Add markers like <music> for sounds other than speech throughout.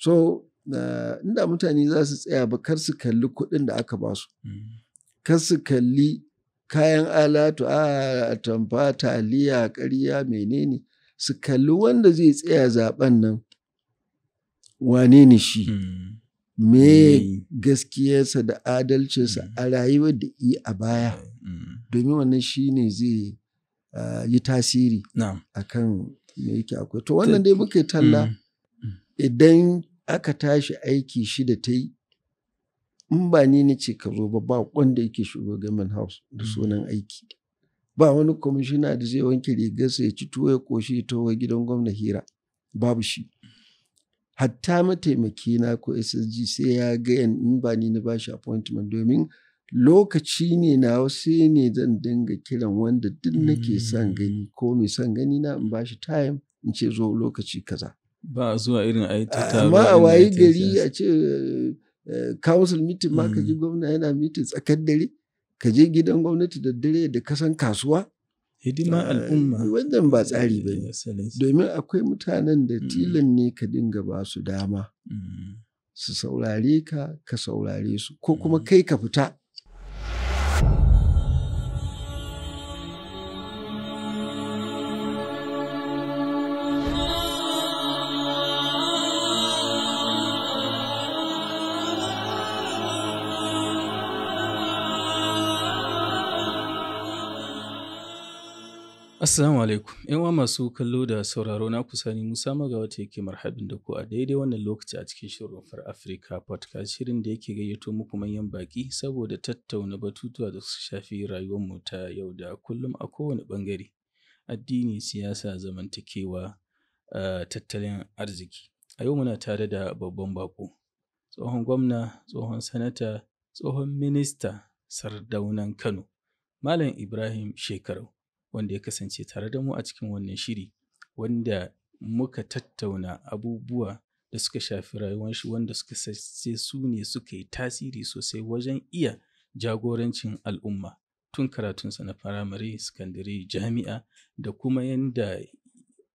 so eh, inda mutane za su tsaya ba kar su kalli kuɗin da aka basu mm. kar su kalli kayan alatu a tamfa taliya ƙarya menene su kalli wanda zai tsaya zaben nan wane ne shi mm. me gaskiyarsa da adalcinsa mm. a rayuwar da yi a baya domin wannan shi ne zai eh, yi tasiri a kan me yake akwai to wannan dai muka talla idan aka tashi aiki shida ta yi in ba ni na ce ka zo ba ba wanda yake shigo gamin house da mm. sunan aiki ba wani kwamishina da zai wanke rigarsa ya ci tuwo ya koshi ya tuwo gidan gwamna hira babu shi hatta mataimaki na ko ssg sai ya ga yan in ba ni na bashi appointment domin lokaci ne na wasu ne zan dinga kiran wanda duk nake son mm. gani ko mai son gani na in bashi time in ce zo lokaci kaza ba a zuwa irin a yi amma a wayi gari a ce eh, eh, council meeting ma ka ji mm. gwamna yana meeting tsakar dare ka je gidan gwamnati da dare da kasan kasuwa hidima eh, al'umma wannan ba tsari ba domin akwai mutanen da mm. tilan ne ka dinga ba su dama mm. su saurare ka ka saurare su ko kuma kai ka fita Assalamu alaikum. ‘Yan uwa masu kallo da sauraro na kusa Musa magawata ta yake marhabin da ku a daidai wannan lokaci a cikin shirin Far Africa podcast shirin da yake gayyato muku manyan baki saboda tattauna batutuwa da su shafi rayuwarmu ta yau da kullum a kowane ɓangare, Addini, siyasa, zamantakewa, tattalin arziki. A yau muna tare da babban bako. Tsohon gwamna, tsohon sanata, tsohon minista, sardaunan Kano. Malam Ibrahim Shekarau. wanda ya kasance tare da mu a cikin wannan shiri wanda muka tattauna abubuwa da suka shafi rayuwar shi wanda suka sace su ne suka yi tasiri sosai wajen iya jagorancin al'umma tun karatunsa na firamare, sakandare, jami'a da kuma yadda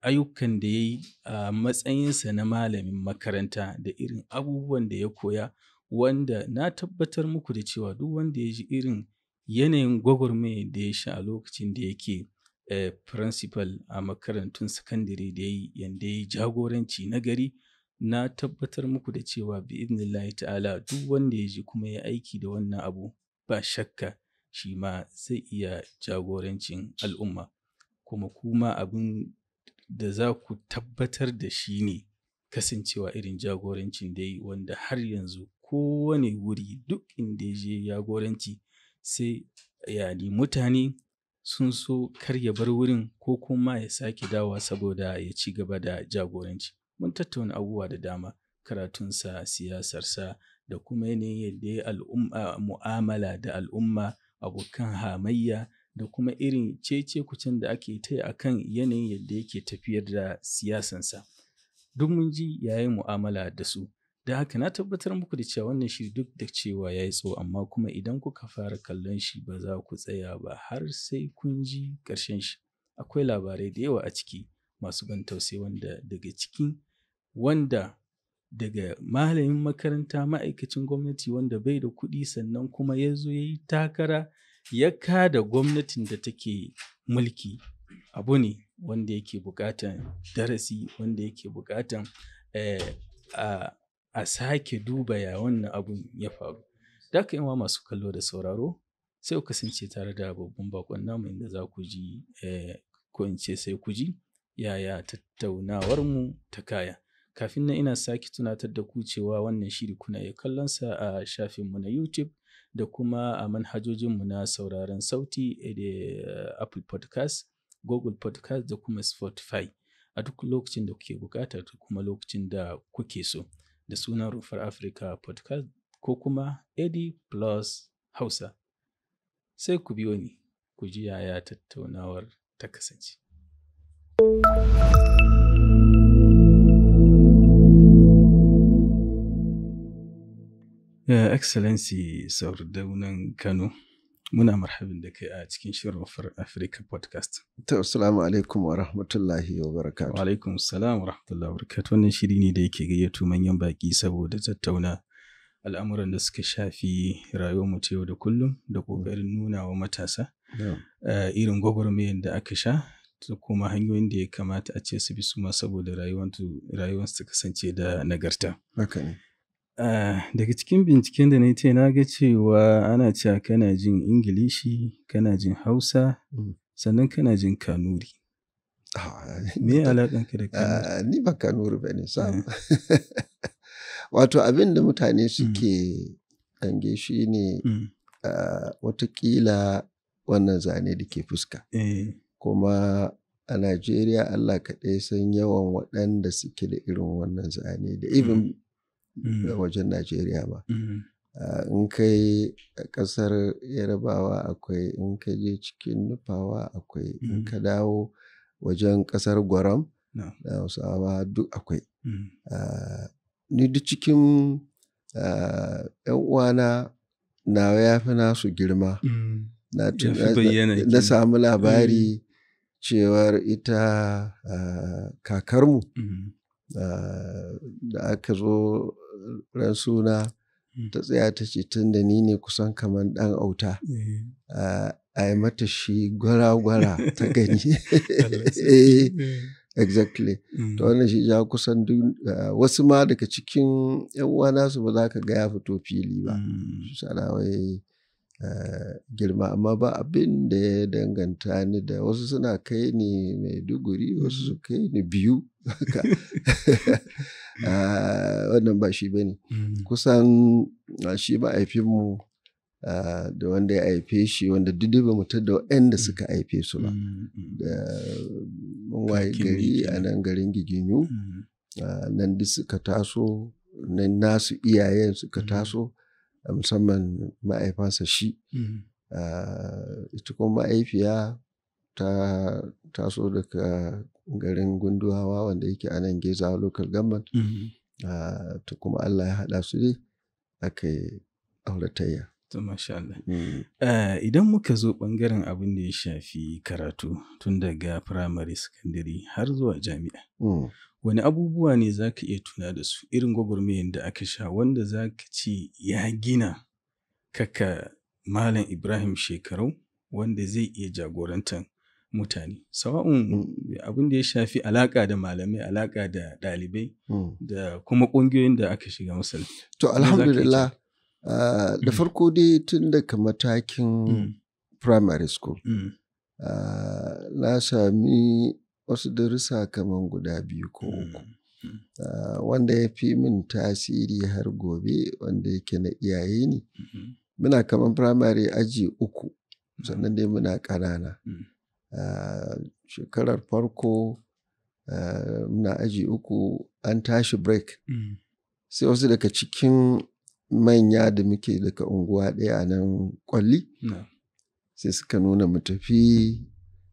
ayyukan da ya yi a matsayinsa na malamin makaranta da irin abubuwan da ya koya wanda na tabbatar muku da cewa duk wanda ya ji irin yanayin gwagwarmayar da ya sha a lokacin da yake eh, principal a makarantun sakandare da ya yi yi jagoranci na gari na tabbatar muku da cewa bi bi'idnillahi ta'ala duk wanda ya ji kuma ya aiki da wannan abu ba shakka shi ma zai iya jagorancin al'umma kuma kuma abin da za ku tabbatar da shi ne kasancewa irin jagorancin da yi wanda har yanzu kowane wuri duk inda ya je jagoranci sai yani mutane sun so kar ya bar wurin ko kuma ya sake dawa saboda ya ci gaba da jagoranci. Mun tattauna abubuwa da dama, karatunsa, siyasarsa da kuma yanayin yadda ya mu'amala da al'umma, abokan hamayya da kuma irin cece kucin da ake ta a kan yanayin yadda yake tafiyar da siyasansa. Duk mun ji yayin mu'amala da su, Don haka na tabbatar muku da cewa wannan shi duk da cewa ya yi tsawo amma kuma idan kuka fara kallon shi ba za ku tsaya ba har sai kun ji ƙarshen shi. Akwai labarai da yawa a ciki masu ban tausayi wanda daga ciki wanda daga malamin makaranta ma'aikacin gwamnati wanda bai da kuɗi sannan kuma ya zo ya yi takara ya da gwamnatin da take mulki abu ne wanda yake buƙatan darasi wanda yake buƙatan eh, a sake duba ya wannan abun ya faru. daka yawa masu kallo da sauraro sai ku kasance tare da babban bakon namu inda za ku ji eh, ko in ce sai ku ji yaya mu ta kaya. Kafin nan ina sake tunatar da ku cewa wannan shiri kuna iya kallon sa a mu na YouTube da kuma a manhajojin mu na sauraron sauti eh, da eh, Apple Podcast, Google Podcast da kuma Spotify. a duk lokacin da kuke bukata da kuma lokacin da kuke so. da sunan Rufar Africa podcast ko kuma AD Plus Hausa. Sai ku biyo ni, ku ji yaya tattaunawar ta kasance. Yeah, Excellency Sardaunan Kano. Muna marhabin da kai a cikin shirin Africa podcast. Ta assalamu alaikum wa rahmatullahi wa barakatu. Wa alaikum salam wa rahmatullahi wa barakatu. Wannan shiri ne da yake gayyato manyan baki saboda tattauna al'amuran da suka shafi rayuwar mu ta yau da kullum da kokarin nuna wa matasa eh, irin gwagwarmayar da aka sha da kuma hanyoyin da ya kamata a ce su bi su ma saboda rayuwarsu ta kasance da nagarta. Haka ne. Ah, daga cikin binciken da na yi, na ga cewa ana cewa kana jin Ingilishi, kana jin Hausa, mm. sannan kana jin Kanuri. Ah, Me <laughs> alaƙanka da Kanuri? Ah, ni ba Kanuri ba ne sam. Eh. <laughs> Wato abin da mutane mm. suke hange shi ne mm. ah, watakila wannan zane da ke fuska. Eh. Kuma a Najeriya Allah kaɗai san yawan waɗanda suke da irin wannan zane da even Mm. wajen Najeriya ba. Mm. Ah, in kai ƙasar Yarbawa akwai, in ka je cikin Nufawa akwai, in ka mm. dawo wajen ƙasar Gwaram da Hausawa duk akwai. Ah, ni duk cikin ‘yan ah, uwana na ya fi nasu girma. Na samu labari cewar ita kakarmu da aka zo ran suna mm. ta tsaya ta ce tun da ni ne kusan kamar ɗan auta eh. a yi mata shi gwara-gwara ta <laughs> gani <laughs> eh, eh. exactly mm. to wannan shi ja kusan wasu ma daga cikin yan uwa nasu ba za ka ga ya fito fili ba mm. sana wai girma amma ba abin da ya danganta ni da wasu suna kai ni duguri wasu su kai ni biyu <laughs> <laughs> Ah, wannan ba shi bane mm. kusan ah, shi ba mu ah, da wanda ya haife shi wanda duk ba mutar da waɗanda mm. suka haife su ba mm, da waye gari a nan garin giginu nan duk suka taso nan nasu iyayen suka taso musamman ma'aifansa shi ita kuma ma'aifiya ta taso daga garin gunduwawa wanda yake a nan geza local government mm-hmm. ah, ta kuma Allah ya haɗa su ne aka yi auratayya. Mm. Eh, idan muka zo ɓangaren abin da ya shafi karatu tun daga firamare sakandare har zuwa jami'a. Mm. Wani abubuwa ne za ka iya tuna da su irin gwagwarmayar da aka sha wanda za ka ce ya gina kaka Malam Ibrahim shekarau wanda zai iya jagorantar mutane sawa'un mm. abin da ya shafi alaka da malamai alaka da ɗalibai mm. da kuma ƙungiyoyin da aka shiga misali to alhamdulillah ah, da mm. farko dai tun daga matakin primary school ah, na sami wasu darussa kamar guda biyu ko uku ah, wanda ya fi min tasiri har gobe wanda yake na iyaye ne mm-hmm. muna kamar primary aji uku sannan dai muna ƙanana. shekarar farko eh, muna aji uku an tashi break mm. sai wasu daga cikin manya da muke daga unguwa ɗaya a nan kwalli sai suka nuna mu tafi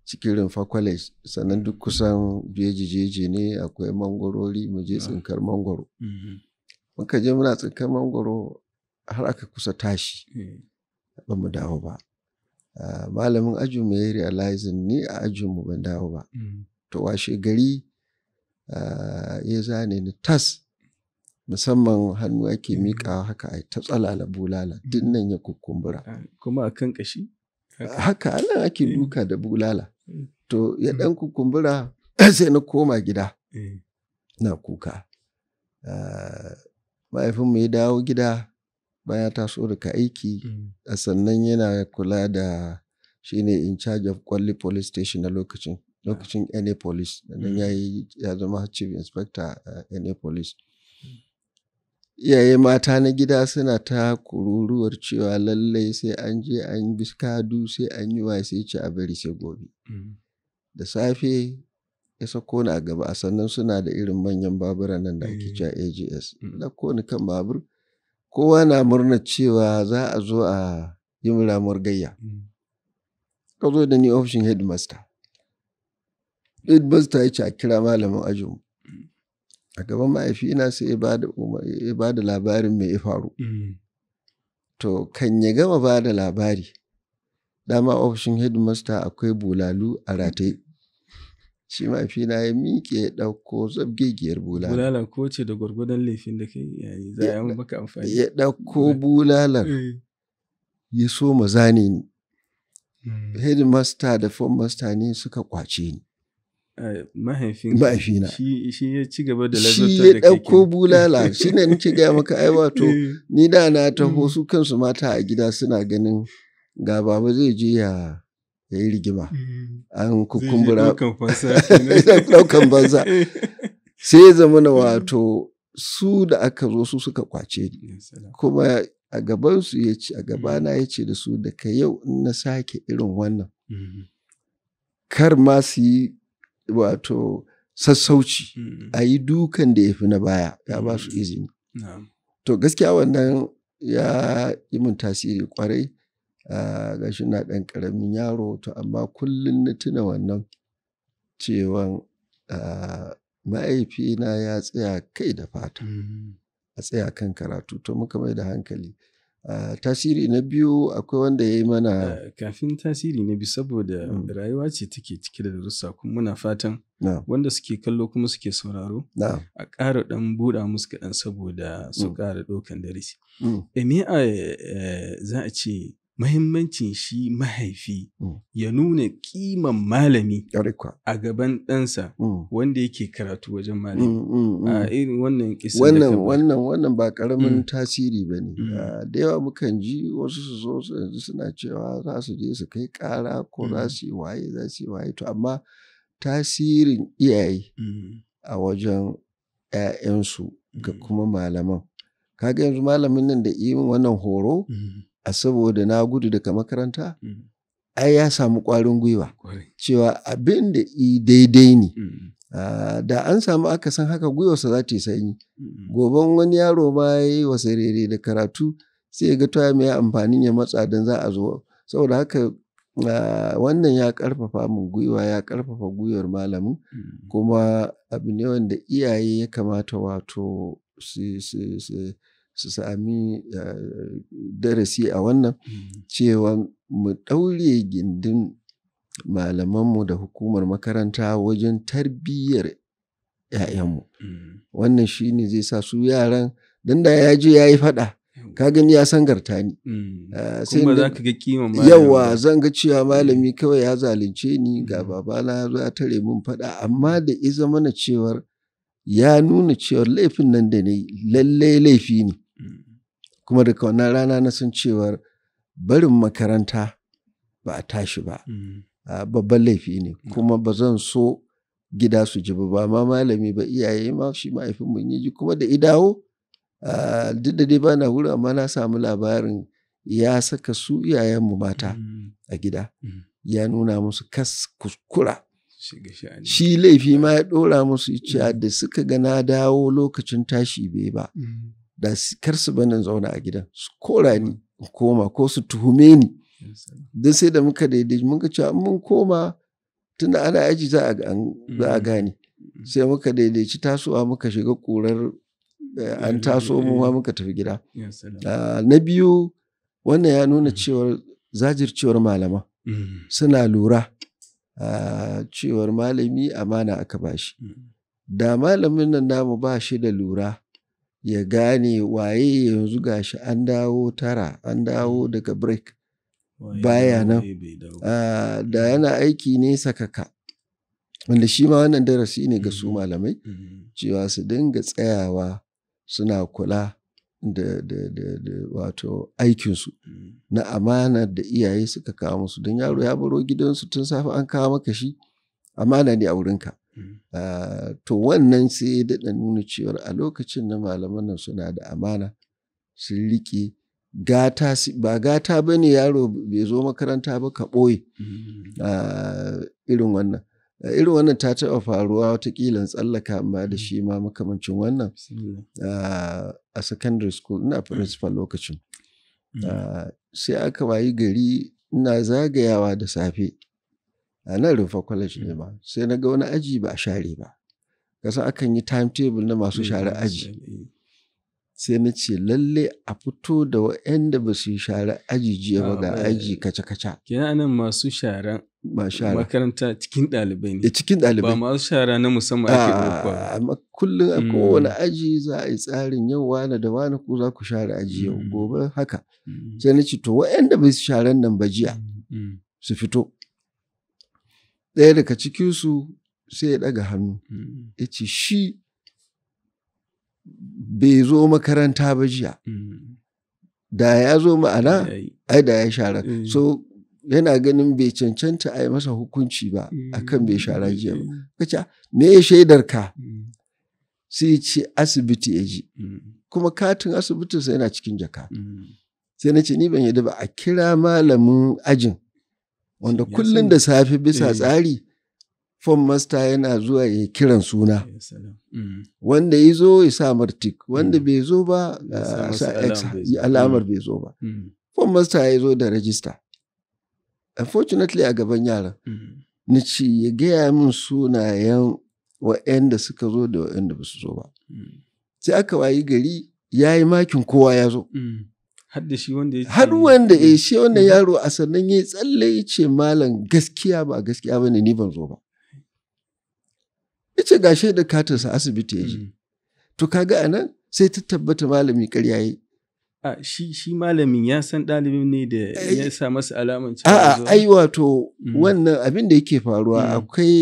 cikin rumfa college sannan duk kusan jeji ne akwai mangorori mu je ah. tsinkar mangoro mm-hmm. muka je muna tsinkar mangoro har aka kusa tashi eh. ba mu dawo ba Ah, malamin ajinmu ya yi realizing ni a ajinmu ban dawo ba mm. to washe gari ah, ya zane ni tas musamman hannu ake mm. miƙa haka a ta tsalala bulala mm. duk nan ya kukumbura ah, kuma a kan kashi haka nan ake eh. duka da bulala to ya ɗan kukumbura <clears throat> sai na koma gida eh. na kuka mahaifinmu ya dawo gida bayan taso daga aiki mm. a sannan yana kula da shi ne in charge of kwalli police station na lokacin lokacin na police sannan mm. ya yi ya zama chief inspector a na police mm. iyaye mata na gida suna ta kururuwar cewa lallai sai an je an bi kadu sai an yi wa sai ci a bari sai gobe da safe ya sako ni a gaba a sannan suna da irin manyan babura nan da ake eh. cewa AGS na ni kan babur kowa na murna cewa za a zo a yi ramuwar gayya ka zo da ni ofishin headmaster headmaster ya ce a kira malamin ajinmu a gaban ma'aifi ina sai ya ba da labarin mai faru to kan ya gama ba da labari dama ofishin headmaster akwai bulalu a rataye shi ma fila ya miƙe ya ɗauko zabgegiyar bulala. Bulala ko ce da gwargwadon laifin da kai yayi za a yi maka amfani. Ya ɗauko bulalar eh. ya so ma zane ni. Hmm. Headmaster da form master ne suka kwace ni. Eh, mahaifina shi ya ci gaba da lazarta da Shi ya ɗauko bulala shi ne nake gaya maka ai wato <laughs> eh. ni da na hmm. taho su kansu mata a gida suna ganin ga baba zai je ya ya yi rigima mm-hmm. an kukumbura ɗaukan banza <laughs> <laughs> sai zama na wato su da aka zo su suka kwace ni kuma a gabansu ya ce a gabana mm-hmm. ya ce da su daga yau in na sake irin wannan mm-hmm. kar ma su yi wato sassauci a yi dukan da ya fi na baya ya ba su izini to gaskiya wannan ya yi mun tasiri kwarai gashi na ɗan ƙaramin yaro to amma kullum na tuna wannan cewan ma'aifina ya tsaya kai da fata mm. a tsaya kan karatu to muka mai da hankali tasiri na biyu akwai wanda ya yi mana kafin tasiri na biyu saboda mm. rayuwa ce take cike da darussa kuma muna fatan wanda suke kallo kuma suke sauraro a ƙara ɗan buɗa musu kaɗan saboda su mm. ƙara ɗaukan darasi Eme eh, a eh, za a ce muhimmancin shi mahaifi mm. ya nuna kiman malami a gaban ɗansa mm. wanda yake karatu wajen mm, malami a irin wannan wannan ba karamin tasiri ba ne da yawa mukan ji wasu su zo suna cewa za su je su kai ƙara ko za su yi waye za su yi waye to amma tasirin iyaye a wajen 'ya'yansu ga kuma malaman kaga yanzu malamin nan da yi wannan horo a saboda na gudu daga makaranta mm. ai ya samu ƙwarin gwiwa cewa abin da daidai ne mm. ah, da an samu aka san haka gwiwarsa za ta yi sanyi mm. goban wani yaro ma ya yi wa sarere da karatu sai ya ga ta mai amfanin ya matsa don za a zo saboda haka ah, wannan ya karfafa min gwiwa ya karfafa gwiwar malamin kuma abu ne wanda iyaye ya kamata wato su sami eh, darasi a wannan mm. cewa mu ɗaure gindin malamanmu da hukumar makaranta wajen tarbiyyar 'ya'yanmu mm. wannan shi ne zai sa su yaran don da ya je ya yi faɗa ka gani ya sangarta ni mm. eh, kuma ga yawa zan ga cewa malami kawai ya zalunce ni ga babana ya ta min faɗa amma da iza mana cewar ya nuna cewar laifin nan da ne lallai laifi ne kuma daga wannan rana na san cewar barin makaranta ba a tashi ba mm. ah, babban laifi ne mm. kuma ba zan so gida su ji ba ma malami ba iyaye ma shi mahaifin mun yi kuma da idawo ah, duk da dai ba na wuri amma na samu labarin ya saka su iyayenmu mata mm. a gida ya nuna musu kas kuskura shi laifi ma ya ɗora musu cewa da suka gana dawo lokacin tashi bai ba da kar su banin zauna a gidan su kora ni in koma ko su tuhume ni don sai da muka daidai muka cewa mun koma tunda ana aji za a mm. gane mm. sai muka daidaici tasowa muka shiga ƙurar eh, an taso mu muka tafi gida ah, na biyu wannan ya nuna mm. cewar zajircewar malama suna lura ah, cewar malami amana aka bashi da malamin nan namu ba shi da lura ya gane waye yanzu gashi an dawo tara an dawo hmm. daga break baya nan ah, da hmm. yana aiki ne sakaka wanda shi ma wannan darasi ne ga su hmm. malamai cewa su dinga tsayawa suna kula da, da wato aikinsu na amanar da iyaye suka kawo musu don yaro ya baro gidansu tun safe an kawo maka shi amana ne a wurinka Mm. Ah, to wannan sai ya daɗa nuna cewar a lokacin na malaman nan suna da amana sun riƙe gata ba gata ba ne yaro bai zo makaranta ba ka ɓoye mm. ah, irin wannan ah, irin wannan ta taɓa faruwa watakila tsallaka amma da mm. shi ma makamancin wannan a secondary school ina principal lokacin sai aka wayi gari ina zagayawa da safe a nan rufa college ne ma sai na ga wani aji ba a share ba kasa akan yi timetable na masu share eh, aji eh. sai na ce lalle a fito da da ba su yi share aji jiya ba ga ah, aji eh. kaca-kaca kenan nan masu sharan makaranta cikin ɗalibai ne cikin ɗalibai ba masu shara na musamman ake ah, ɗauka amma kullum a hmm. kowane aji za a yi tsarin yau wani da wani ko za ku share aji yau hmm. gobe haka hmm. sai na ce to da ba su sharan nan ba jiya su fito ɗaya daga cikinsu sai ya ɗaga hannu hmm. ya ce shi bai zo makaranta ba jiya hmm. da ya zo ma'ana ai da ya shara eh. so yana ganin bai cancanta a yi masa hukunci ba kan bai hmm. shara jiya ba kace me ya shaidar ka sai ce asibiti ya ji kuma katin asibitinsa yana cikin jaka sai na ce ni ban yadda ba a kira malamin ajin wanda kullum da safe bisa eh. tsari form master yana zuwa ya kiran suna mm. wanda ya zo ya sa martik wanda mm. bai zo ba ah, alamar mm. bai zo ba form master ya zo da rajista unfortunately a gaban yaran na ce ya gaya min sunayen wa'yanda suka zo da wa'yanda ba su zo ba sai aka wayi gari ya yi makin kowa ya zo har da shi wanda ya har wanda eh, shi yaro a sannan ya tsalle ya ce malam gaskiya ba gaskiya ne ni ban zo ba ya ce ga da katinsa asibiti ya je mm. to kaga anan sai ta tabbata malami karya yi shi shi malamin ya san ɗalibin ne da ya sa masa alaman cewa a'a ai wato mm. wannan abin da yake faruwa mm. akwai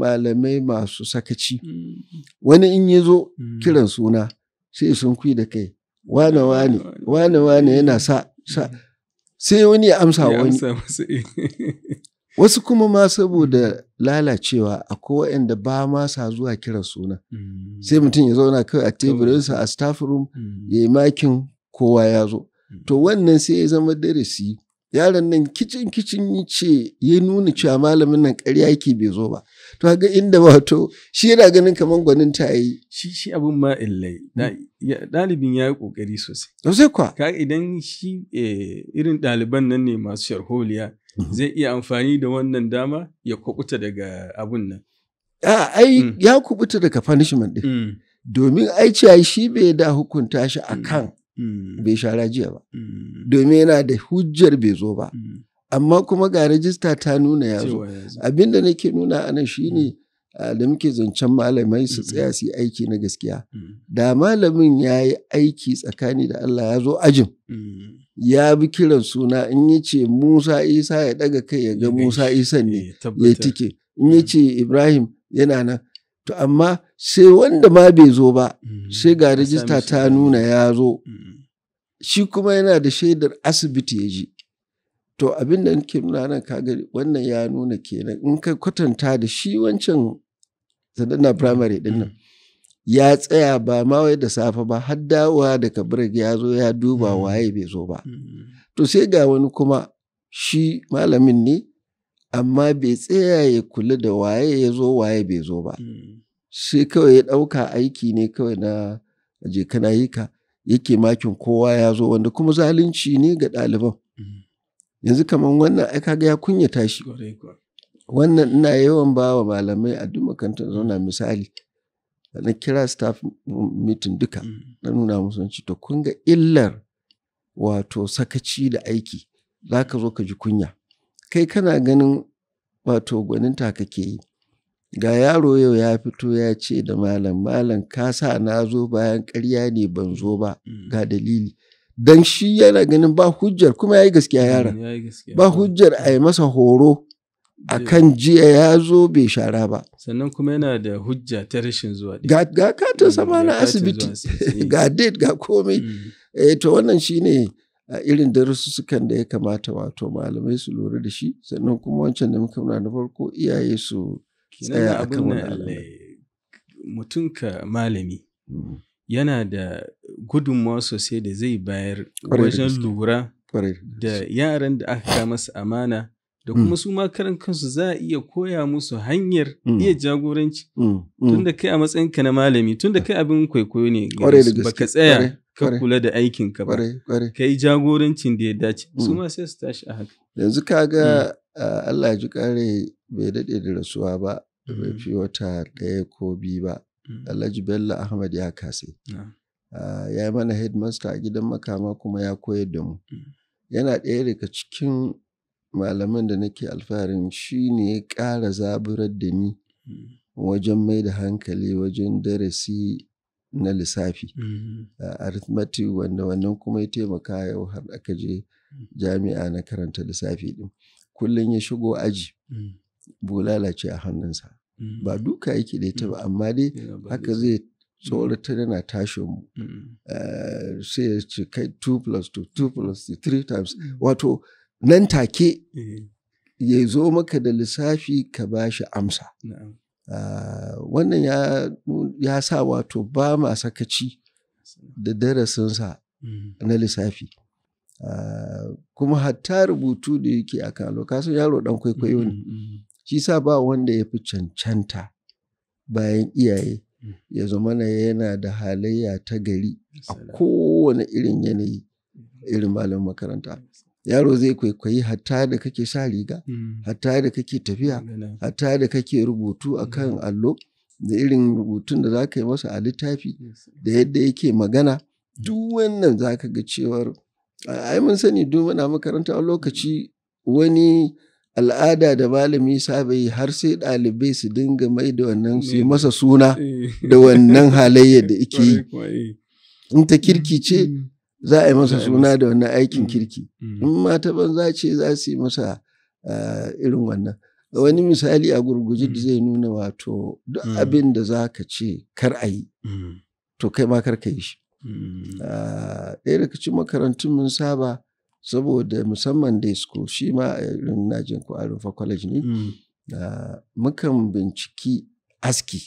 malamai masu sakaci wani in ya zo kiran suna sai sun kui da kai wane wane wane wane yana sa sai wani ya amsa wani <laughs> wasu kuma ma saboda lalacewa akwai waɗanda ba ma sa zuwa kira suna mm. sai mutum ya zauna kawai a teburinsa a staff room mm. ya yi makin kowa ya zo mm. to wannan sai ya zama darasi yaron nan kicin kicin ce ya nuna cewa malamin nan ƙarya yake bai zo ba to ga inda wato shi yana ganin kamar gwanin ta yi shi shi abin ma illai Dalibin ya yi ƙoƙari sosai sosai kwa ka idan shi eh, irin ɗaliban nan ne masu sharholiya mhm. zai iya amfani da wannan dama ya kubuta daga abun nan a ai mm. ya kubuta daga punishment din mm. domin ai shi bai da hukunta shi akan mm. bai shara jiya ba domin yana da hujjar bai zo ba amma kuma ga rajista ta nuna ya zo abin da nake nuna anan shi shine mm. ah, da muke zancen malamai su tsaya su yi aiki na gaskiya mm. da malamin ya yi aiki tsakani da Allah ya zo ajin mm. ya bi kiran suna in ya ce Musa Isa ya daga kai ya ga Musa Isa ne eh, ya tike in ya ce Ibrahim yana nan to amma sai wanda ma bai zo ba sai ga rajista ta nuna ya zo shi kuma yana da shaidar asibiti ya ji to abin da nake nuna nan kaga wannan ya nuna kenan in ka kwatanta da shi wancan sadana mm. primary din nan mm. ya tsaya ba ma wai da safe ba har dawowa daga birg ya zo ya duba mm. waye bai zo ba to sai ga wani kuma shi malamin ne amma bai tsaya ya kula da waye ya zo waye bai zo ba sai kawai ya ɗauka aiki ne kawai na je kana yika yake makin kowa ya zo wanda kuma zalunci ne ga ɗaliban yanzu kamar wannan ai kaga ya kunya tashi wannan ina yawan ba wa malamai a duk makarantar zauna misali na kira staff meeting duka mm. na nuna musu to kun ga illar wato sakaci da aiki za ka zo ka ji kunya kai kana ganin wato gwaninta kake yi ga yaro yau ya fito ya ce da malam malam ka sa na zo bayan karya ne ban zo ba mm. ga dalili dan shi yana ganin ba hujjar kuma yayi gaskiya mm, yara ba hujjar a yi masa horo a kan jiya ya zo bai shara ba sannan kuma yana da hujja ta rashin zuwa ga ga mm, sama na asibiti eh. <laughs> ga date ga komai mm. eh to wannan shine a irin darussukan da ya kamata wato malamai su lura da shi sannan kuma wancan da muka na farko iyaye su tsaya a kan wani eh, mutum ka malami yana da gudunmawa sosai da zai bayar wajen lura da yaran da aka masa amana da hmm. kuma su ma karan kansu za a iya koya musu hanyar hmm. iya jagoranci hmm. tun da kai a matsayinka na malami tun da kai abin kwaikwayo ne baka tsaya ka kula da aikinka ba ka yi jagorancin da ya dace su ma sai su tashi a haka yanzu ka ga Allah ya ji kare bai daɗe da rasuwa ba bai fi wata ɗaya ko biyu ba Alhaji Bello Ahmad ya kase. Ah, ya yi mana headmaster a gidan makama kuma ya koyar da mu mm. yana ɗaya daga cikin malaman da nake alfaharin shi ne ya ƙara zaburar da ni mm. wajen mai da hankali wajen darasi na lissafi mm. ah, arithmetic wanda wannan kuma ya taimaka yau har aka je jami'a na karanta lissafi din kullum ya shigo aji bulala ce a hannunsa ba duka yake da ta ba amma dai haka zai tsorata mm. yana tashi mu mm. eh, sai ya ce kai 2 plus 2 2 plus 3 times mm. wato nan take eh. ya zo maka da lissafi ka ba shi amsa ah, wannan ya sa wato ba ma sakaci da darasinsa na lissafi ah, kuma hatta rubutu da yake a kalo kasan yaro dan kwaikwayo ne shi sa ba wanda ya fi cancanta bayan iyaye ya zama na yana da halayya ta gari a kowane irin yanayi mhm. irin malamin makaranta yaro zai kwaikwayi hatta da kake sa riga mm. hatta da kake tafiya hatta da kake rubutu a kan mm. allo da irin rubutun da za ka yi masa a littafi da yadda yake magana mm. duk wannan za ka ga cewar ai mun sani duk muna makaranta a lokaci wani al'ada da malami saba yi har sai ɗalibai su dinga mai da wannan su masa suna eh. <laughs> da wannan halayya da ike yi eh. in ta kirki ce mm. za a yi masa suna da wannan aikin mm. kirki mm. in mata banza ce za su yi masa ah, irin wannan wani misali a gurguji da zai nuna wato duk abin da za ka ce kar a yi to kai ma kar ka yi shi ah, ɗaya daga cikin makarantun mun saba saboda musamman dai school shi ma eh, irin na jin ko a rufa college ne mm. ah, mukan binciki aski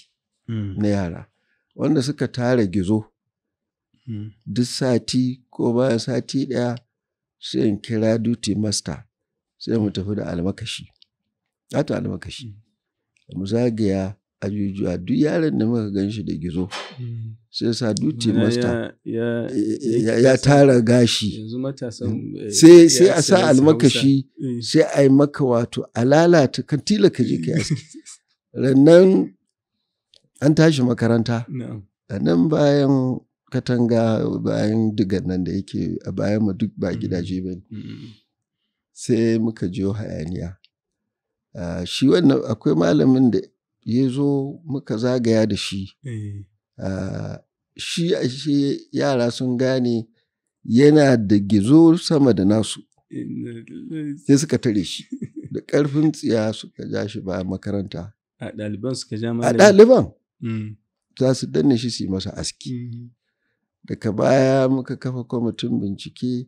mm. na yara wanda suka tara gizo mm. duk sati ko bayan sati ɗaya sai in kira duty master sai mu tafi da almakashi ta almakashi mu zagaya ajujuwa duk yaron da muka ganshi da gizo sai sa master ya tara gashi hmm. eh, sai a sa almakashi eh. sai a yi maka wato a lalata kan ka je ka rannan an tashi makaranta a nan bayan katanga bayan digan nan da yake a bayan ma duk ba mm. gidaje ba mm. sai muka je hayaniya ah, shi wannan akwai malamin da ya zo muka zagaya da shi eh. ah, shi ashe yara sun gane yana da gizo sama da nasu sai suka tare shi da ƙarfin tsiya suka ja shi ba makaranta a ɗaliban mm. za su danne shi su yi masa aski mm. daga baya muka kafa kwamitin bincike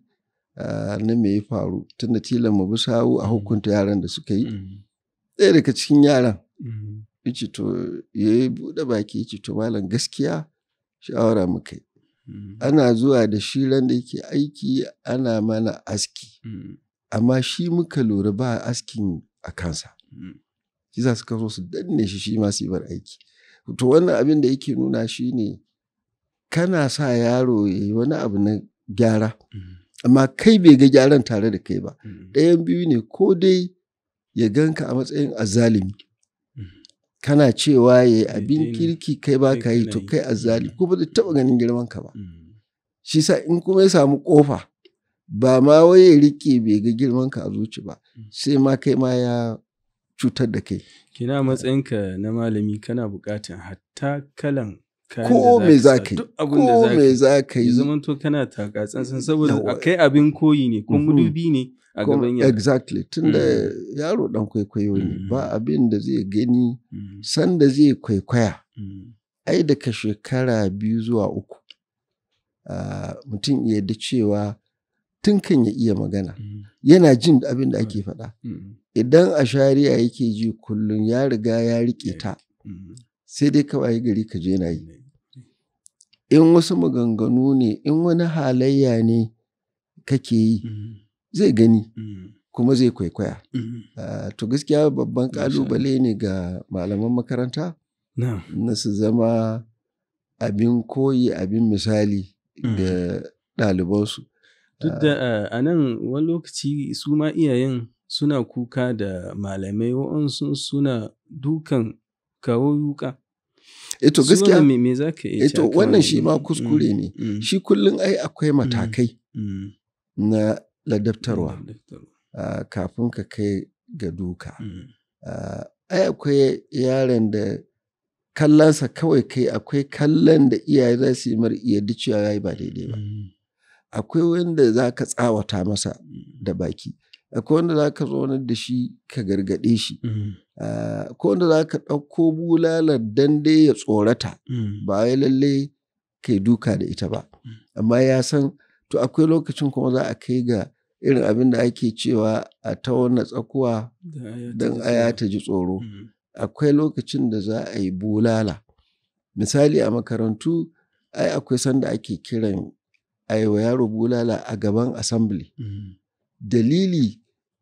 na me ya faru tunda tilan mu a mm. hukunta yaran da suka yi ɗaya daga cikin yaran ya yi buɗe baki yace to malam gaskiya shawara muka yi mm-hmm. ana zuwa da shi da yake aiki ana mana aski mm-hmm. amma shi muka lura ba askin a kansa mm-hmm. shi za su kaso su danne shi shi masu yi aiki to wannan abin da yake nuna shi ne kana sa yaro ya yi wani abu na gyara amma kai bai ga gyaran tare da kai ba ɗayan biyu ne ko dai ya ganka a matsayin azalimi kana cewa ya yi abin kirki kai ba ka yi to kai azali ko ba zai taɓa ganin girman ka ba mm. shi sa in kuma ya samu kofa ba ma wai ya riƙe bai ga girman ka a zuci ba mm. sai ma kai ma ya cutar da kai kina matsayinka na malami kana buƙatar hatta kalan ko me za ka yi ko me za ka yi zaman to kana takatsan saboda akai abin koyi ne ko mudubi mhm. ne a gaban da exactly tunda mm. yaro dan kwaikwayo ne mm. ba abin da zai gani mm. san da zai kwaikwaya ai daga shekara biyu zuwa uku mutum iya da cewa tun kan ya iya magana yana jin abin da ake faɗa idan a shari'a yake ji kullum ya riga ya riƙe ta sai dai kawai gari ka je na yi in wasu maganganu ne in wani halayya ne kake yi zai gani mm. kuma zai kwaikwaya. Mm-hmm. Ah, to gaskiya babban kalubale ne ga malaman makaranta na su zama abin koyi abin misali ga mm. ɗalibansu. Duk ah. da ah, a nan wani lokaci su ma iyayen suna kuka da malamai wa'ansu suna dukan kawo yuka. Eto eh, gaskiya me za ka eh, wannan shi ma kuskure mm, ne. Shi kullum ai akwai matakai na ladabtarwa ah, kafin ka kai ga duka mm. ah, ai akwai yaron da kallansa kawai kai akwai kallon da iyaye za su yi mar yadda cewa ya yi ba daidai ba mm. akwai wanda za ka tsawata masa mm. da baki akwai wanda za ka zo da shi ka gargaɗe shi ah, akwai wanda za ka ɗauko bulalar dai ya tsorata ba wai lalle kai duka da ita ba amma ya san to akwai lokacin kuma za a kai ga irin abin da ake cewa a tauna tsakuwa don aya ta ji tsoro mm-hmm. akwai lokacin da za a yi bulala misali a makarantu ai akwai sanda ake kiran aiwa yaro bulala a gaban assembly mm-hmm. dalili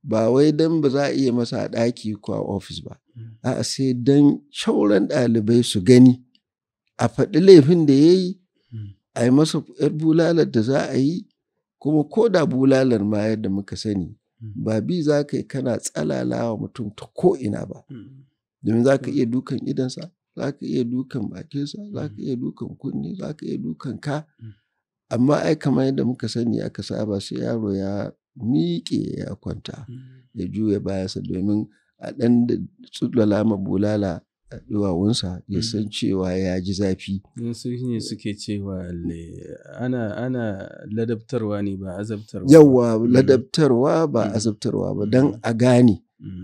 ba wai don ba za a iya masa a ɗaki ko a ofis ba mm-hmm. a'a sai don shauran ɗalibai su gani a faɗi laifin da ya yi a yi masa yar bulalar da za a yi kuma ko da bulalar ma yadda muka sani hmm. ba bi za ka yi kana tsalala wa mutum ta ko'ina ba hmm. domin za ka hmm. iya dukan idansa za ka iya dukan bakinsa za ka iya dukan kunne za ka iya dukan ka amma ai kamar yadda muka sani aka saba sai yaro ya miƙe ya kwanta ya juya bayansa domin a ɗan da tsulala ma bulala duwawunsa ya san mm. cewa ya ji zafi. Su ne suke cewa ana ladabtarwa ne ba azabtarwa. Yawwa mm. ladabtarwa ba mm. azabtarwa ba don a gane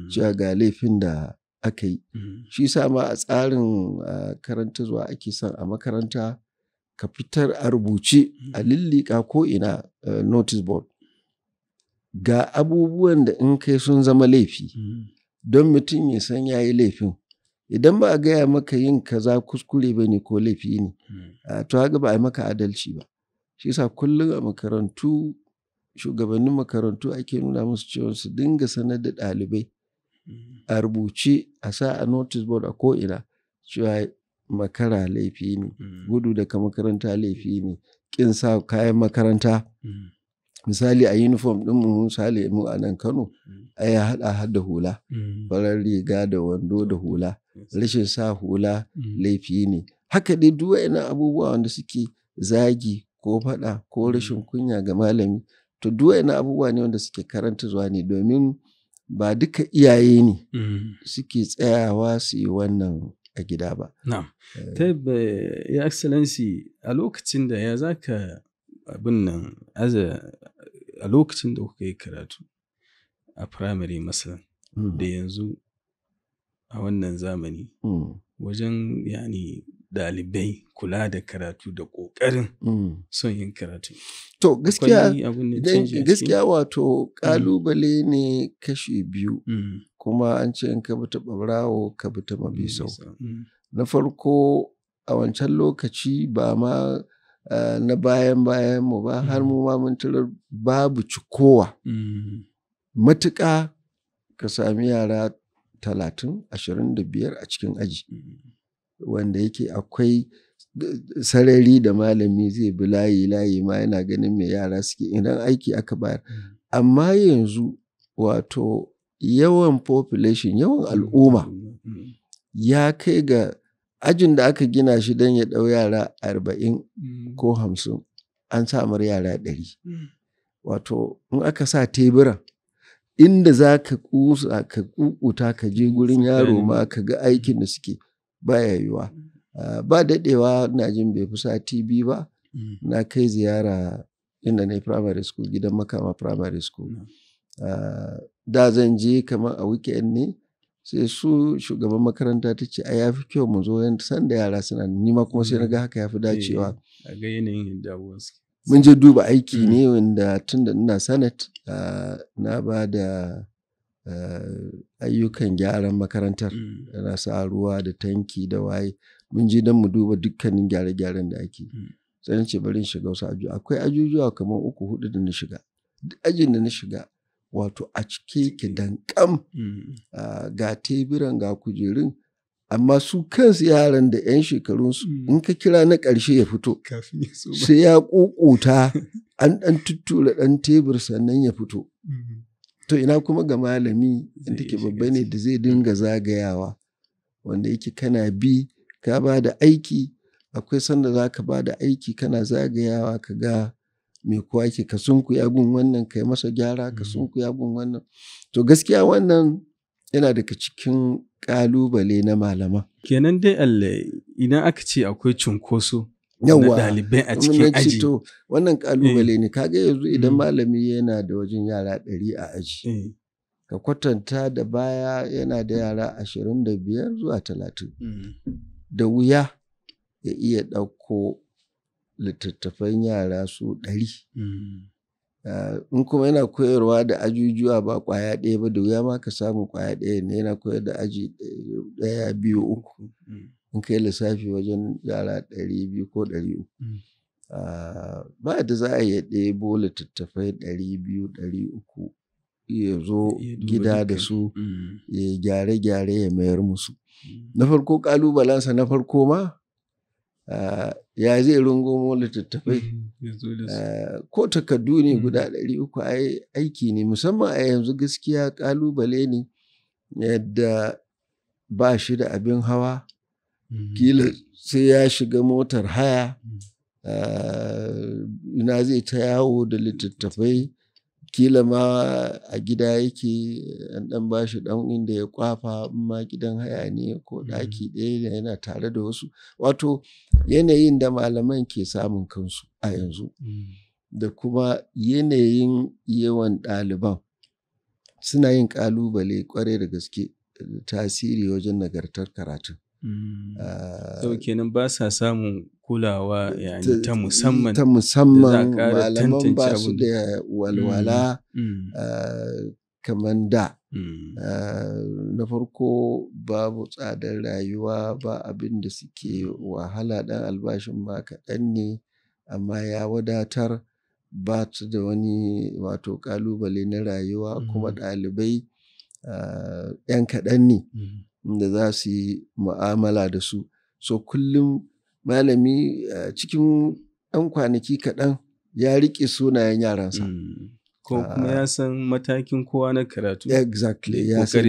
cewa ga laifin da aka yi. Shi sama a tsarin karanta zuwa ake son a makaranta ka fitar a rubuce a lillika ko ina notice board. Ga abubuwan da in kai sun zama laifi don mutum ya san ya yi laifin. idan ba a gaya maka yin kaza kuskure ba ne ko laifi ne hmm. to haka ba a yi maka adalci ba shi sa kullum a makarantu shugabannin makarantu ake nuna musu cewa su dinga sanar da ɗalibai hmm. a rubuce a sa a notice board a ko'ina cewa makara laifi ne hmm. gudu daga makaranta laifi ne kin sa kayan makaranta misali a uniform din mu misali mu a nan Kano a ya hada hada hula farar riga da wando da hula rashin sa hula mm. laifi ne haka dai duk na abubuwa wanda suke zagi ko faɗa ko mm. rashin kunya ga malami to duk na abubuwa ne wanda suke karanta zuwa ne domin ba duka iyaye ne mm. suke tsayawa su yi wannan a gida ba. Na'am. Eh. Ta ya excellency a lokacin da ya zaka abin nan a lokacin da kuka yi karatu a firamare masa da yanzu a wannan zamani mm. wajen yani ɗalibai kula da karatu da ƙoƙarin mm. son yin karatu. To gaskiya wato mm. ƙalubale ne kashi biyu kuma an ce in ka bata ka bata mabisau. Na farko a wancan lokaci ba ma eh, na bayan bayan mu ba har mu ma mun tarar babu cikowa. matuka Matuƙa ka sami yara talatin ashirin da biyar a cikin aji mm-hmm. wanda yake akwai eh, sarari da malami zai bi layi layi ma yana ganin mai yara suke idan aiki aka bayar mm-hmm. amma yanzu wato yawan population yawan mm-hmm. al'umma ya kai ga ajin da aka gina shi don ya ɗau yara arba'in ko hamsin an samar yara ɗari wato in aka sa teburan inda za ka kusa ka kukuta ka je gurin yaro ma ka ga aikin da suke baya yiwa ah, ba daɗewa na jin bai fi sati biyu ba mm. na kai ziyara inda na yi primary school gidan makama primary school mm. ah, da zan je kamar a weekend ne sai su shugaban makaranta ta ce a yafi kyau mu zo sanda yara suna nima kuma sai mm. na ga haka yafi eh, dacewa a ga yanayin mun je duba aiki mm. ne wanda tun da ina senate na ba da uh, ayyukan gyaran makarantar mm. sa ruwa da tanki da waye mun je don mu duba dukkanin gyare-gyaren da ake mm. sai ce bari in shiga wasu ajiyu. akwai ajujuwa kamar uku hudu da na shiga duk ajin da na shiga wato a cike ki dankam mm. ga teburan ga kujerun amma su kansu yaran da 'yan shekarunsu hmm. in ka kira na ƙarshe ya fito sai ya ƙoƙota an ɗan tuttura ɗan tebur sannan ya fito mm-hmm. to ina kuma ga malami da ke babba ne da zai dinga mm. zagayawa wanda yake kana bi ka ba da aiki akwai sanda za ka ba da aiki kana zagayawa ka ga mai kuwa ke ka ya gun wannan ka yi masa gyara ka mm-hmm. sunku ya gun wannan to gaskiya wannan yana daga cikin ƙalubale na malaman. Kenan dai Allah idan aka ce akwai cunkoso na ɗalibai a cikin aji. wannan ƙalubale eh. ne kaga yanzu idan mm. malami yana da wajen yara ɗari a aji. Eh. Ka kwatanta da baya yana da yara ashirin da biyar zuwa talatin. Mm. Da wuya ya iya ɗauko littattafan yara su ɗari. Mm. Eh, in kuma yana koyarwa da ajujuwa ba kwaya ɗaya ba da wuya ma ka samu kwaya ɗaya ne yana koyar da aji eh, ɗaya biyu uku mm. in kai lissafi wajen yara ɗari biyu ko ɗari uku mm. ah, ba da za a iya ɗebo littattafai ɗari biyu ɗari uku ya zo gida da su mm. ya gyare-gyare ya mayar musu na farko ƙalubalensa na farko ma ya zai rungumo littattafai mm-hmm. eh, ko takardu ne guda mm-hmm. ɗari uku aiki ne musamman a yanzu gaskiya ƙalubale ne yadda ba shi da abin hawa mm-hmm. kila sai ya shiga motar haya eh, ina zai ta yawo da littattafai kila ma a gida yake an ɗan bashi ɗan inda ya kwafa in ma gidan haya ne ko ɗaki mm. ɗaya yana tare da wasu wato yanayin da malaman ke samun kansu a yanzu mm. da kuma yanayin yawan ɗaliban suna yin ƙalubale kware da gaske tasiri wajen nagartar karatun Mm. Eh, Sau kenan ba sa samun kulawa eh, ta musamman ta musamman malaman ba su da walwala mm, mm. eh, kamar da na farko babu tsadar rayuwa ba abin da suke wahala dan albashin ba kaɗan ne amma ya wadatar ba su da wani wato ƙalubale na rayuwa kuma ɗalibai 'yan kaɗan ne da za su yi mu'amala da su so kullum malami cikin ɗan kwanaki kaɗan ya riƙe sunayen yaransa hmm. ko kuma ya san matakin kowa na karatu exactly ya san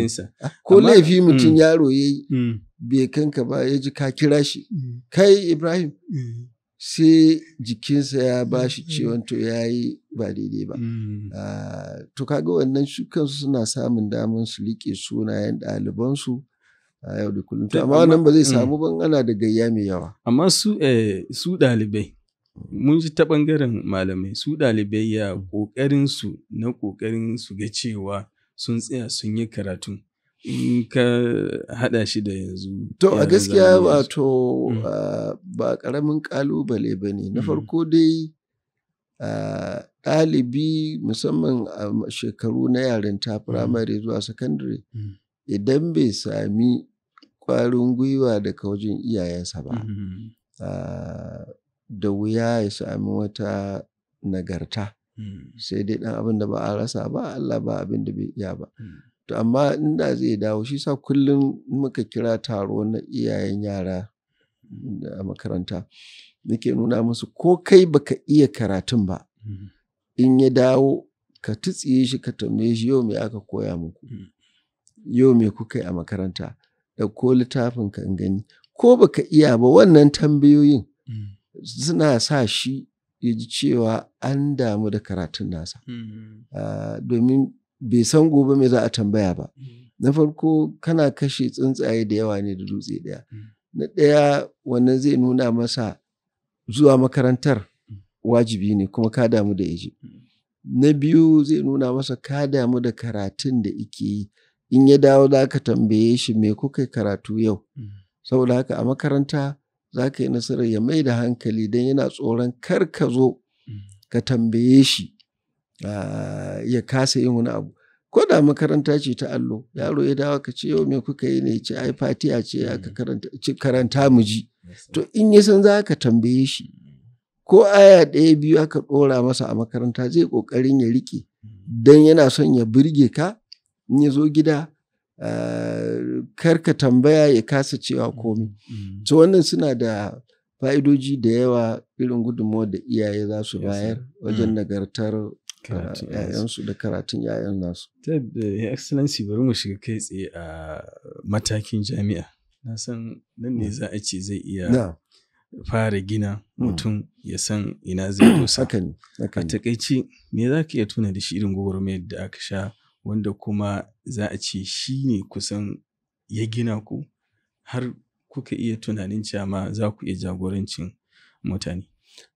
ko laifi hmm. mutum yaro ya yi hmm. bai kanka ba ya ji ka kira shi kai ibrahim sai jikinsa ya ba shi ciwon to ya yi ba daidai ba to kaga wannan shukansu suna samun damar su riƙe sunayen ɗalibansu a yau da kullum to amma nan ba zai mm. samu ban ana da gayya mai yawa amma su eh, su dalibai mun ji ta bangaren malamai su dalibai ya kokarin su na kokarin su ga cewa sun tsaya sun yi karatu in ka hada shi da yanzu to a gaskiya wato mm. ba ƙaramin ƙalubale ba ne na mm. farko dai ɗalibi musamman a shekaru na yarinta firamare zuwa sakandare idan bai sami kwarin gwiwa daga wajen iyayensa ba mm-hmm. ah, da wuya ya sami wata nagarta mm. sai dai ɗan abin da ba a rasa ba Allah ba abin da bai iya ba mm. to amma inda zai dawo shi sa kullum muka kira taro na iyayen yara a makaranta nake nuna musu ko kai baka iya karatun ba mm. in ya dawo ka tutsiye shi ka tambaye shi yau me aka koya muku yau me kuka yi a makaranta Da ko littafin kan gani ko baka iya ba wannan tambayoyin mm. suna sa shi ya ji cewa an damu da karatun nasa mm. ah, domin bai san gobe mai za a tambaya ba mm. na farko kana kashe tsuntsaye da yawa ne da dutse ɗaya na ɗaya wannan zai nuna masa zuwa makarantar wajibi ne kuma ka damu da iji na biyu zai nuna masa ka damu da karatun da ike yi in ya dawo za ka tambaye shi me kuka yi karatu yau mm. saboda haka a makaranta za ka yi nasarar ya mai da hankali don yana tsoron kar ka zo mm. ka tambaye shi ya kasa yin wani abu ko da makaranta ce ta allo yaro ya dawo ka ce yau me kuka yi ne ce ai fatiya ce ya mm. karanta karanta mu ji to in ya san za ka tambaye shi ko aya ɗaya biyu aka ɗora masa a makaranta zai ƙoƙarin ya riƙe don yana son ya birge ka in ya zo gida karka eh, kar ka tambaya ya kasa cewa mm, komi to mm. wannan suna da fa'idoji da yawa irin gudunmawar da iyaye za su bayar mm. wajen nagartar eh, yayansu da karatun yayan nasu. ya excellency bari mu shiga kai tsaye a matakin jami'a na san nan ne za a ce zai iya fara gina mutum ya san ina zai dosa a takaici me za ka iya tuna da shi irin gwagwarmayar da aka sha wanda kuma za a ce shi ne kusan ya gina ku har kuka iya tunanin cewa ma za ku iya jagorancin mutane.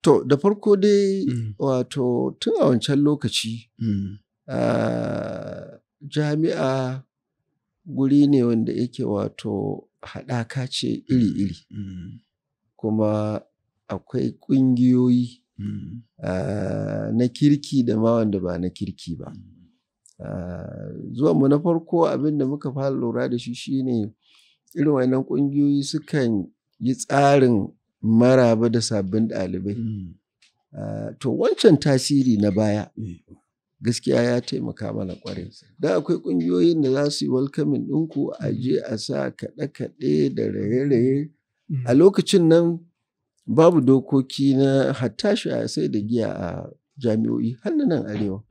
To, da farko dai mm. wato tun a wancan lokaci mm. jami'a guri ne wanda yake wato haɗaka ce mm. iri-iri kuma akwai ƙungiyoyi na kirki da ma wanda ba na kirki ba. mu na farko abin da muka fara lura da shi shine irin wannan ƙungiyoyi sukan yi tsarin maraba da sabbin ɗalibai hmm. ah, to wancan tasiri na baya hmm. gaskiya ya taimaka mana kwarai da akwai ƙungiyoyin da za su yi welcoming ɗinku a hmm. je a sa kaɗe-kaɗe da raye-raye a lokacin nan babu dokoki na hatta sai da giya a jami'o'i hannunan arewa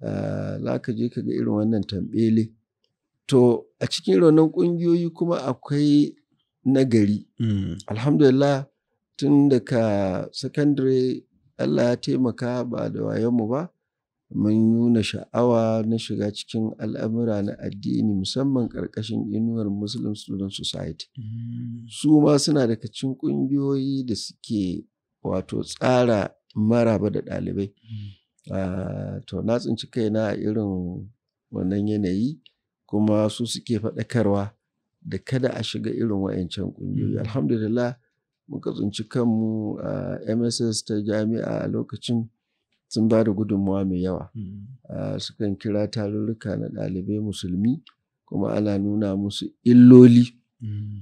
Eh, za ka je ka ga irin wannan tambele to a cikin irin wannan ƙungiyoyi kuma akwai nagari mm. alhamdulillah tun daga sakandare allah ya taimaka ba da wayonmu ba mun nuna sha'awa na shiga cikin al'amura na addini musamman ƙarƙashin inuwar muslim student society mm. su ma suna daga cikin ƙungiyoyi da suke wato tsara maraba da ɗalibai mm. Ah, to na tsinci kaina a irin wannan yanayi kuma su suke faɗakarwa da kada a shiga irin wa'ancan ƙungiyoyi mm. alhamdulillah muka tsinci kanmu a mss ta jami'a a lokacin sun ba da gudunmawa mai yawa mm. ah, sukan kira tarurruka na ɗalibai musulmi kuma ana nuna musu illoli mm.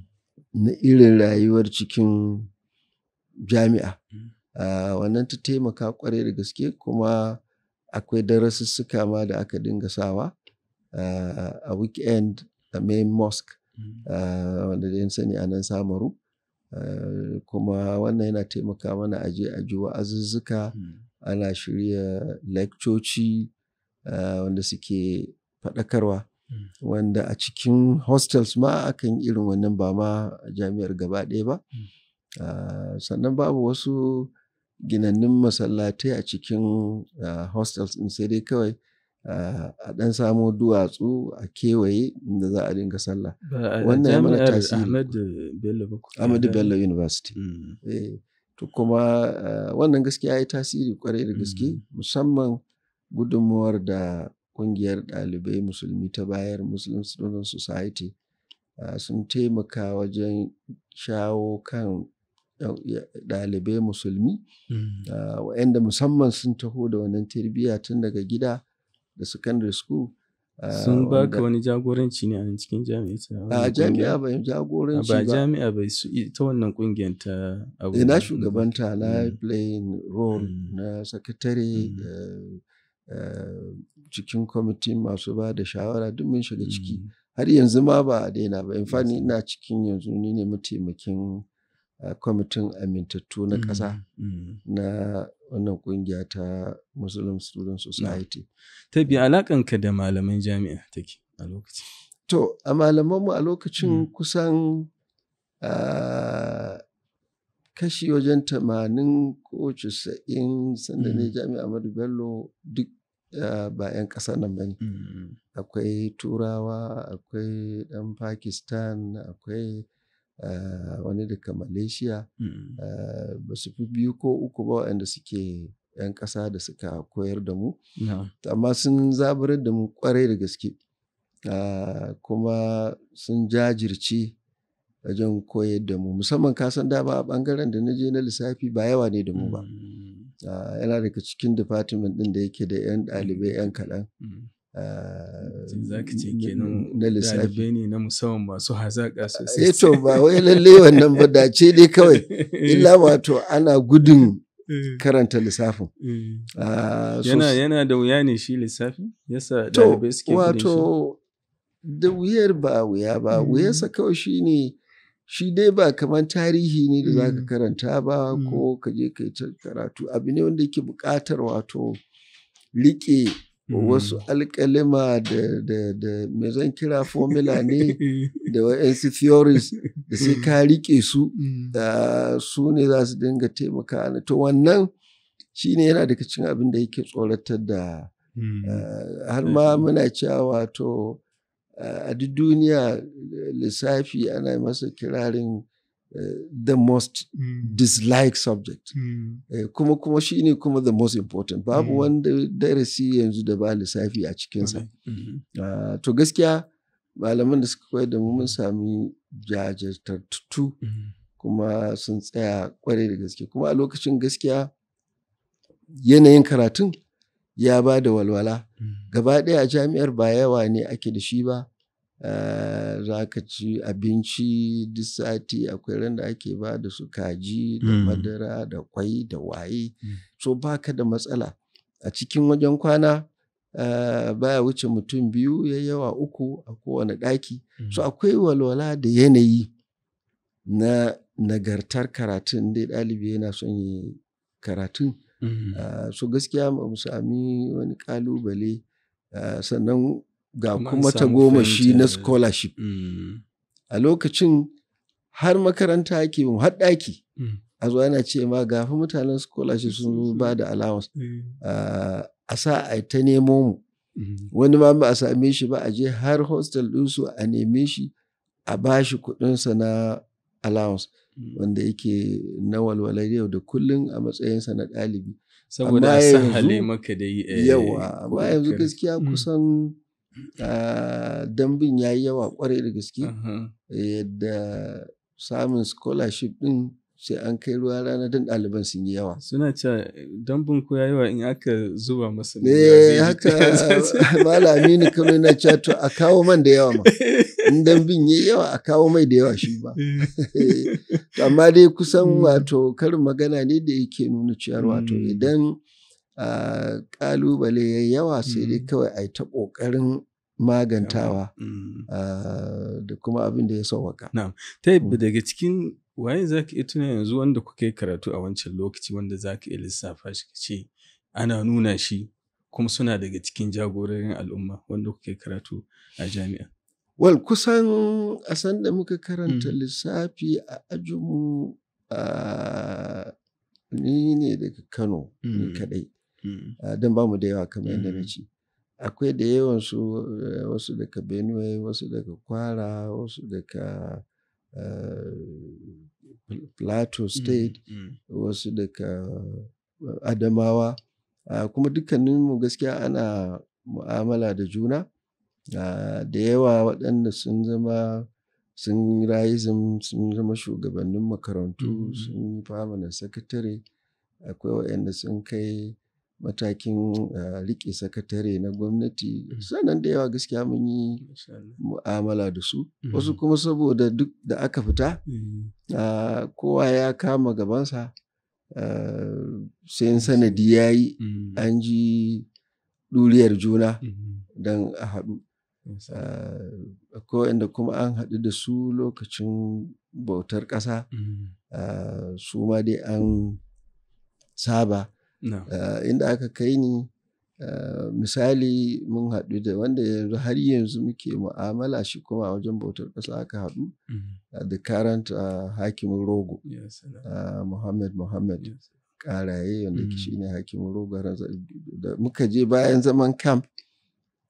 na irin rayuwar cikin jami'a. Ah, wannan ta taimaka kwarai da gaske kuma akwai darasussuka ma da aka dinga sawa ah, a weekend a main mosque mm. ah, wanda da sani a nan samaru kuma wannan yana taimaka mana aje a ji wa'azuzzuka mm. ana shirya lekcoci wanda suke faɗakarwa mm. wanda a cikin hostels ma akan irin wannan ba ma jami'ar gaba ɗaya ba sannan babu wasu ginannun masallatai a cikin hostels ɗin sai dai kawai a ɗan samo duwatsu a kewaye inda za a dinga sallah wannan ya mana tasiri Ahmadu Bello University hmm. eh, to kuma wannan gaskiya ya yi tasiri kwarai da gaske hmm. musamman gudunmuwar da kungiyar ɗalibai musulmi ta bayar Muslim Student Society sun taimaka wajen shawo kan ɗalibai musulmi mm. ah, wa'anda musamman sun taho da wannan tarbiyya tun daga gida da secondary school ah, sun ba ka wani jagoranci ne a cikin jami'a a jami'a ba jagoranci ba jami'a ba ta wannan kungiyar ta abu eh, na shugabanta na mm. playing role mm. na sakatare eh, eh, cikin kwamitin masu ba da shawara duk mun shiga ciki har yanzu ma ba a daina ba in ina cikin yanzu ni ne mataimakin kwamitin amintattu na mm, ƙasa mm. na wannan ƙungiya ta muslim student society ta biya alaƙanka da malaman jami'a take a lokacin to a malamanmu a lokacin mm. kusan kashi wajen tamanin ko casa'in sanda ne jami'a Ahmadu Bello duk ba 'yan ƙasa nan ba ne. Akwai Turawa, akwai ɗan Pakistan, akwai Eh, wani daga malaysia mm. eh, ba su fi biyu ko uku ba waɗanda suke 'yan ƙasa da suka koyar da mu amma sun zaburar da mu kwarai da gaske eh, kuma sun jajirce wajen koyar da mu musamman kasan da ba a bangaren da na je na lissafi ba yawa ne da mu ba mm. yana daga cikin department ɗin da yake da 'yan ɗalibai 'yan mm. kaɗan za ce kenan dalibai na musamman masu hazaƙa sosai. Eh to ba wai lalle wannan ba dace dai Yana da wuya ne shi lissafi? Yasa Wato da wuyar ba wuya ba hmm. wuyarsa kawai shi ne shi dai ba kamar tarihi ne da zaka hmm. karanta ba hmm. ko ka je ka yi karatu abu ne wanda yake buƙatar wato riƙe wasu mm. alkalima da, da, da me zan kira formula <laughs> ne da wa'yansu theories da sai ka mm. riƙe su mm. da su ne za su dinga taimaka na to wannan shi ne yana daga cikin abin da yake tsoratar da eh, har ma muna cewa to eh, a duk duniya lissafi ana masa kirarin Uh, the most mm. disliked subject mm. eh, kuma kuma shi ne kuma the most important babu mm. wanda darasi yanzu da ba lissafi a cikinsa mm-hmm. ah, to gaskiya malaman da suka koyar da mu mun sami jajirtattu mm-hmm. kuma sun tsaya kwarai da gaske kuma a lokacin gaskiya yanayin karatun ya ba da walwala gaba ɗaya a jami'ar ba yawa ne ake da shi ba Eh, za ka ci abinci duk sati akwai randa da ake ba da su kaji da mm. madara da kwai da waye mm. so ba ka da matsala a cikin wajen kwana eh, baya wuce mutum biyu ya yawa uku a kowane ɗaki mm. so akwai walwala da yanayi na nagartar karatun dai ɗalibi yana son yi karatun eh, so gaskiya mu sami wani ƙalubale sannan ga kuma ta goma shi na scholarship mm. a lokacin har makaranta yake mu har ɗaki mm. a zuwa yana ce ma gafi mutanen scholarship sun ba da allowance eh. ah, a sa a ta nemo mu mm. wani ma ba a same shi ba a je har hostel ɗinsu a neme shi a ba shi kuɗinsa na allowance wanda yake na walwalar yau da kullum a matsayinsa na ɗalibi saboda a sahale halimaka da yi eh, yawa amma yanzu gaskiya kusan Ah, dambin ya yi yawa kwarai da gaske yadda samun scholarship din sai an kai ruwa rana don ɗaliban sun yi yawa. Suna cewa dambun ko wa in aka zuba masa ne. Eh, haka <laughs> malami ni kano na cewa to a kawo man da yawa ma. <laughs> In dambin yi yawa a kawo mai da yawa shi ba. Eh. Eh, amma dai kusan mm. wato karin magana ne da yake nuna cewa wato mm. idan ah, ƙalubale ya yawa sai dai mm. kawai a yi ta ƙoƙarin magantawa mm. ah, da kuma abin da ya sauwaka. Na'am. Ta mm. daga cikin waye za ka iya tuna yanzu wanda kuka yi karatu a wancan lokaci wanda za ka iya lissafa shi ce ana nuna shi kuma suna daga cikin jagororin al'umma wanda kuka yi karatu a jami'a. Wal kusan a san da muka karanta mm. lissafi a ajinmu ah, ni ne daga Kano ni kadai. Ah, don ba mu da yawa kamar yadda na ce. akwai da yawansu eh, wasu daga Benue, wasu daga Kwara, wasu daga eh, Plateau mm-hmm, State, mm. wasu daga eh, Adamawa. Ah, kuma dukkanin mu gaskiya ana mu'amala da juna. Ah, da yawa waɗanda sun zama sun rayizin sun zama shugabannin makarantu mm-hmm, mm-hmm. sun yi na sakatare akwai waɗanda sun kai matakin eh, riƙe sakatare na gwamnati mm. sannan da yawa gaskiya mun yi mu'amala da su mm. wasu kuma saboda duk da aka fita mm. ah, kowa ya kama gabansa eh, sai sanadi ya yi an ji ɗuriyar juna mm-hmm. don a haɗu eh, akwai inda kuma an haɗu da su lokacin bautar ƙasa su ma dai an saba Eh, inda aka kai ni eh, misali mun haɗu da wanda yanzu har yanzu muke mu'amala shi kuma a wajen bautar ƙasa aka haɗu da mm-hmm. eh, current hakimin rogo muhammad muhammad karaye wanda mm-hmm. shi ne hakimin rogo da muka je bayan zaman camp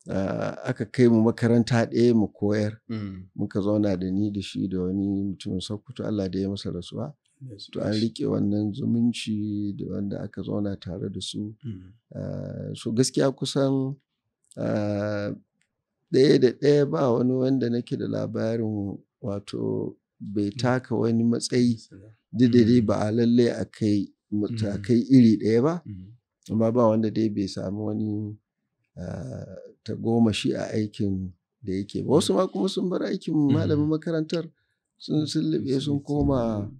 Uh, aka kai mu makaranta ɗaya mu koyar mm. muka zauna da ni da shi da wani mutumin sokoto Allah da ya masa rasuwa to an riƙe wannan zumunci da wanda aka zauna tare da su mm. ah, so gaskiya kusan ah, ɗaya da ɗaya ba wani wanda nake da labarin wato bai mm. taka wani matsayi didiri mm. ba a lalle a kai matakai iri ɗaya ba amma ba wanda dai bai sami wani ah, ta goma shi a aikin da yake ba wasu ma kuma sun bar aikin malamin makarantar sun lullube sun koma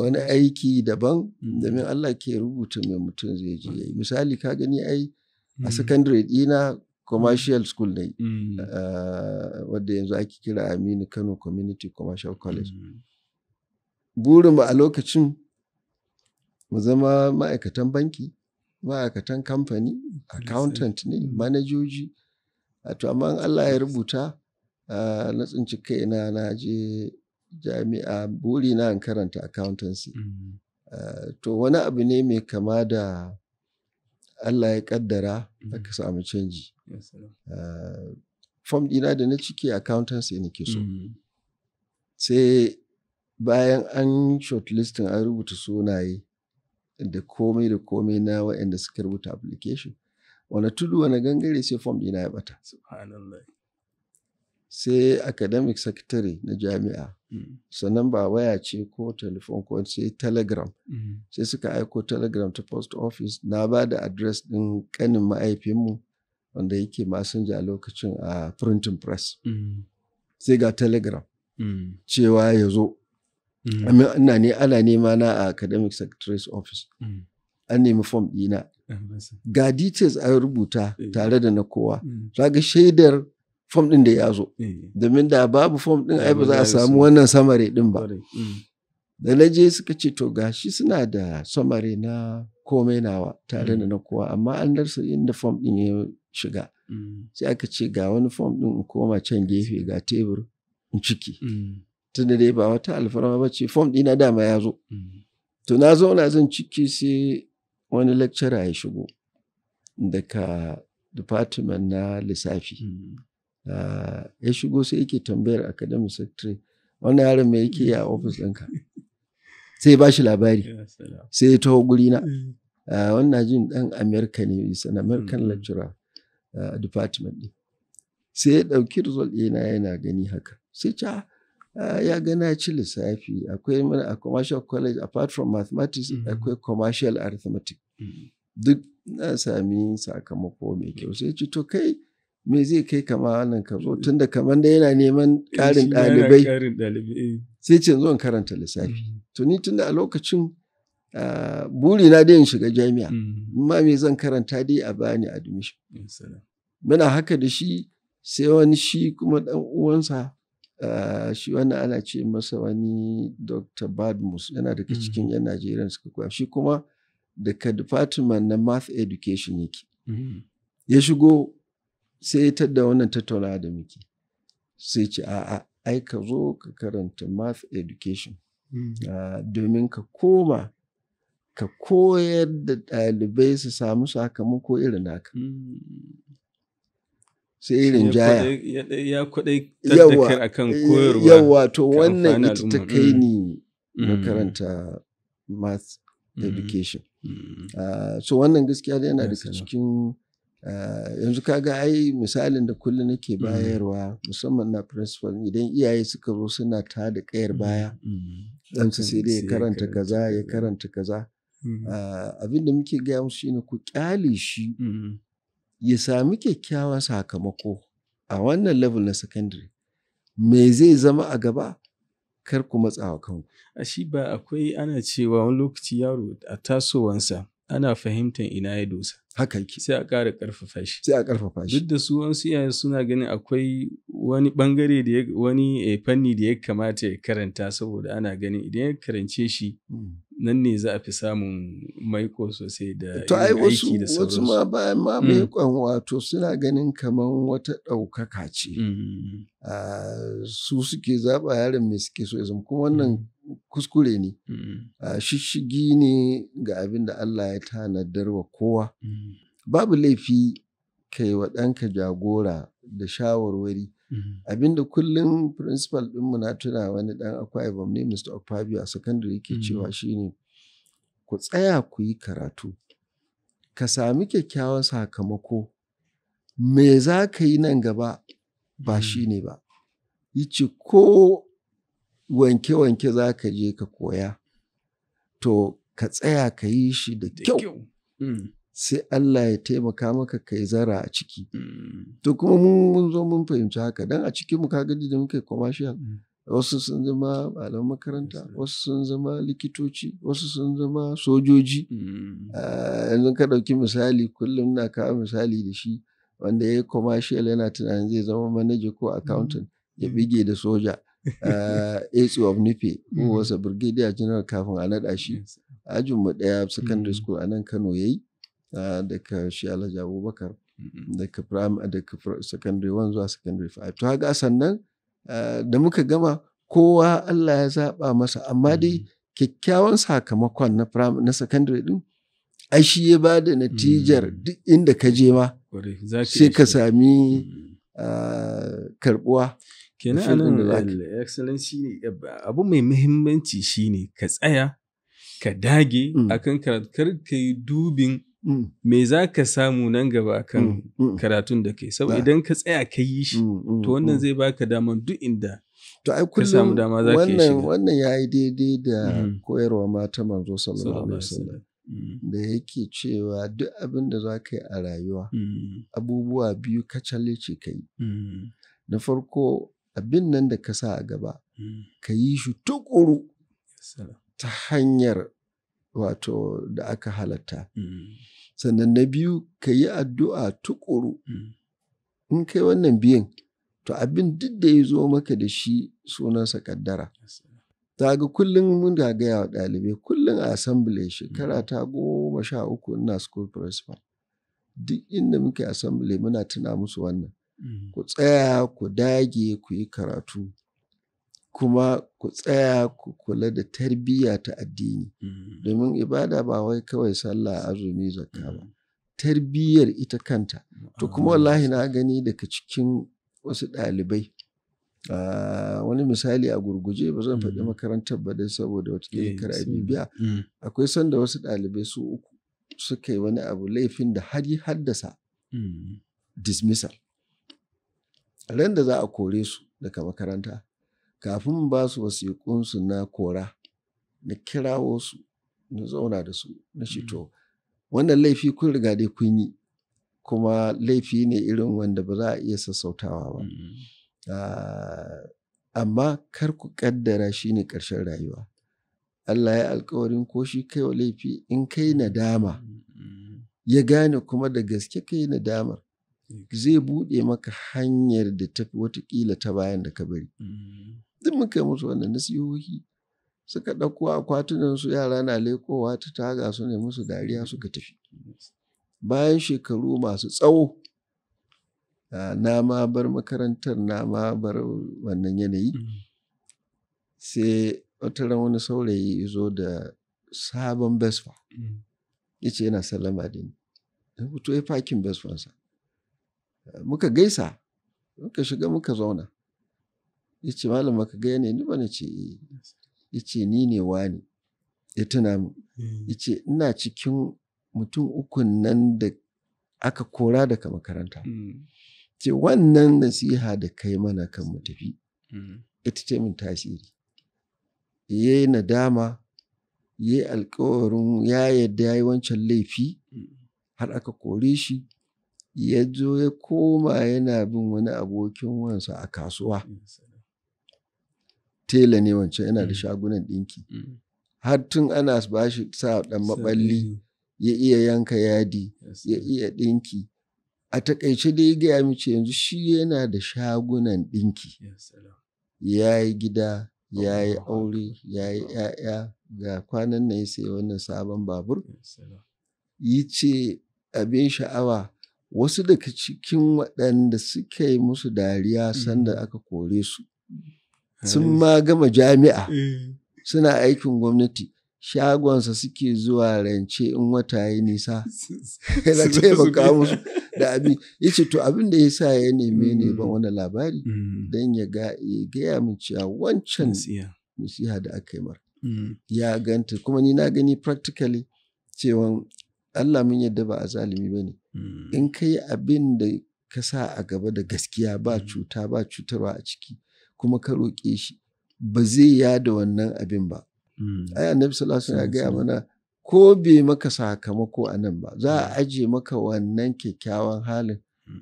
wani aiki daban mm. domin Allah ke rubuta mai mutum zai je yayi mm. misali ka gani ai a mm. secondary dina commercial school ne eh, wadda yanzu ake kira Aminu Kano Community Commercial College burin ba a lokacin mu zama ma'aikatan banki ma'aikatan kamfani accountant ne manajoji to amma Allah ya rubuta eh, na tsinci kaina na je jami'a buri na in karanta accountancy mm-hmm. eh, to wani abu ne mai kama da Allah ya kaddara mm-hmm. aka samu canji eh, fom ɗina da na ciki accountancy ke so mm-hmm. sai bayan an shortlisting an rubuta sunaye da komai da komai na waɗanda suka rubuta application wani tudu wani gangare sai fom ɗina ya bata sai academic secretary na jami'a Mm. sannan ba waya ce ko telefon ko sai telegram mm. sai suka aiko telegram ta post office na ba da adres din kanin ma'aifinmu wanda yake masinja a lokacin a printing press mm. sai ga telegram cewa ya zo ina ne ana nema na a academic secretary's office an nemi form dina. Ah, ga details an rubuta eh. tare da na kowa ga shaidar fom ɗin da ya zo eh. domin da babu fom ɗin ai ba za a samu wannan samare ɗin ba mm. da na je suka ce to gashi suna da samare na komai nawa tare da mm. na kowa amma an darsa inda fom ɗin ya shiga mm. sai aka ce ga wani fom ɗin in koma can gefe ga tebur in ciki tunda dai ba wata alfarma ba ce fom ɗina dama ya zo to na zauna zan ciki sai wani lecturer ya shigo daga department na lissafi ya shigo sai yake tambayar academic secretary wannan yaron mai yake a ofis ɗinka sai ya shi labari sai ya taho guri na mm. ah, wannan jin ɗan america ne is an american mm. lecturer a ah, department ɗin sai ya ɗauki result ɗina yana gani haka sai ca ah, ya gana ci lissafi akwai mana a commercial college apart from mathematics mm-hmm. akwai commercial arithmetic mm-hmm. duk na sami sakamako mai kyau sai ci to kai me zai kai kama wannan ka zo tun da kamar da yana neman ƙarin ɗalibai eh. sai ce zuwan karanta lissafi mm. to ni tun da a lokacin ah, buri na dai in shiga jami'a mm. amma me zan karanta dai a bani admission muna haka da shi sai wani shi kuma ɗan uwansa ah, shi wannan ana ce masa wani dr badmus yana daga mm. cikin yan najeriya suka koya shi kuma daga department na math education yake ya shigo sai ya da wannan tattauna da muke sai ce a'a ai ka zo ka karanta math education mm. ah, domin ka koma ka koyar da ɗalibai su samu sakamako irin naka mm. sai irin jaya ya kudai tattakar akan eh, koyarwa yawa to wannan ita ta kai mm. ni makaranta math education ah, so wannan gaskiya da yana da cikin Eh, yanzu ga ai misalin da kullum nake mm-hmm. bayarwa musamman na principal idan iyaye suka zo suna ta da kayar mm-hmm. baya dan mm-hmm. su sai dai ya karanta kaza ya karanta kaza eh, abin da muke gaya musu shine ku kyale shi ya sami kyakkyawan sakamako a wannan level na secondary me zai zama a gaba kar ku matsawa kanku a shi ba akwai ana cewa wani lokaci yaro a tasowansa ana fahimtar ina ya dosa haka yake sai a ƙara ƙarfafa shi sai a ƙarfafa shi duk da su wasu iyaye suna ganin akwai wani bangare da wani eh, fanni da ya kamata ya karanta saboda ana ganin idan ya karance shi hmm. nan ne za a fi samun maiko sosai da to ai wasu wasu ma bayan ma hmm. maikon wato suna ganin kamar wata ɗaukaka ce hmm, ah, su suke zaɓa yaron mai suke so kuma wannan kuskure ne mm-hmm. shishigi ne ga abin da Allah ya tanadar wa kowa mm-hmm. babu laifi kai wa ɗanka jagora da shawarwari mm-hmm. abinda kullum principal ɗinmu na tuna wani ɗan akwai ne mr okpabio a secondary yake cewa shine ku tsaya ku yi karatu ka sami kyakkyawan sakamako me za ka yi nan gaba ba shi ne ba yi ko wanke-wanke za ka je ka koya to ka tsaya ka yi shi da kyau mm. sai Allah ya taimaka maka ka yi zara a ciki mm. to kuma mun zo mun fahimci haka don a cikin mu kaga da muke commercial mm. wasu sun zama malam makaranta wasu sun zama likitoci wasu sun zama sojoji ah, yanzu ka ɗauki misali kullum na kawo misali da shi wanda ya yi commercial yana tunanin zai zama manager ko accountant ya bige da soja <laughs> Etsu eh, of Nufe, hmm. who was a brigadier general kafin a naɗa shi. Ajinmu ɗaya secondary hmm. school a nan Kano ya yi, daga shi Alhaji Abubakar, hmm. daga secondary 1 zuwa secondary five. To haka sannan eh, da muka gama kowa Allah ya zaɓa masa, amma dai kyakkyawan sakamakon na secondary ɗin. ai shi ya ba da natijar duk inda ka je ma sai ka sami eh, karbuwa kenan anan excellency ne abu mai muhimmanci shine ka tsaya ka dage mm. akan kar ka yi dubin mm. me za ka samu nan gaba kan mm, karatun da kai saboda idan ka tsaya ka yi shi to wannan zai baka daman duk inda to ai kullum wannan wannan yayi daidai da koyarwa mata manzo sallallahu alaihi wasallam da yake cewa duk abin da za ka yi a rayuwa abubuwa biyu kacale ce ka yi na farko abin nan da ka sa a gaba hmm. ka yi shi tukuru ta hanyar wato da aka halatta hmm. sannan na biyu ka yi addu'a tukuru hmm. in kai wannan biyan to abin duk da ya zo maka da shi sunansa kaddara ta ga kullum mun gaya wa ɗalibai kullum a assembly shekara ta goma sha uku ina school principal duk inda muke assembly muna tuna musu wannan Mm. ku tsaya ku dage ku yi karatu kuma ku tsaya ku kula da tarbiyya ta addini mm. domin ibada ba wai kawai sallah azumi zakka ba mm. tarbiyyar ita kanta to kuma wallahi na gani daga cikin wasu ɗalibai wani misali a gurguje ba zan faɗi makarantar ba dai saboda wata kar a bibiya akwai sanda wasu ɗalibai su uku suka yi wani abu laifin da har yi haddasa dismissal ran da za a kore su daga makaranta kafin ba su wasiƙunsu na kora na kirawo su na zauna da su na shito wannan laifi kun riga dai kun yi kuma laifi ne irin wanda ba za a iya sassautawa ba mm-hmm. ah, amma kar ku kaddara shi ne ƙarshen rayuwa Allah ya alkawarin ko shi kai wa laifi in kai nadama mm-hmm. ya gane kuma da gaske kai nadamar zai buɗe maka hanyar da ta fi watakila ta bayan da ka bari. Mm. Duk muka yi musu wannan nasihohi suka ɗauko akwatunan su yara na lekowa ta taga su ne musu dariya suka tafi. Bayan shekaru masu tsawo na ma bar makarantar na ma bar wannan yanayi mm. sai wata ran wani saurayi ya zo da sabon besfa mm. ya ce yana sallama da ni. Ya fito ya fakin besfansa. muka gaisa muka shiga muka zauna ya ce malam maka gaya ne ni bane ce eh. ya ce ni ne wani ya tuna mu hmm. ya ce ina cikin mutum uku nan da aka kora daga makaranta hmm. ce wannan nasiha da kai mana kan mu tafi ita hmm. ce min tasiri ya yi nadama ya yi alkawarin ya yadda ya yi wancan laifi har aka kore shi ya zo ya koma yana bin wani abokin wansa a kasuwa tela ne wancan yana da mm. shagunan ɗinki mm. har tun ana ba shi sa dan maballi ya iya yanka yadi ya iya ɗinki a takaice dai gaya mace yanzu shi yana da shagunan ɗinki ya yi gida ya yi aure ya yi ‘ya'ya ga kwanan na ya sai wannan sabon babur yi ce abin sha'awa wasu daga cikin waɗanda suka yi musu dariya sanda mm-hmm. aka kore su sun ma gama jami'a eh. suna aikin gwamnati shagonsa suke zuwa rance in wata ya nisa <laughs> <laughs> yana taimaka musu da abin ya ce to abin da ya sa ya neme ne ban mm-hmm. wani labari mm-hmm. don ya gaya min cewa wancan nasiha da aka yi mara mm. ya ganta kuma ni na gani practically cewa Allah mun yadda ba a zalimi ba ne. Hmm. In ka yi abin da ka sa a gaba da gaskiya ba hmm. cuta ba cutarwa a ciki kuma ka roƙe shi ba zai yada wannan abin ba. Hmm. Ai annabi sallallahu ya gaya mana ko bai maka sakamako a nan ba za a aje maka wannan kyakkyawan halin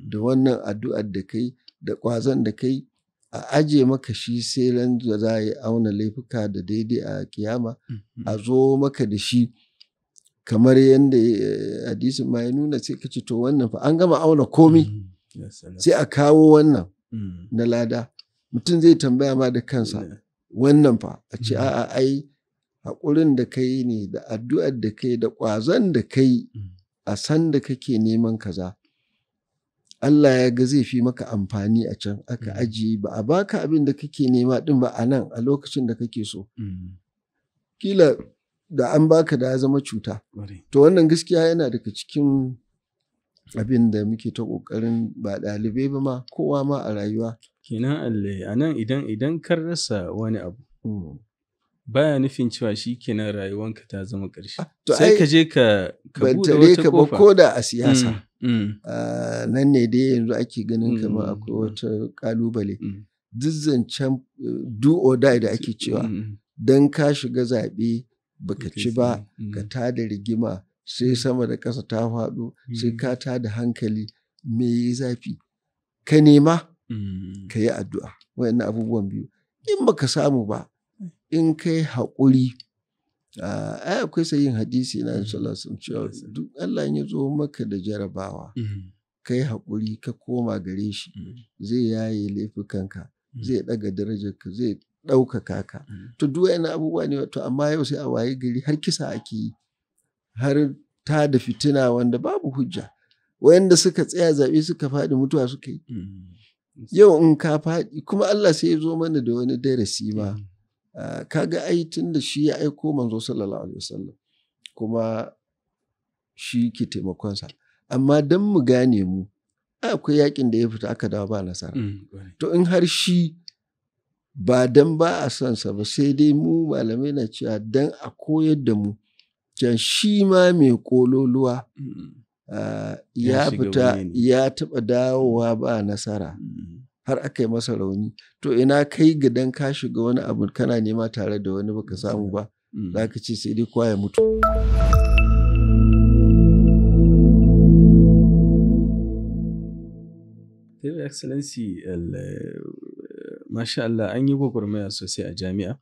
da wannan addu'ar da kai da ƙwazon da kai a aje maka shi sai ran da za a yi auna laifuka da daidai a kiyama a zo maka da shi kamar yadda eh, hadisin ma ya nuna sai ka ce to wannan fa an gama auna komi mm, sai a kawo wannan mm. na lada mutum zai tambaya ma da kansa wannan fa a ce mm. a'a ai haƙurin da ka yi ne da addu'ar da ka yi da ƙwazon da ka yi a san da kake neman kaza Allah ya ga zai fi maka amfani a can aka ajiye ba a baka abin da kake nema din ba a nan a lokacin da kake so kila da an baka da ya zama cuta to wannan gaskiya yana daga cikin abin da muke ta ƙoƙarin ba ɗalibai ba ma kowa ma a rayuwa kenan Allah a nan idan idan kan rasa wani abu hmm. baya nufin cewa shi kenan rayuwanka ta zama ƙarshe ah, sai ka je ka ka bude wata kofa ko da a siyasa mm, mm. Ah, nan ne dai yanzu ake ganin mm, kamar akwai wata ƙalubale duk zancen eh, do or die da ake cewa don ka shiga zaɓe baka ci ba ka mm. tada rigima sai sama da ƙasa ta faɗo sai mm. ka ta da hankali me yi zafi ka nema mm. ka yi addu'a wayannan abubuwan biyu in baka samu ba in kai haƙuri ai akwai sayin hadisi na sallallahu cewa duk Allah ya zo maka da jarabawa kai haƙuri ka koma gare shi zai yaye laifukanka zai ɗaga darajarka zai ɗaukaka ka. Mm. To duk wa'ina abubuwa ne to amma yau sai a waye gari har kisa ake yi har ta da fitina wanda babu hujja. Wayanda suka tsaya zaɓe suka faɗi mutuwa suka yi. Mm. Yau in ka faɗi kuma Allah sai ya zo mana da wani darasi ma. Mm. Kaga ai tun da shi ya aiko manzo sallallahu alaihi wasallam kuma shi ke taimakonsa. Amma don mu gane mu akwai yakin da ya fita aka dawo ba nasara. To in har shi ba don ba a son sa ba sai dai mu malamai na cewa don a koyar da mu can shi ma mai kololuwa mm-hmm. ah, ya fita ya taɓa dawowa ba nasara mm-hmm. har aka yi masa rauni to ina kai ga don ka shiga wani abu kana nema tare da wani baka samu ba mm-hmm. za ka ce sai dai kowa ya mutu. Your Excellency, Masha Allah an yi gwagwarmaya sosai a jami'a.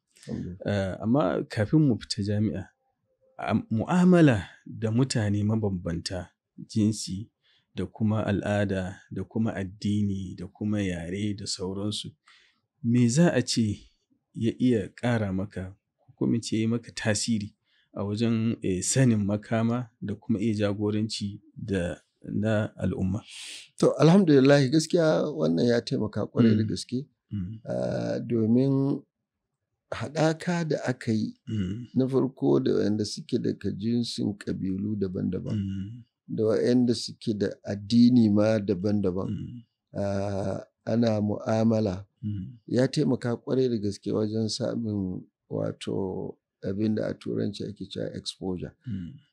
Eh, amma kafin mu fita jami'a, mu'amala da mutane mabambanta jinsi da kuma al'ada da kuma addini da kuma yare da sauransu. Me za a ce ya iya ƙara maka ko mu ce ya maka tasiri a wajen eh, sanin makama da kuma iya jagoranci da na al'umma? To, alhamdulillah gaskiya wannan ya taimaka kwarai da mm. gaske. Mm. Ah, domin haɗaka da aka yi mm. na farko da wanda suke daga jinsin ƙabilu daban-daban mm. da wa'anda suke da addini ma daban-daban ah, ana mu'amala ya taimaka kwarai da gaske wajen samun wato abin da a turanci ake cewa exposure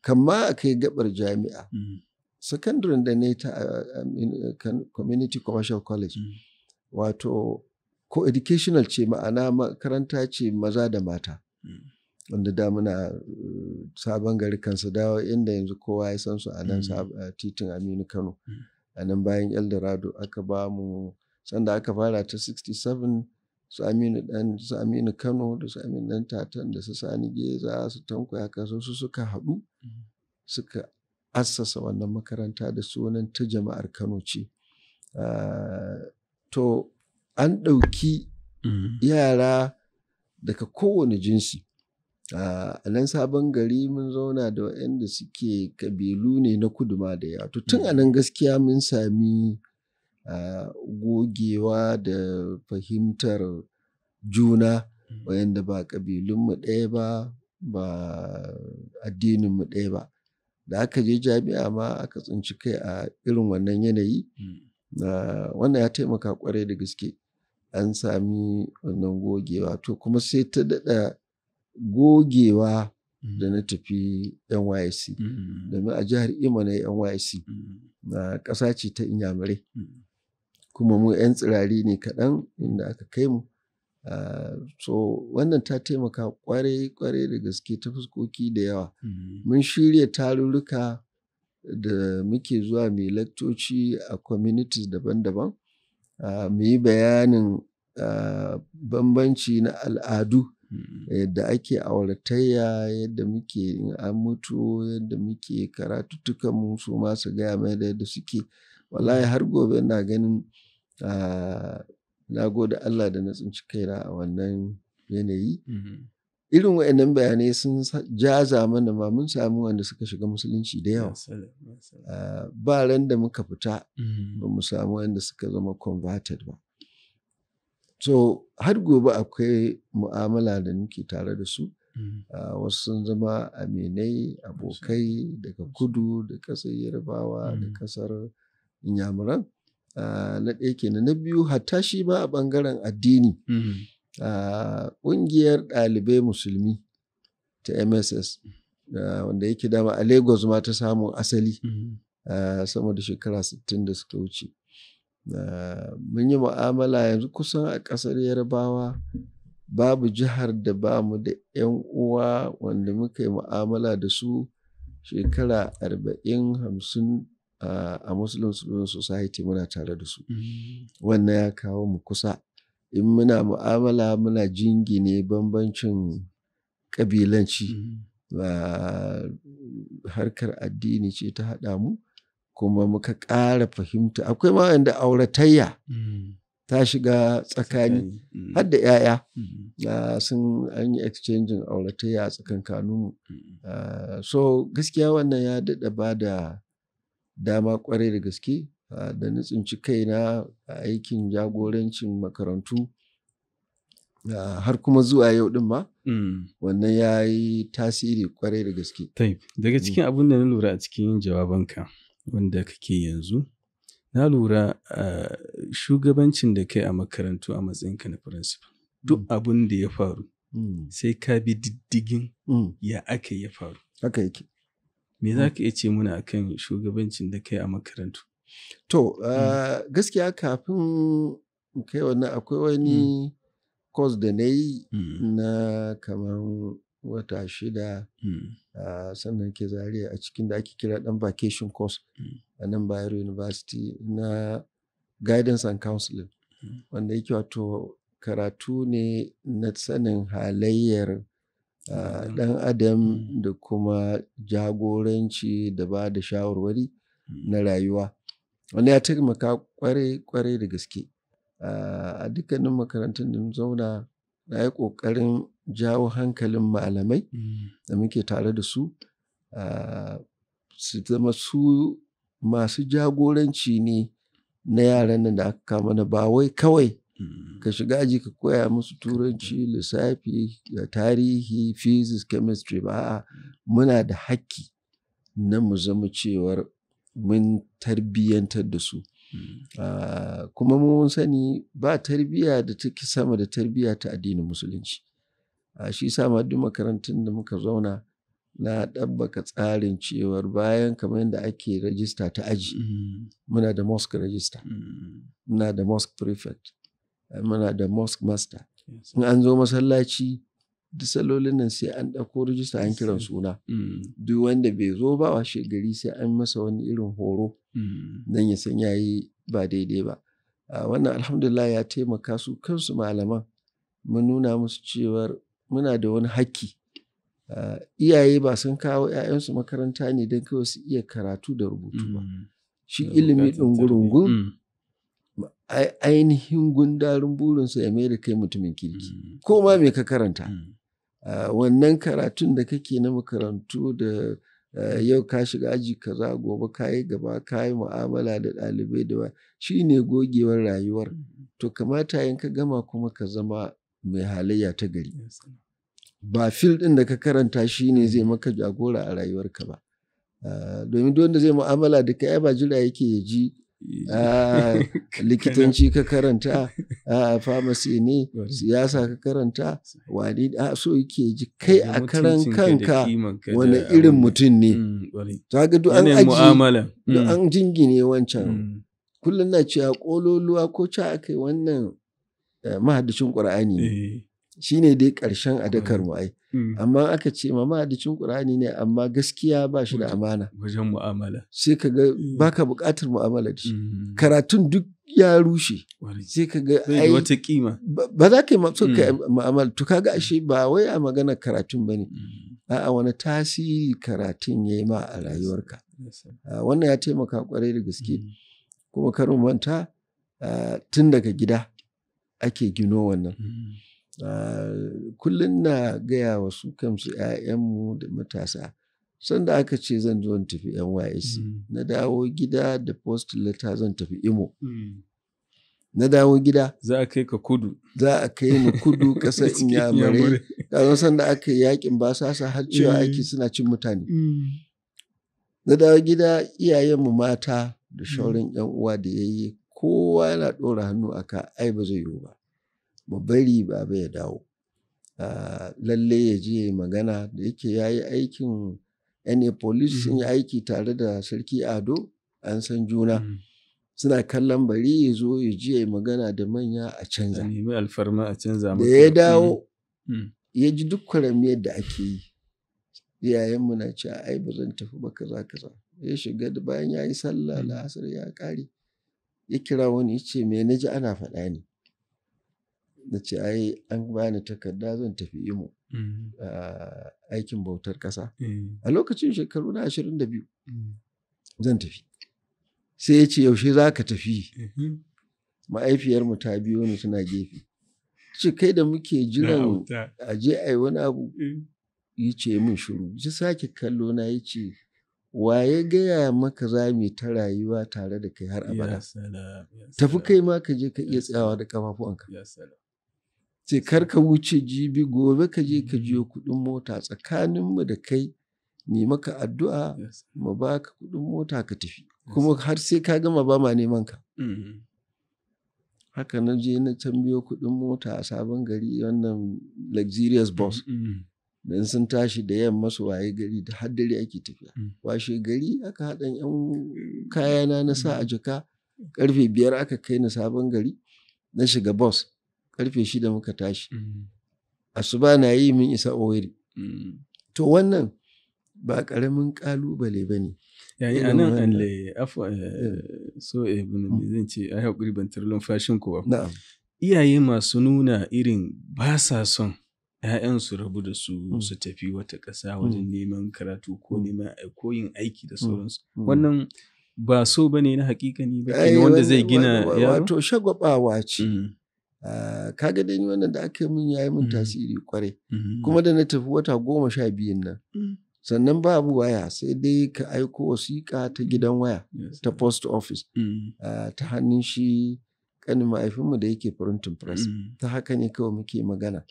kamma a kai gabar jami'a Secondary da ne ta community commercial college wato ko educational ce ma'ana makaranta ce maza da mata hmm. wanda da muna uh, sabon gari kansa dawo inda yanzu kowa ya san su a nan hmm. titin aminu kano hmm. a nan bayan eldorado aka ba mu sanda aka fara ta 67 su aminu dan su aminu kano da su aminu dan tatan da su sani geza su tanko ya kaso su suka haɗu suka assasa wannan makaranta da sunan ta jama'ar kano ce ah, to an ɗauki mm. yara daga kowane jinsi a nan sabon gari mun zauna da waɗanda suke kabilu ne na kudu ma da yawa to tun a mm. gaskiya mun sami gogewa da fahimtar juna mm. waɗanda ba kabilunmu ɗaya ba ba mu ɗaya ba da aka je jami'a ma aka tsinci kai a irin wannan yanayi wannan ya taimaka kwarai da gaske an sami wannan gogewa to kuma sai ta dada gogewa mm. da na tafi NYC mm. domin a jihar Imo na NYC mm. na ƙasa ce ta Inyamurai kuma mu 'yan tsirari ne kaɗan inda aka kai mu ah, so wannan ta taimaka kwarai-kwarai da gaske ta fuskoki da yawa mun shirya tarurruka da muke zuwa mai lactoci a communities daban-daban mu yi bayanin bambanci na al'adu mm-hmm. yadda ake auratayya yadda muke in an mutu yadda muke karatuttukan mu su ma gaya mai da yadda suke wallahi mm-hmm. har gobe na ganin na gode Allah da na tsinci kaina a wannan yanayi mm-hmm. irin wa'annan bayanai sun jaza mana ma mun samu wanda suka shiga musulunci da yawa ah, ba ran da muka fita mm. ba mu samu wanda suka zama converted ba so har gobe akwai mu'amala da nake tare da su mm. ah, wasu sun zama aminai abokai daga kudu da ƙasar yarbawa da mm. ƙasar inyamuran ah, na ɗaya kenan na biyu hatta shi ma a ɓangaren addini ƙungiyar ɗalibai musulmi ta mss wanda yake dama a lagos ma ta samun asali mhm. sama da shekara 60 da suka wuce mun yi mu'amala yanzu kusan a ƙasar yarbawa babu jihar da ba mu da 'yan uwa wanda muka yi mu'amala da su shekara 40-50 a muslim society muna tare da su mhm. wannan ya kawo mu kusa in muna mu'amala muna jingine bambancin ƙabilanci mm-hmm. ba harkar addini ce ta haɗa mu kuma muka ƙara fahimta akwai ma wanda auratayya mm. ta shiga tsakani mm. har da 'ya'ya mm-hmm. sun an yi exchanging auratayya a tsakankanu mm-hmm. ah, so gaskiya wannan ya daɗa ba da dama kwarai da gaske Ah, da na tsinci kaina a aikin jagorancin makarantu ah, har kuma zuwa yau din ma mm. wannan ya yi tasiri kwarai da gaske. Daga mm. cikin abin da na lura a cikin jawabanka wanda kake yanzu, na lura ah, shugabancin da kai a makarantu a matsayinka na principal duk mm. abin da ya faru sai ka bi diddigin ya aka ya faru. Me za ka iya ce muna akan shugabancin da kai a makarantu? To, mm. eh, gaskiya kafin kai wannan akwai wani mm. course da na yi mm. na kamar wata shida ah, sannan ke zariya a cikin da ake kira dan vacation course a nan Bayero University na guidance and counseling wanda yake wato karatu ne na sanin halayyar dan ah, ah. adam da kuma jagoranci da ba da shawarwari na rayuwa. Wani ya taimaka kwarai kwarai da gaske ah, a dukkanin makarantun da zauna na yi ƙoƙarin jawo hankalin malamai mm. da muke tare da su ah, su zama su masu jagoranci ne na yaran nan da aka kama na ba wai kawai mm. ka shiga aji ka koya musu turanci mm. lissafi tarihi physics chemistry ba muna da haƙƙi na mu zama cewar mun tarbiyyantar da su hmm. ah, kuma mun sani ba tarbiyya da take sama da tarbiyya ta addinin musulunci a ah, shi sama duk makarantun da muka zauna na ɗabbaka tsarin cewar bayan kamar yadda ake rajista ta aji hmm. muna da mosque rajista hmm. muna da mosque prefect muna da mosque master in an zo masallaci duk salolin nan sai an ɗauko rijista an kiran suna mm. duk wanda bai zo ba wa gari sai an masa wani irin horo mm. don ya san yi ba daidai ba wannan alhamdulillah ya taimaka su kansu malaman mun nuna musu cewar muna da wani haƙƙi. iyaye ba sun kawo 'ya'yansu makaranta ne don kawai su iya karatu da rubutu ba mm. shi ilimi ɗungurungun ainihin gundarin burinsu ya mai da kai mutumin kirki mm. ko ma me ka karanta mm. wannan karatun da kake na makarantu da yau ka shiga aji kaza gobe ka yi gaba ka yi mu'amala da ɗalibai da shi ne gogewar rayuwar mm. to kamata yin ka gama kuma ka zama mai halayya ta gari ba fil ɗin da ka karanta shi ne zai maka jagora a rayuwarka ba domin duk wanda zai mu'amala da kai ba jira yake ya ji Ah, <laughs> likitanci ka karanta a <laughs> famasi ah, ne siyasa ka karanta wani ah, so yake ji kai a karan kanka wani irin mutum ne mm, ta ga duk an aji mm. an jingine wancan mm. kullum na cewa kololuwa ko ca aka yi wannan eh, mahadicin ƙur'ani Shi ne dai ƙarshen mm. adakar mu ai mm. amma aka ce ma ma'adicin qur'ani ne amma gaskiya ba shi da amana wajen mu'amala sai ka ga mm. baka buƙatar mu'amala da shi karatun duk ya rushe sai ka ga ai wata kima ba za ka yi mu'amala to kaga ashe ba wai a magana karatun bane a'a wani tasiri karatun yayi ma a rayuwarka ah, wannan ya taimaka kwarai da gaske kuma karin manta ah, tun daga gida ake gino wannan kullum na gaya wa su kamsu 'ya'yanmu da matasa sanda aka ce zan zo tafi NYSC mm. na dawo gida da post letter zan tafi Imo mm. na dawo gida za a kai ka kudu za a kai mu kudu <laughs> ƙasar inyamurai sanda aka yi yakin sa har cewa eh. aiki suna cin mutane mm. na dawo gida iyayenmu mata da shaurin yan uwa da yayi kowa yana ɗora hannu aka ai ba zai yiwu ba mu bari baba ya dawo ah, lalle ya je magana da yake ya yi aikin na police sun mm-hmm. yi aiki tare da sarki ado an san juna mm. suna kallon bari ya zo ya je ya magana da manya a canza da ya dawo mm. Mm. ya ji duk kwaramiyar da ake yi iyayenmu na ce ai ba zan tafi ba kaza kaza ya shiga da bayan ya yi sallah nahasar ya kare ya kira wani ya ce me na ji ana faɗa ne da ce ai an bani takarda zan tafi imo mm. aikin bautar ƙasa mm. a lokacin shekaru na ashirin da biyu mm. zan tafi sai ya ce yaushe za ka tafi mm-hmm. ma'aifiyarmu ta biyo ni suna gefe ce kai da muke jiran a je a yi wani abu yi ce min shiru ji sake kallo na yi ce wa ya gaya maka za mu ta rayuwa tare da kai har abada tafi kai ma ka je ka iya tsayawa da kafafuwanka sai kar ka wuce jibi gobe ka je ka mm. jiyo kuɗin mota tsakanin mu da kai mai maka addu'a mu ba ka kuɗin mota ka tafi kuma har sai ka gama ba ma neman ka mm-hmm. haka na je na tambayo kuɗin mota a sabon gari wannan luxurious bus mm-hmm. Dan sun tashi da yamma su waye gari da haddare ake tafiya mm. washe gari aka haɗa yan kayana na sa a mm-hmm. jaka karfe biyar aka kai na sabon gari na shiga bus karfe shida muka tashi mm. asuba na yi min isa owerri mm. to wannan ba ƙaramin kalubale ba ne yayi a nan an le afuwa eh, so eh, ibn hmm. zan ce a yau ban tarlon fashin iyaye masu nuna irin ba sa son su rabu da su hmm. su tafi wata ƙasa hmm. wajen neman karatu ko neman koyin aiki da sauransu wannan ba so ba ne na hakikani ba wanda zai gina yaro wato shagwabawa ce Ah, ka ga dai wannan da aka yi min ya yi min mm-hmm. tasiri kwarai mm-hmm. kuma da na tafi wata goma sha biyun nan mm. sannan babu waya sai dai ka aiko wasiƙa ta gidan waya ta post office mm-hmm. ah, ta hannun shi kanin mu da yake printin press ta haka ne kawai muke magana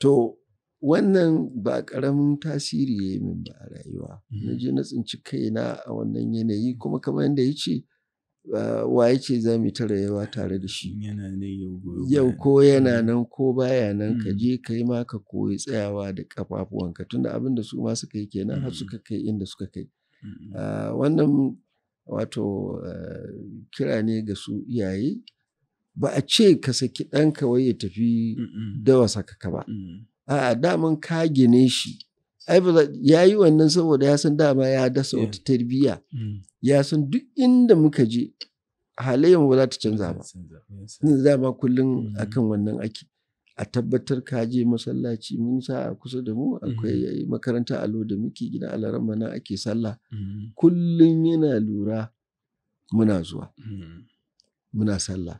to wannan ba ƙaramin tasiri ya yi min ba a rayuwa na je na tsinci kaina a wannan yanayi kuma kamar yadda ya ce Eh, wa ce za mu ta rayuwa tare da shi yau ko yana nan ko baya nan ka mm. je kai ma ka koyi tsayawa da kafafuwanka tunda abin da su ma suka yi kenan har mm. suka kai inda suka kai eh, wannan wato eh, kira ne ga su iyaye ba a ce ka saki ɗanka wai ya tafi dawa sakaka ba mm. a'a daman ka gine shi ya yi wannan saboda ya san dama ya dasa wata tarbiyya mm. ya san duk inda muka je halayyar ba za ta canza ba dama kullum mm-hmm. akan wannan ake a tabbatar ka je masallaci musa a kusa da mu akwai mm-hmm. makaranta alo da muke gida alaran mana ake sallah mm-hmm. kullum yana lura muna zuwa muna sallah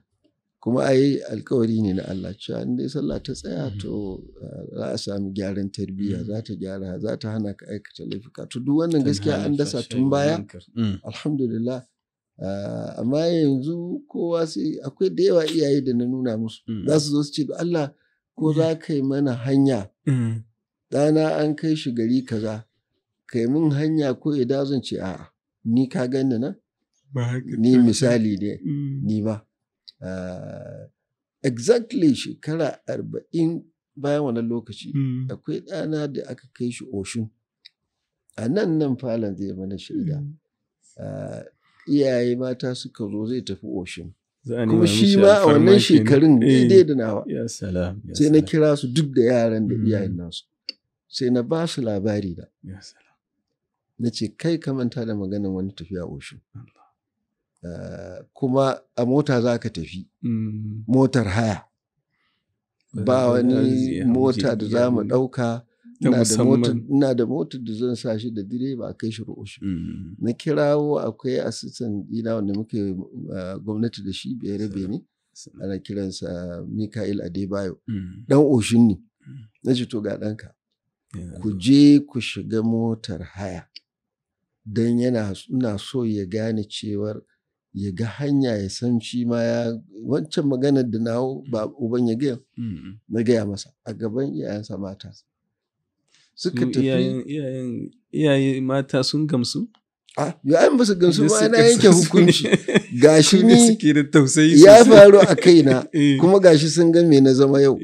kuma yi alkawari ne na Allah cewa in dai sallah ta tsaya mm-hmm. to eh, za a sami gyaran tarbiyya mm-hmm. za ta gyara za ta hana ka aikata laifuka to duk wannan gaskiya an dasa tun baya mm. alhamdulillah eh, amma yanzu kowa sai akwai da yawa iyaye da na nuna musu mm. za su zo su ce Allah ko za mm. ka yi mana hanya ɗana an kai shi gari kaza kai mun hanya ko idan zan ce a'a ni ka ganni na ni misali ne ni ba Ah, exactly shekara arba'in bayan wannan lokaci mm. akwai ɗana da aka kai shi oshun a nan nan falon zai mana shaida mm. ah, iyaye mata suka zo zai tafi oshun kuma shi ma a wannan shekarun eh. daidai da nawa sai na kira su duk da yaran da mm. iyayen nasu sai na ba su labari da na ce kai ka manta da maganin wani tafiya oshun Eh, kuma a mota za ka tafi mm. motar haya ba wani mota da za mu ɗauka ina da motar da zan sa shi da direba a kai shi roshi mm. na kirawo akwai asistan dina wanda muke eh, gwamnati da shi bai rabe ne ana kiransa mikael adebayo mm. dan oshin ne na ji to ga ɗanka ku je ku shiga motar haya don yana so ya gane cewar ya ga hanya ya san shi ma ya wancan maganar da na hau ba uban ya gaya mm-hmm. na gaya masa a gaban iyayensa mata suka tafi iyaye mata sun gamsu a yayin ba su gamsu ba na yanke hukunci <laughs> gashi ni ya faru a kaina <laughs> eh. kuma gashi sun game na zama yau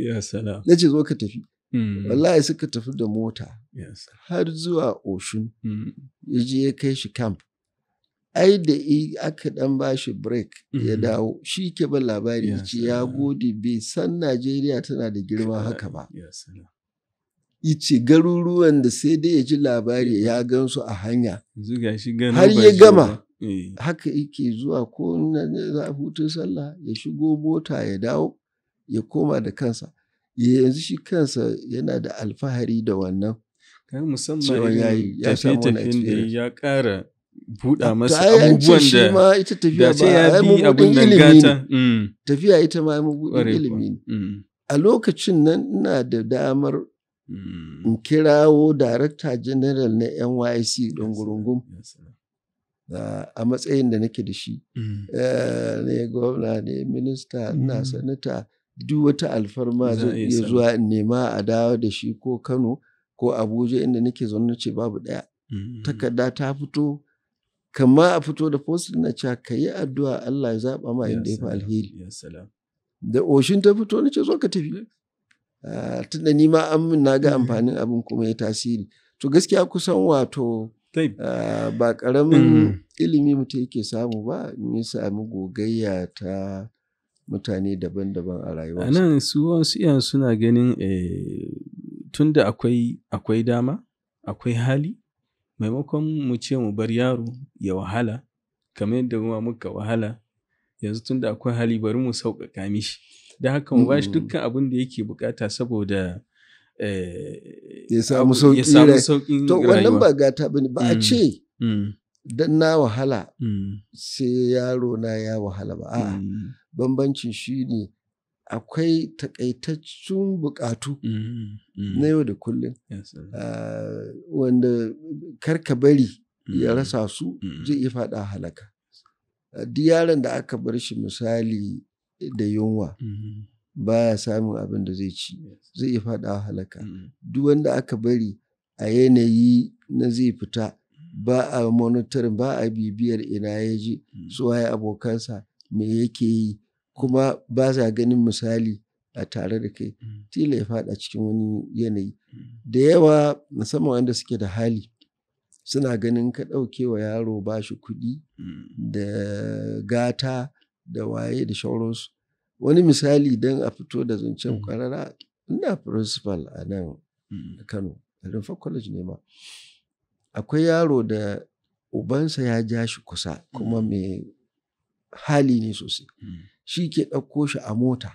na ce zo ka tafi mm-hmm. wallahi suka tafi da mota har zuwa oshun mm-hmm. ya je ya kai shi camp ai da aka dan bashi break ya mm-hmm. dawo shi ke ban labari ya ce ya gode bai san najeriya tana da girma haka ba ice garuruwan da sai dai ya ji labari ya gan su a hanya har ya gama eh. haka yake zuwa ko za hutun sallah ya shigo mota ya dawo ya koma da kansa yanzu shi kansa yana da alfahari da wannan musamman ya samu ya kara buɗa ah, masa abubuwan da ma ita tafiya ba ya bi abin nan gata mm. tafiya ita ma mabudin ilimi ne mm. a lokacin nan ina da damar mm. in kirawo darakta general na NYC don gurungum a matsayin da nake da shi eh, ne gwamna ne minista ina sanata duk wata alfarma zai iya zuwa in nema a dawo da shi ko Kano ko Abuja inda nake zaune ce babu ɗaya takarda ta fito kama a fito da fosil na cewa ka yi addu'a Allah ya zaɓa ma inda ya fi alheri da oshin ta fito na ce zo ka tafi ah, tunda ni ma an min na ga mm. amfanin abin kuma ya tasiri to gaskiya kusan wato ah, ba ƙaramin mm. ilimi mutum yake samu ba in yi sami gogayya ta mutane daban-daban a rayuwa. anan su wasu iyan suna ganin eh, tunda akwai dama akwai hali Maimakon mu ce mu bar yaro ya wahala kamar yadda muma muka wahala yanzu tun da akwai hali bari mu sauƙaƙa mishi. Don haka mu bashi dukkan abin da yake bukata saboda eh, ya samu sauƙin To wannan ba gata bane ba a mm, ce mm. dan na wahala mm. sai yaro na ya wahala ba. A'a bambancin shi ne akwai takaitaccen bukatu mm, mm. na yau da kullum ah, wanda karka bari ya mm. rasa su zai iya fada halaka ah, Diyaran da aka bar shi misali da yunwa mm-hmm. baya samun abin da zai ci zai iya fada halaka mm-hmm. duk wanda aka bari a yanayi na zai fita ba a monitoring ba a bibiyar ina ya ji su waye abokansa me yake yi kuma ba za ganin misali a tare da kai tila mm. ya fada cikin wani yanayi mm. da yawa musamman wanda suke da hali suna ganin ka ɗauke wa yaro ba shi kuɗi mm. da gata da waye da shauransu wani misali don a fito da zancen kwarara ina principal a nan kano rumfa college ne ma akwai yaro da ubansa ya ja shi kusa kuma mai hali ne sosai shi ke ɗauko shi a mota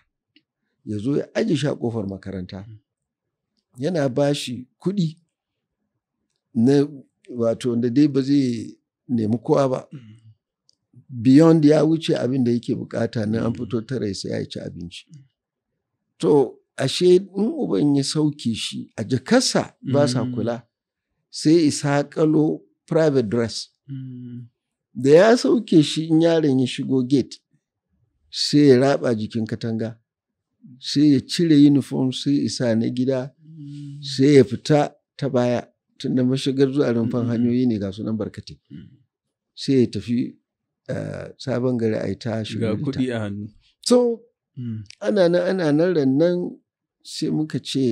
ya zo ya aje shi a ƙofar makaranta yana ba shi kuɗi na wato da dai ba zai nemi kowa ba beyond ya wuce abin da yake bukata na an fito tare sai ya ci abinci to ashe in uban ya sauke shi a jakarsa ba sa mm. kula sai isa kalo private dress mm. da ya sauke shi in yaron ya shigo gate sai ya raba jikin katanga sai ya cire uniform sai isa na gida sai ya fita ta baya tunda mashigar zuwa rumfan hanyoyi ne ga sunan barkate sai ya tafi eh, sabon gari a ta shiga kudi a hannu so mm. ana nan ana nan rannan sai muka ce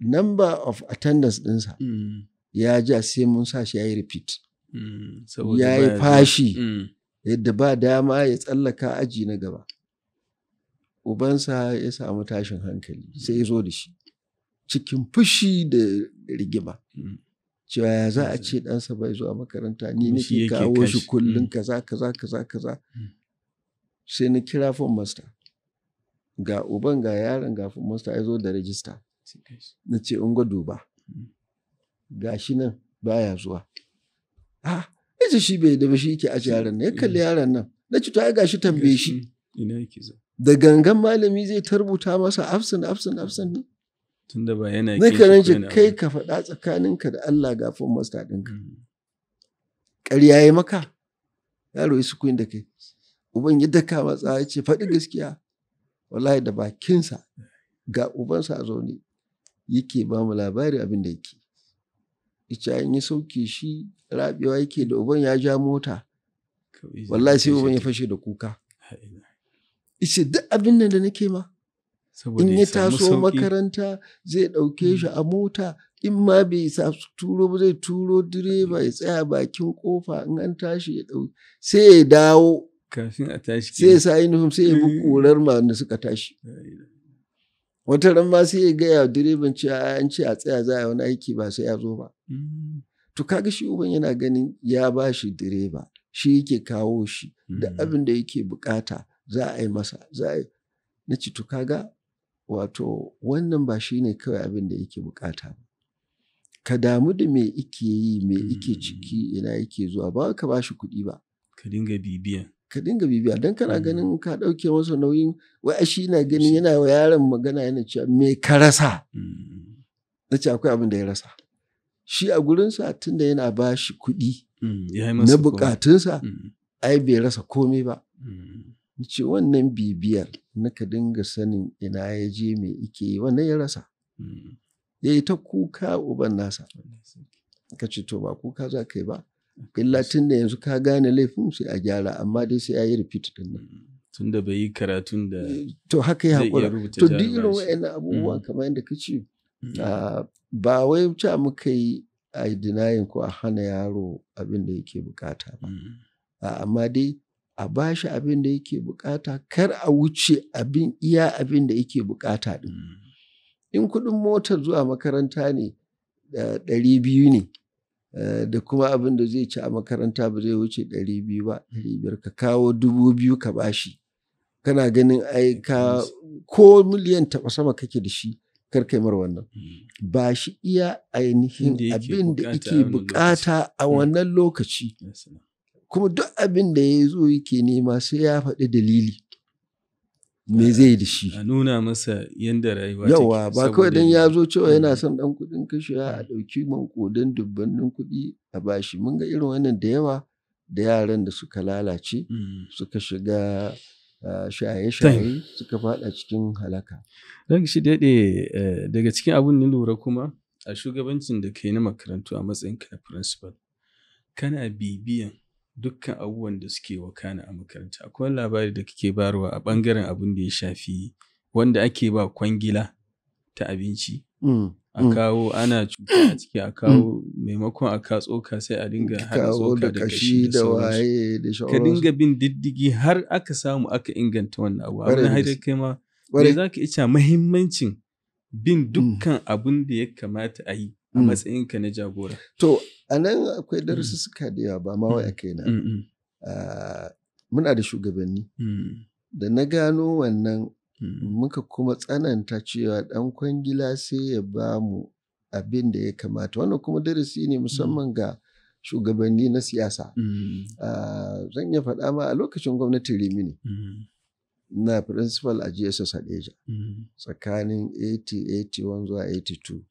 number of attendance dinsa. Mm. ya ja sai mun sa shi ya yi repeat mm, ya yi fashi yadda ba dama ya tsallaka aji na gaba ubansa ya samu tashin hankali sai ya zo da shi cikin fushi da rigima mm. cewa ya za a ce ɗansa bai zuwa makaranta ni nake kawo shi kullum mm. kaza kaza kaza kaza mm. sai na kira fon masta ga uban ga yaron ga fon masta ya zo da rajista na ce in duba ga shi nan baya zuwa ah yace shi bai da shi yake a yaron nan ya kalli yaron nan na ci to ai gashi tambaye shi ina da gangan malami zai tarbuta masa absent absent absent ne tunda ba yana yake kai ka faɗa tsakaninka da Allah gafin masta ɗinka mm. ƙarya ya maka yaro isu kuin da kai uban ya daka matsa ya ce faɗi gaskiya wallahi da bakinsa ga ubansa a zaune yake ba mu labari abin da yake ice in ya sauke shi rabewa yake da uban ya ja mota wallahi sai uban ya fashe da kuka ice duk abin nan da nake ma in ya taso makaranta zai ɗauke shi hmm. a mota in ma bai sa turo ba zai turo direba ya tsaya bakin kofa in an tashi ya ɗauke sai ya dawo kafin a tashi sai ya sa uniform sai ya bi korar eh. ma wanda suka tashi wata ran ma sai ya gaya direban cewa an ce a tsaya za a yi wani aiki ba sai ya zo ba mm. to kaga shi uban yana ganin ya ba shi direba shi yake kawo shi da mm. abin da yake bukata za a yi masa za a yi na ce to kaga wato wannan ba shi ne kawai abin da yake bukata ba ka damu da me ike yi me ike ciki mm. ina yake zuwa ba ka ba shi kuɗi ba ka dinga bibiya ka dinga bibiya don kana mm. ganin ka ɗauke masa nauyin wai shi na ganin yana wa yaron magana yana cewa me ka rasa mm. na ce akwai abin da ya rasa shi a gurinsa tun da yana ba shi kuɗi mm, na bukatunsa ai bai rasa komai ba na ce wannan bibiyar na ka dinga sanin ina ya je me ike yi wannan ya rasa ya yi ta kuka uban nasa ka ce to ba kuka za ka yi ba illa tun da yanzu ka gane laifin sai a gyara amma dai sai ya yi repeat din nan mm. tun da bai yi karatun da eh, to haka ya haƙura to duk irin wa'annan abubuwa mm. kamar yadda ka ce mm. ba wai wuce muka yi a dinayin ko a hana yaro abin da yake bukata ba amma dai a bashi abin da yake bukata kar a wuce abin iya abin da yake bukata din in kuɗin motar zuwa makaranta ne eh, ɗari biyu ne Eh, da kuma abin da zai ci a makaranta ba zai wuce ɗari biyu ba ɗari mm. biyar ka kawo dubu biyu ka bashi kana ganin ai ka ko miliyan taɓa sama kake da shi kar kai mar wannan mm. ba shi iya ainihin abin da yake bukata a mm. wannan lokaci kuma duk abin da ya zo yake nema sai ya faɗi dalili me zai da shi a nuna masa yadda rayuwa take yawa ba kawai dan ya zo cewa yana son dan kuɗin kashewa a hmm. ɗauki kodan dubbannin kudi a bashi mun ga irin wannan da yawa da yaran da suka lalace hmm. suka shiga shaye-shaye suka fada cikin halaka ranka shi daɗe eh, daga cikin abun ni lura kuma a shugabancin da kai na makarantu a matsayin ka na principal kana bibiyan dukkan abubuwan da suke wakana a makaranta. Akwai labari da kake bayarwa a ɓangaren abin da ya shafi wanda ake ba kwangila ta abinci. Mm, a mm. kawo ana cuta a ciki a kawo mm. maimakon a ka tsoka sai a dinga har tsoka da kashi da waye da Ka dinga bin diddigi har aka samu aka inganta wannan abu. Abin da kai ma. me zaka ka iya mahimmancin bin dukkan abin da ya kamata a yi. a mm. matsayin ka na jagora. To, a nan akwai suka da yawa ba mawa mm. a kaina. Ah, muna da shugabanni. Mm. Da na gano wannan muka kuma tsananta cewa ɗan kwangila sai ya ba mu abin da ya kamata. Wannan kuma darasi ne musamman ga shugabanni na siyasa. Ah, zan iya faɗa ma a lokacin gwamnatin Rimini. na principal a GSS Hadeja tsakanin 80-81 zuwa 82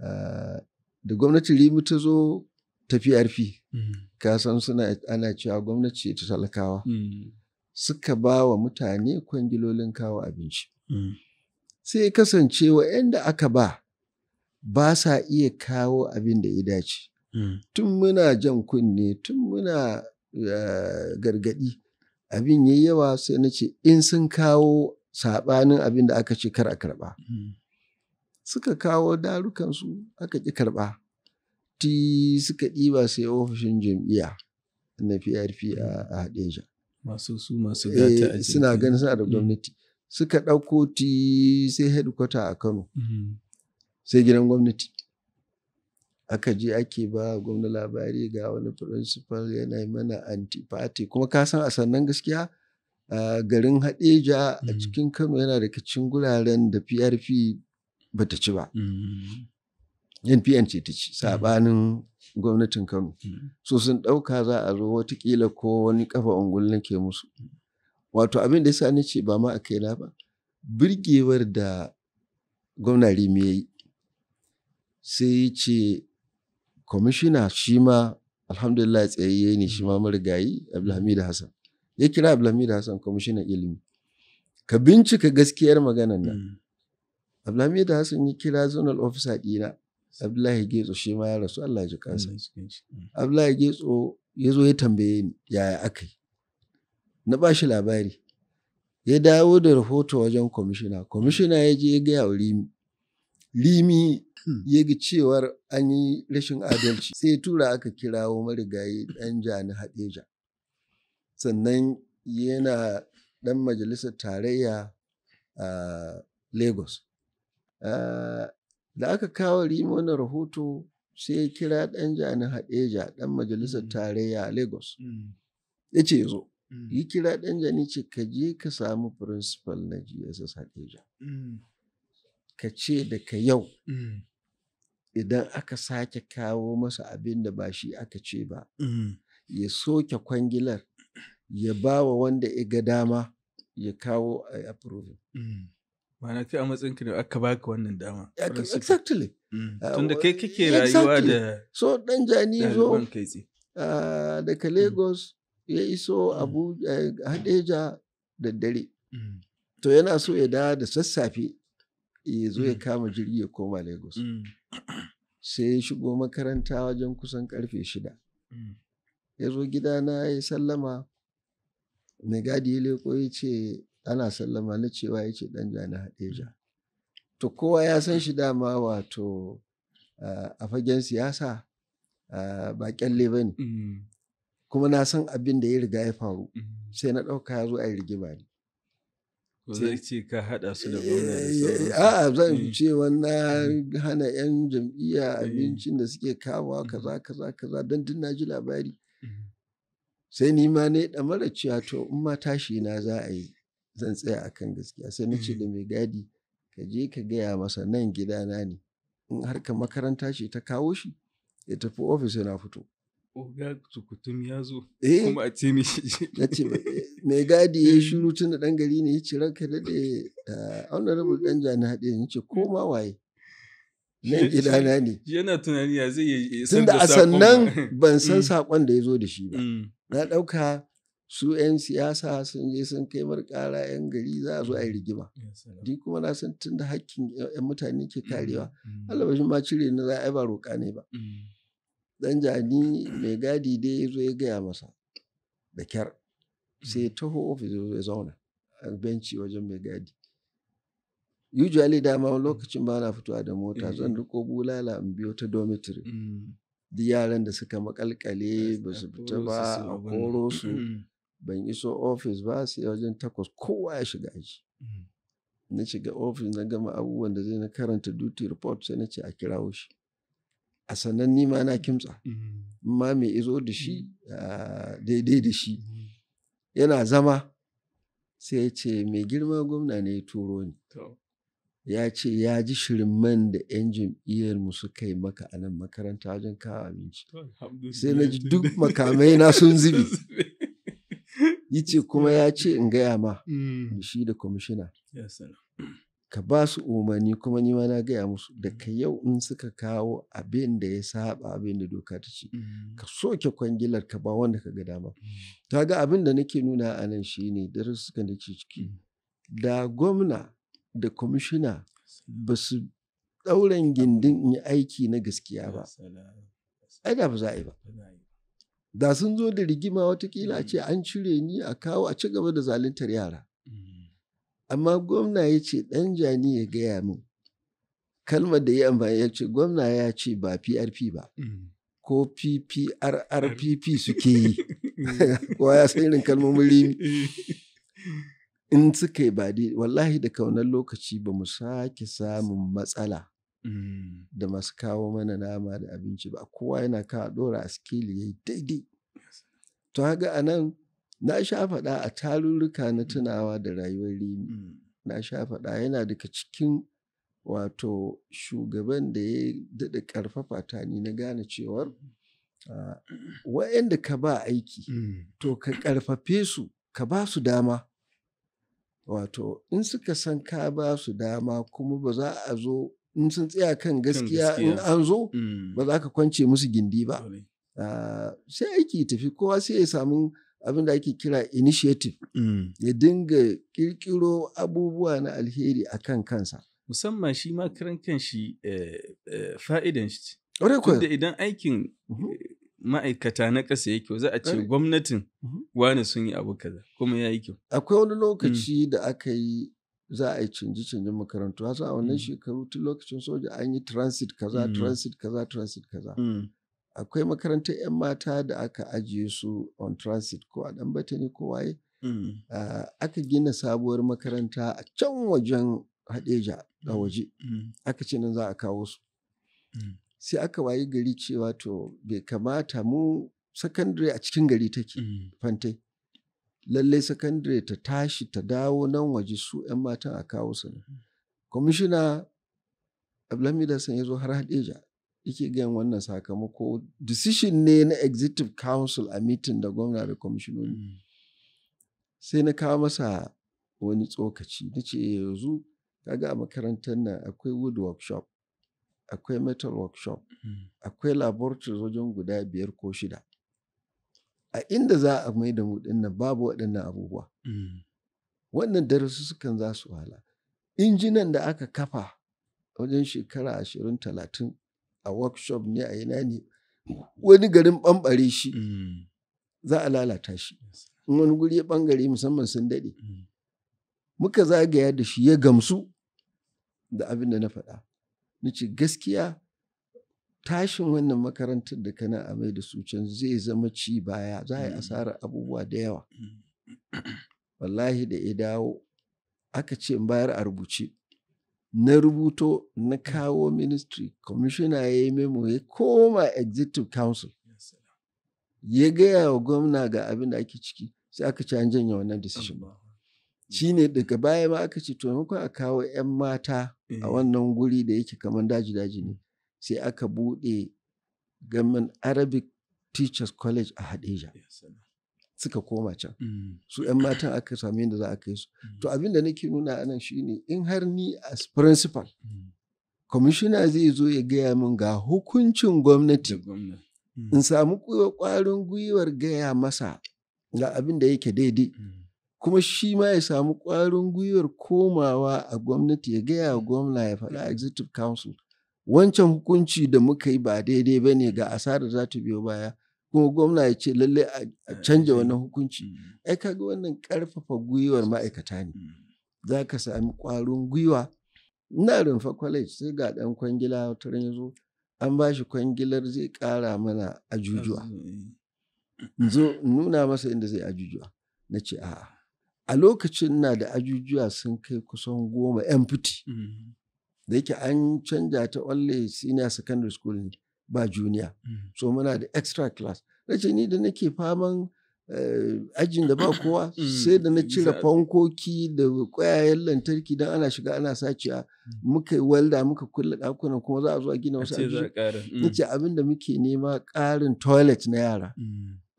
Eh, da gwamnati rimi ta zo ta PRP mm. ka san suna ana cewa gwamnati ta talakawa mm. suka ba wa mutane kwangilolin kawo abinci mm. sai kasance wa'yanda aka ba ba sa iya kawo abin da ya dace tun muna jan kunne tun muna eh, gargadi abin yayi yawa sai na ce in sun kawo saɓanin abin da aka ce kar a karɓa. suka kawo darukansu aka ƙi karɓa ti suka ɗiba sai ofishin jam'iyya na PRP a Hadeja. Masu su masu gata eh, a Suna ganin suna da mm. gwamnati. Suka ɗauko ti sai headquarter a Kano. Mm-hmm. Sai gidan gwamnati. Aka je ake ba gwamna labari ga wani principal yana mana antipati kuma ka san a sannan gaskiya garin Hadeja a mm. cikin Kano yana da kacin guraren da PRP ba ta ci ba npn mm. ce ta ci mm. Sabanin gwamnatin kano mm. so sun ɗauka za a zo watakila ko wani kafa ungul ke musu wato abin da yasa ce ba ma a kaina ba birgewar da gwamna rimi ya yi sai ce kwamishina shi ma alhamdulillah tsayayye ne shi ma marigayi abdulhamid hassan ya kira abdulhamid hassan kwamishinan ilimi ka bincika gaskiyar maganan nan Abdullahi da Hassan ya kira zonal officer ɗina Abdullahi Getso shi ma ya rasu Allah ya ji kansa. Mm, mm. Abdullahi Getso ya zo ya tambaye ni yaya aka yi. Na ba shi labari. Ya dawo da rahoto wajen kwamishina. Kwamishina ya je ya gaya wa Rimi. Rimi hmm. ya ga cewar an yi rashin adalci. Sai tura aka kirawo marigayi ɗan jani Hadeja. Sannan yana ɗan majalisar tarayya a Lagos. Eh, da aka kawo rimon rahoto sai ya kira ɗan jani haɗeja ɗan majalisar mm. tarayya a lagos mm. ya ce zo mm. yi kira ɗan jani ce ka je ka samu principal na gss haɗeja ka ce daga yau idan aka sake kawo masa abin da ba shi aka ce ba ya soke kwangilar ya ba wa wanda ya ga dama ya kawo a approving Ma'ana ce a matsayin ne aka baka wannan dama. Exactly. Mm. Ah, Tunda kai kake rayuwa da So dan jani zo ah, daga mm. Lagos ya iso mm. Abu eh, Hadeja da dare. To yana so ya dawo da sassafe ya zo ya kama jirgi ya koma Lagos. <clears throat> Sai ya shigo makaranta wajen kusan karfe shida. Ya zo gidana ya sallama. Na gadi ya leko ya ce ana sallama na cewa ya ce ɗan jani hadeja to kowa ya san shi dama wato a fagen siyasa ba kyalle ba mm. kuma na san abin da ya riga ya faru mm. sai na ɗauka ya zo a yi rigima ne zai ce ka haɗa su da gwamnati eh, eh, a'a zan mm. ce wannan hana 'yan jam'iyya abincin da suke kawo mm-hmm. kaza kaza kaza don duk na ji labari mm-hmm. sai ni ma ne ɗamara cewa to in ma tashi na za a yi zan tsaya a kan gaskiya sai na ce mm. da mai gadi ka je ka gaya masa nan gidana ne in harka makaranta ce ta kawo shi ya tafi ofis yana fito Oga tukutum ya zo eh. kuma a ce mishi Na ce mai eh, gadi ya <laughs> shiru tun da ɗan gari ne ya ce ranka da da eh, honorable dan jani haɗe ya ce ko ma waye nan gidana ne yana tunani ya zai yi tun da a sannan ban <laughs> san mm. saƙon da ya zo da shi ba mm. na ɗauka su 'yan siyasa sun je sun kai mar ƙara 'yan gari za a zo a yi mm. rigima ni kuma na san tun da hakkin 'yan mutane ke mm, karewa mm. bashin ma cire ni za a ba roƙa ne ba dan jani mai gadi dai ya zo ya gaya masa da kyar sai taho ofis ya zauna a benci wajen mai gadi usually dama lokacin ba na fitowa da mota eh, zan eh. riko bulala in biyo ta dormitory duk yaran da suka makalkale ba su fita ba a koro su ban iso ofis ba sai wajen takwas kowa ya shiga shi mm. na shiga ofis na gama abubuwan da zai na karanta duty report sai na ce a kirawo shi a sannan ni ma na kimtsa mm. ma mai izo da shi mm. daidai da shi yana zama sai ya ce mai girma gwamna ne ya turo ni ya ce ya ji shirin man da 'yan jam'iyyar mu suka yi maka a nan makaranta wajen kawo abinci sai na ji duk makamai na sun zubi yace kuma ya ce in gaya ma mm. shi da kwamishina ka ba su umarni kuma ni ma na gaya musu mm. da ka yau in suka kawo abin da ya saba abin da doka ta ce mm. ka soke kwangilar ka ba wanda ka ga dama ta ga abin da nake nuna a nan shine ne da ke ciki da gwamna da kwamishina ba su ɗauren gindin in yi aiki na gaskiya ba ai da ba za a yi ba da sun zo da rigima watakila ce mm. an cire ni a kawo a ci gaba da zaluntar yara mm. amma gwamna ya ce ɗan jani ya gaya min kalmar da ya amfani ya ce gwamna ya ce ba prp ba mm. ko pprpp <laughs> suke yi <laughs> kowa ya san irin kalmomin rimi <laughs> in suka yi ba wallahi da kaunar lokaci ba mu sake samun matsala Mm. da masu kawo mana nama da abinci ba kowa yana kawo ɗora a skili ya yi daidai to haga a nan na sha faɗa a tarurruka na mm. tunawa da rayuwar rini mm. na sha faɗa yana daga cikin wato shugaban da ya daɗa ƙarfafa ta ni na gane cewar wa'yanda ka ba aiki to ka ƙarfafe su ka ba su dama wato in suka san ka ba su dama kuma ba za a zo in sun tsaya kan gaskiya in an zo mm. ba za ka kwance musu gindi ba ah, sai aiki tafi kowa sai ya samu abin da ake kira initiative mm. ya dinga kirkiro abubuwa na alheri a kan kansa musamman shi ma kiran kan shi eh, eh, fa'idan shi da idan aikin mm-hmm. eh, ma'aikata na ƙasa ya kyau za a ce gwamnatin mm-hmm. wani sun yi abu kaza kuma ya yi kyau akwai wani lokaci mm. da aka yi za a yi canje makarantu hasa a wannan mm. shekaru tun lokacin soja an yi transit kaza mm. transit kaza transit kaza mm. akwai makarantar 'yan mata da aka ajiye su on transit ko a dan batani ko waye aka gina sabuwar makaranta a can wajen hadeja a waje aka ce nan za a kawo su sai aka wayi gari cewa to bai kamata mu secondary a cikin gari take fantai lallai sakandare ta tashi ta dawo nan waje su 'yan matan a kawo su ne. Mm. kwamishina abdulhamid ya zo har hadeja yake gan wannan sakamako decision ne na executive council a meeting da gwamna da kwamishinoni mm. sai na kawo masa wani tsokaci na ce eh, yanzu kaga a makarantar nan akwai wood workshop akwai metal workshop mm. akwai laboratories wajen guda biyar ko shida a inda za a mai da mu dinnan babu waɗannan abubuwa mm. wannan sukan za su wahala injinan da aka kafa wajen shekara ashirin talatin a workshop ne a yana ne wani garin ɓanɓare shi mm. za a lalata shi wani guri ya ɓangare musamman sun daɗe mm. muka zagaya da shi ya gamsu da abin da na faɗa na ce gaskiya tashin wannan makarantar da kana amai da su can zai zama ci baya za a yi asarar abubuwa da yawa mm. wallahi da ya dawo aka ce bayar a rubuce na rubuto na kawo ministry commissioner ya yi memo ya koma executive council ya gaya wa gwamna ga abin da ake ciki sai aka ci an janye wannan decision shi ne daga baya ma aka ce to a kawo 'yan mata a eh. wannan guri da yake kamar daji-daji ne sai aka buɗe gaman arabic teachers college a hadeja suka koma can mm. su 'yan matan aka sami yadda za a kai su mm. to abin da nake nuna anan shine in har ni as principal mm. kwamishina zai zo ya gaya min ga hukuncin gwamnati in samu kwarin gwiwar gaya masa ga abin da yake daidai kuma shi ma ya samu kwarin gwiwar komawa a gwamnati ya gaya gwamna ya faɗa executive council wancan hukunci da muka yi ba daidai ba ne ga asarar za ta biyo baya kuma gwamna ya ce lalle a eh, canja eh, wannan hukunci mm. ai kaga wannan karfafa gwiwar ma'aikata ne mm. za ka sami kwarin gwiwa ina rumfa college sai ga dan kwangila wata ya zo an ba shi kwangilar zai kara mana ajujuwa eh. zo nuna masa inda zai ajujuwa na ce a'a a lokacin na da ajujuwa sun kai kusan goma yan fiti mm. da yake an canja ta only senior secondary school ne ba junior mm. so muna da extra class na ni da nake faman eh, ajin da ba <coughs> kowa mm, sai da na cire fankoki da kwayayen lantarki don ana shiga ana saciya mm. muka walda muka kulle ɗakunan kuma za a zo gina wasu abin na ce abin da muke nema ƙarin toilet na yara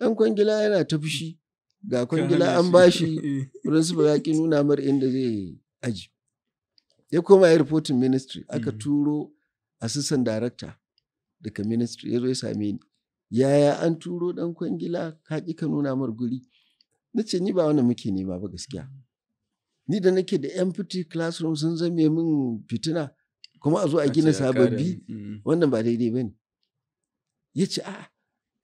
ɗan kwangila yana ta fushi ga kwangila an bashi <laughs> principal ya ki nuna mara inda zai aji ya koma ya reporting ministry aka mm-hmm. turo assistant director daga ministry ya zo ya same ni yaya an turo dan kwangila ka ki ka nuna mar guri na ce ni ba wannan muke nema ba gaskiya ni da nake da empty classroom sun zame min fitina kuma a zo a gina sababbi mm-hmm. wannan ba daidai ba ne ya ce a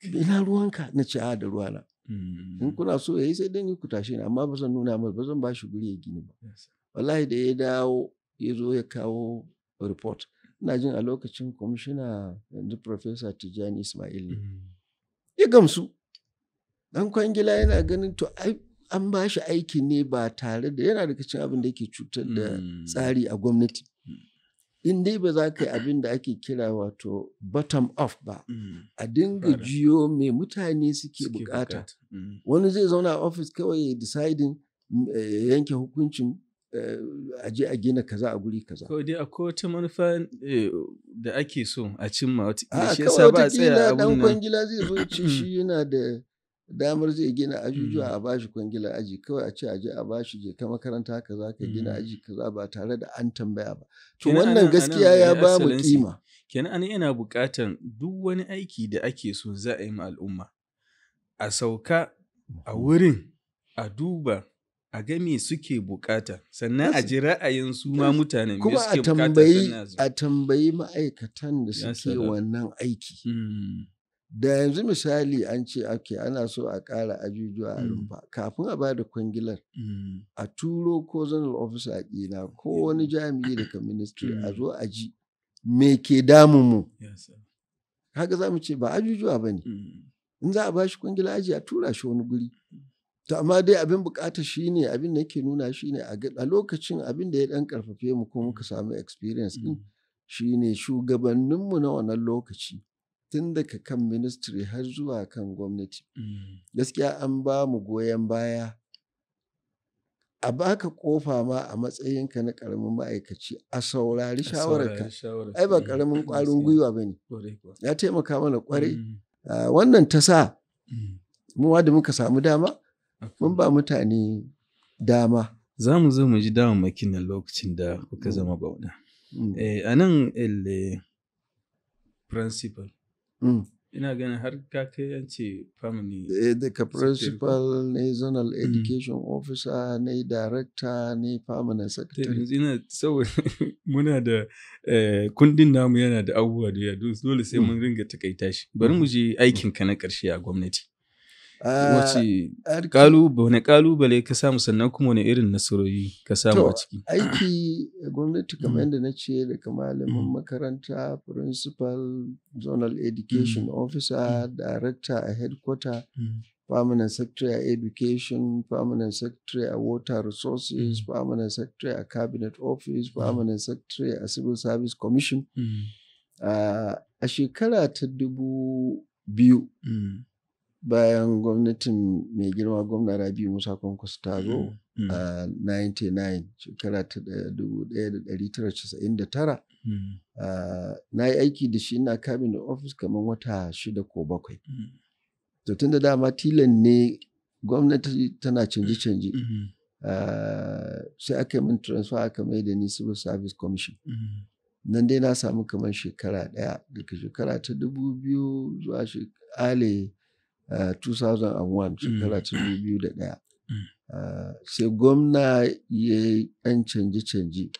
ina ruwanka na ce a da ruwana mm-hmm. in kuna so ya yi sai dan yi ku tashi amma ba zan nuna mar ba zan ba shi guri ya gini ba wallahi da ya dawo ya zo ya kawo report ina jin a lokacin kwamishina yanzu professor tijjani ismail ne mm. ya gamsu dan kwangila yana ganin to an ba shi aiki ne ba tare da yana daga cin abin da yake cutar da mm. tsari a gwamnati mm. in dai ba za ka yi abin da ake kira wato bottom off ba a dinga jiyo mai mutane suke bukata wani zai zauna a office kawai ya deciding eh, yanke hukuncin Eh, a je a gina kaza a guri kaza. Ko dai akwai wata manufa eh, da ake so a cimma wata shi yasa ba a tsaya abun nan. kwangila zai zo ci shi mm. yana da damar zai gina mm. ajujuwa a bashi kwangila aji kawai a ce a je a bashi je ta makaranta kaza ka gina mm. aji kaza ba tare da an tambaya ba. To wannan gaskiya ya ba mu kima. Kenan ana yana buƙatar duk wani aiki da ake so za a yi ma al'umma. A sauka a wurin a duba a ga me suke bukata sannan a ji ra'ayin su ma mutanen me suke bukata sannan a tambayi ma'aikatan da suke wannan aiki hmm. da yanzu misali an ce ake ana so a ƙara ajujuwa a hmm. rumfa kafin a bada kwangilar hmm. a turo ko zanar ofis a ƙina ko wani jami'i daga <coughs> ministry a zo a ji me ke damun mu haka za mu ce ba ajujuwa ba ne in za a bashi kwangila aji a tura shi wani guri to amma dai abin bukata shine abin da yake nuna shine a lokacin abin da ya dan karfafe mu ko muka mm. samu experience din mm. ne shugabanninmu na wannan lokaci tun daga kan ministry har zuwa kan gwamnati mm. gaskiya an ba mu goyon baya a baka kofa ma a matsayinka na karamin ma'aikaci a saurari shawararka ai ba karamin kwarin <laughs> gwiwa ba ne ya taimaka mana kwarai ah, wannan ta sa muwa da muka samu dama mun ba mutane dama za mu zo mu ji damammakin nan lokacin da kuka mm. zama gwamna mm. eh, a nan principal mm. ina ganin har ka kai an ce family eh, daga principal na zonal education officer ne director ne family secretary <laughs> muna da eh, kundin namu yana da abubuwa da dole sai mun ringa takaita shi bari mu je aikinka na karshe a gwamnati wace ah, wani kalubale ka samu sannan kuma wani irin nasarori ka samu a ciki aiki gwamnati mm. kamar yadda na ce daga malamin mm. makaranta principal zonal education mm. officer director a headquarter permanent secretary a education permanent secretary a water resources permanent secretary a cabinet office permanent secretary a civil service commission ah, a shekara ta dubu biyu bayan gwamnatin mai girma gwamna rabi musa kwankwaso ta zo mm, mm. a 99 shekara ta mm. na yi aiki da shi na kamin ofis kamar wata shida ko bakwai to tun da dama tilan ne gwamnati tana canje-canje sai aka yi min transfer aka mai da ni civil service commission nan dai na samu kamar shekara daya daga shekara ta dubu biyu zuwa ale 2001 eh, mm. shekara da 2001 mm. eh, sai gwamna ya yi ɗan canje-canje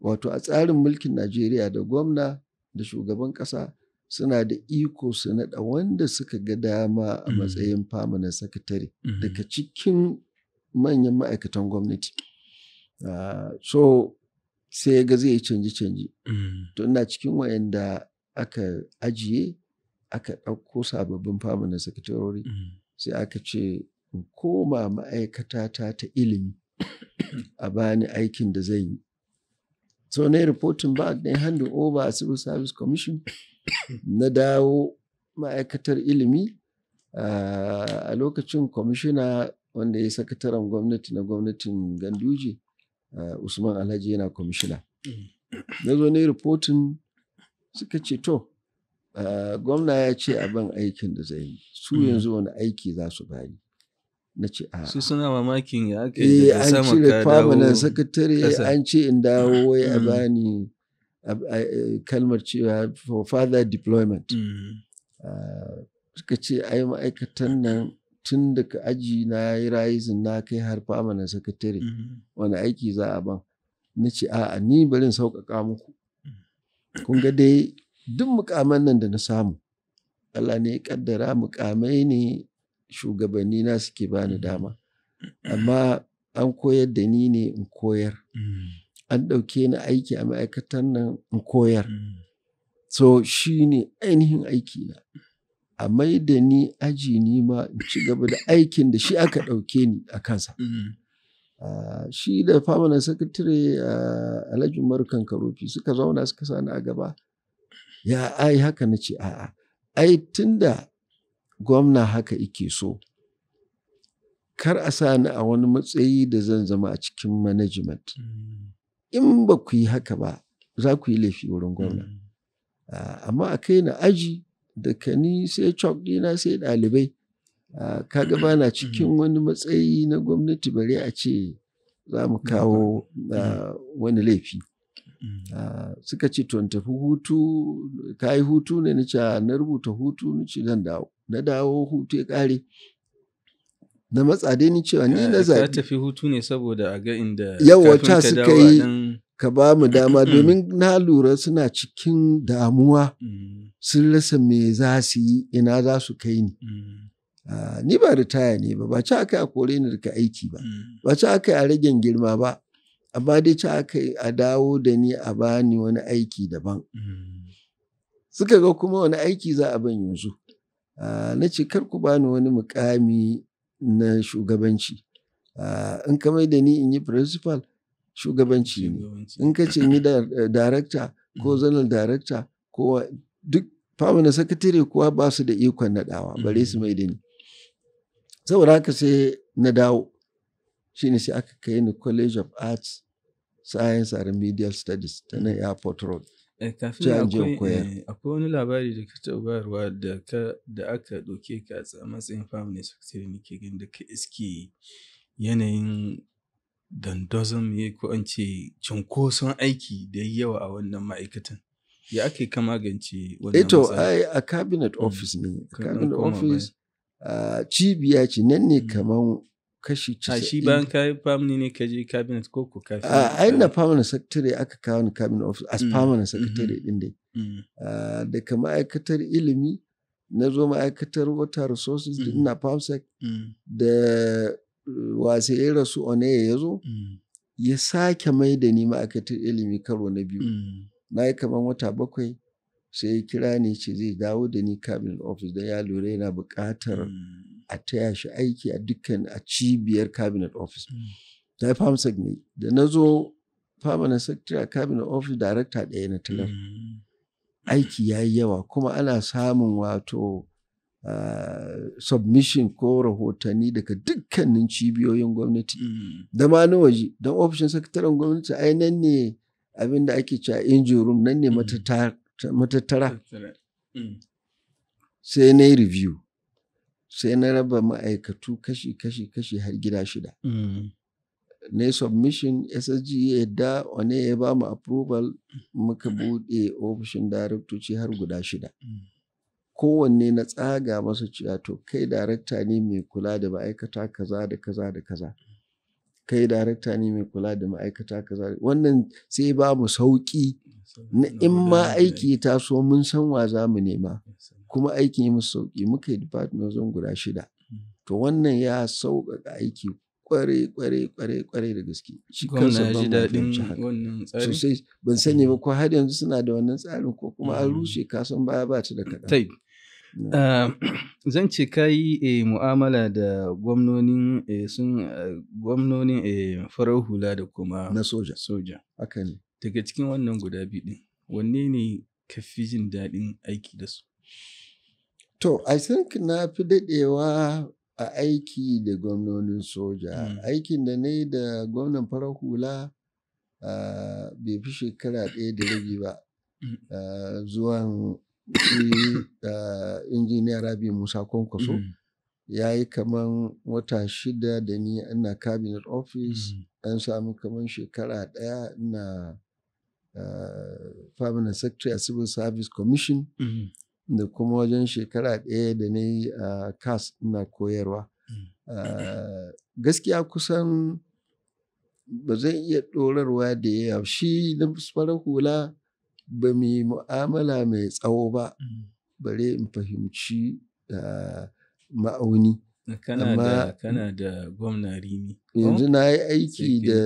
wato a tsarin mulkin najeriya da gwamna da shugaban ƙasa suna da iko su naɗa wanda suka ga dama a mm. matsayin permanent sakatare daga cikin manyan ma'aikatan gwamnati eh, so sai ga zai canje-canje to ina cikin wayanda aka ajiye aka ɗauko sababbin na sakatarori mm. sai aka ce in koma ma'aikata ta ta ilimi a bani aikin da zai yi so na reporting ba ne handi over a civil service commission <coughs> na dawo ma'aikatar ilimi a lokacin kwamishina wanda ya yi sakataren gwamnati na gwamnatin ganduje usman alhaji yana kwamishina mm. na zo na reporting suka ce to Eh, gwamna ya ce a ban aikin da zai yi su hmm. yanzu wani aiki za su bani na ce a su suna mamakin ya ake yi eh, da an cire permanent secretary an ce in dawo hmm. wai a bani kalmar cewa for further deployment hmm. eh, suka ce ai ma'aikatan nan tun da ka aji na yi rayizin na kai har famanin sakatare. wani aiki za a ban na ce a ni barin sauƙaƙa muku kun ga dai duk mukaman nan da na samu Allah ne ya kaddara mukamai ne shugabanni na suke bani dama amma an koyar da ni ne in koyar mm. an ɗauke ni aiki a ma'aikatan nan in koyar mm. so shi ne ainihin aikina a mai da ni aji ni ma in ci gaba da aikin da shi aka ɗauke ni a kansa mm. ah, shi da famanan sakatare a ah, alhaji marukan karofi suka zauna suka sani a gaba ya ai haka na ce a'a ai tunda gwamna haka ike so kar a sa ni a wani matsayi da zan zama a cikin management mm. in ba ku yi haka ba za ku yi laifi wurin gwamna mm. amma a kai na aji da ni sai chok dina sai ɗalibai kaga ba na cikin mm. wani matsayi na gwamnati bare a ce za mu kawo wani laifi Mm. Ah, suka ce tun tafi hutu ka yi hutu ne na ce ah, na rubuta hutu na ce zan dawo na dawo hutu ya kare na matsa dai ni cewa ni eh, na zaɓi ka tafi hutu ne saboda a ga inda yawa ta suka yi ka ba mu dama <coughs> domin na lura suna cikin damuwa mm. sun rasa me za su yi ina za su kai ni mm. ah, ni ba ritaya ne ba ba ci aka a kore ni daga aiki ba ba ci aka a ragen girma ba amma dai ci aka yi a dawo da ni a bani wani aiki daban mm. suka ga kuma wani aiki za a ban yanzu na ce kar ku bani wani mukami na shugabanci in ka mai da ni in yi principal shugabanci ne in ka ce yi <laughs> eh, director ko mm. zanar director ko duk famina sakatare kuwa ba su da ikon naɗawa bare su mm. mai da ni saboda haka sai na dawo shi ne sai aka kai ni college of arts science and media studies ta nan airport road eh, kafin eh, akwai wani labari da ka taɓa bayarwa da aka ɗauke ka a matsayin family secretary ne ke gan da ka iske yanayin dandazon mai ko an ce cunkoson aiki da yawa a wannan ma'aikatan ya yi ka magance wannan eto eh, ai a cabinet mm. office ne a cabinet office ah, cibiya ce nan ne mm. kamar kashi a shi bayan ka yi family ne ka je cabinet ko ko kafi a inda permanent secretary aka kawo ni cabinet office as mm, permanent mm-hmm, secretary din dai mm-hmm. daga ma'aikatar ilimi na zo ma'aikatar water resources da mm, ina pamsec mm. da wasu ya rasu one ya zo ya sake mai da ni ma'aikatar ilimi karo na biyu na yi kamar wata bakwai sai ya kira ni ce zai dawo da ni cabinet office don ya lura yana buƙatar a taya shi aiki a dukkan a cibiyar cabinet office Ta mm. yi fama ne da na zo fama na sakitar a cabinet office director ɗaya na talar mm. aiki ya yi yawa kuma ana samun wato Uh, submission ko rahotanni daga dukkanin cibiyoyin gwamnati mm. da ma na waje don ofishin sakataren gwamnati ai nan ne abin da ake cewa injin room nan ne matattara sai na review sai na raba ma'aikatu kashi-kashi-kashi har gida shida. Mm. Na submission SSG ya yadda wane ya ba mu approval muka buɗe ofishin daraktoci har guda shida. Mm. Kowanne na tsaga masa cewa to kai darakta ne mai kula da ma'aikata kaza da kaza da kaza. Kai darakta ne mai kula da ma'aikata kaza. Wannan sai ba mu sauƙi na in ma aiki so mun san wa za mu nema. kuma aikin yi musu sauƙi muka yi department zon guda shida to wannan ya sauƙaƙa aiki kware kware kware kware da gaske shi kansa ji daɗin wannan tsari sosai ban sani ba ko har yanzu suna da wannan tsarin ko kuma an mm. rushe kasan baya ba ta da kaɗan ah, <clears throat> zan ce ka yi eh, mu'amala da gwamnonin eh, sun eh, gwamnonin farar hula da kuma na soja soja haka ne daga cikin wannan guda biyu ɗin wanne ne ka fi jin daɗin aiki da su To, I think na fi daɗewa a aiki da gwamnonin soja. Mm. Aikin da ne da gwamnan farar hula ah, bai fi shekara ɗaya da rabi ba. Mm. Ah, zuwan ah, injiniya Rabi Musa Kwankwaso. Mm. ya yi kaman wata shida da ni ina cabinet office an samu kaman shekara ɗaya ina permanent secretary a civil service commission da kuma wajen shekara ɗaya da na yi a cas na koyarwa mm. gaskiya kusan ba zai iya ɗorarwa da yawa shi na farar hula ba mu yi mu'amala mai tsawo ba mm. bare in fahimci ma'auni amma kana da gwamna rini yanzu na yi aiki da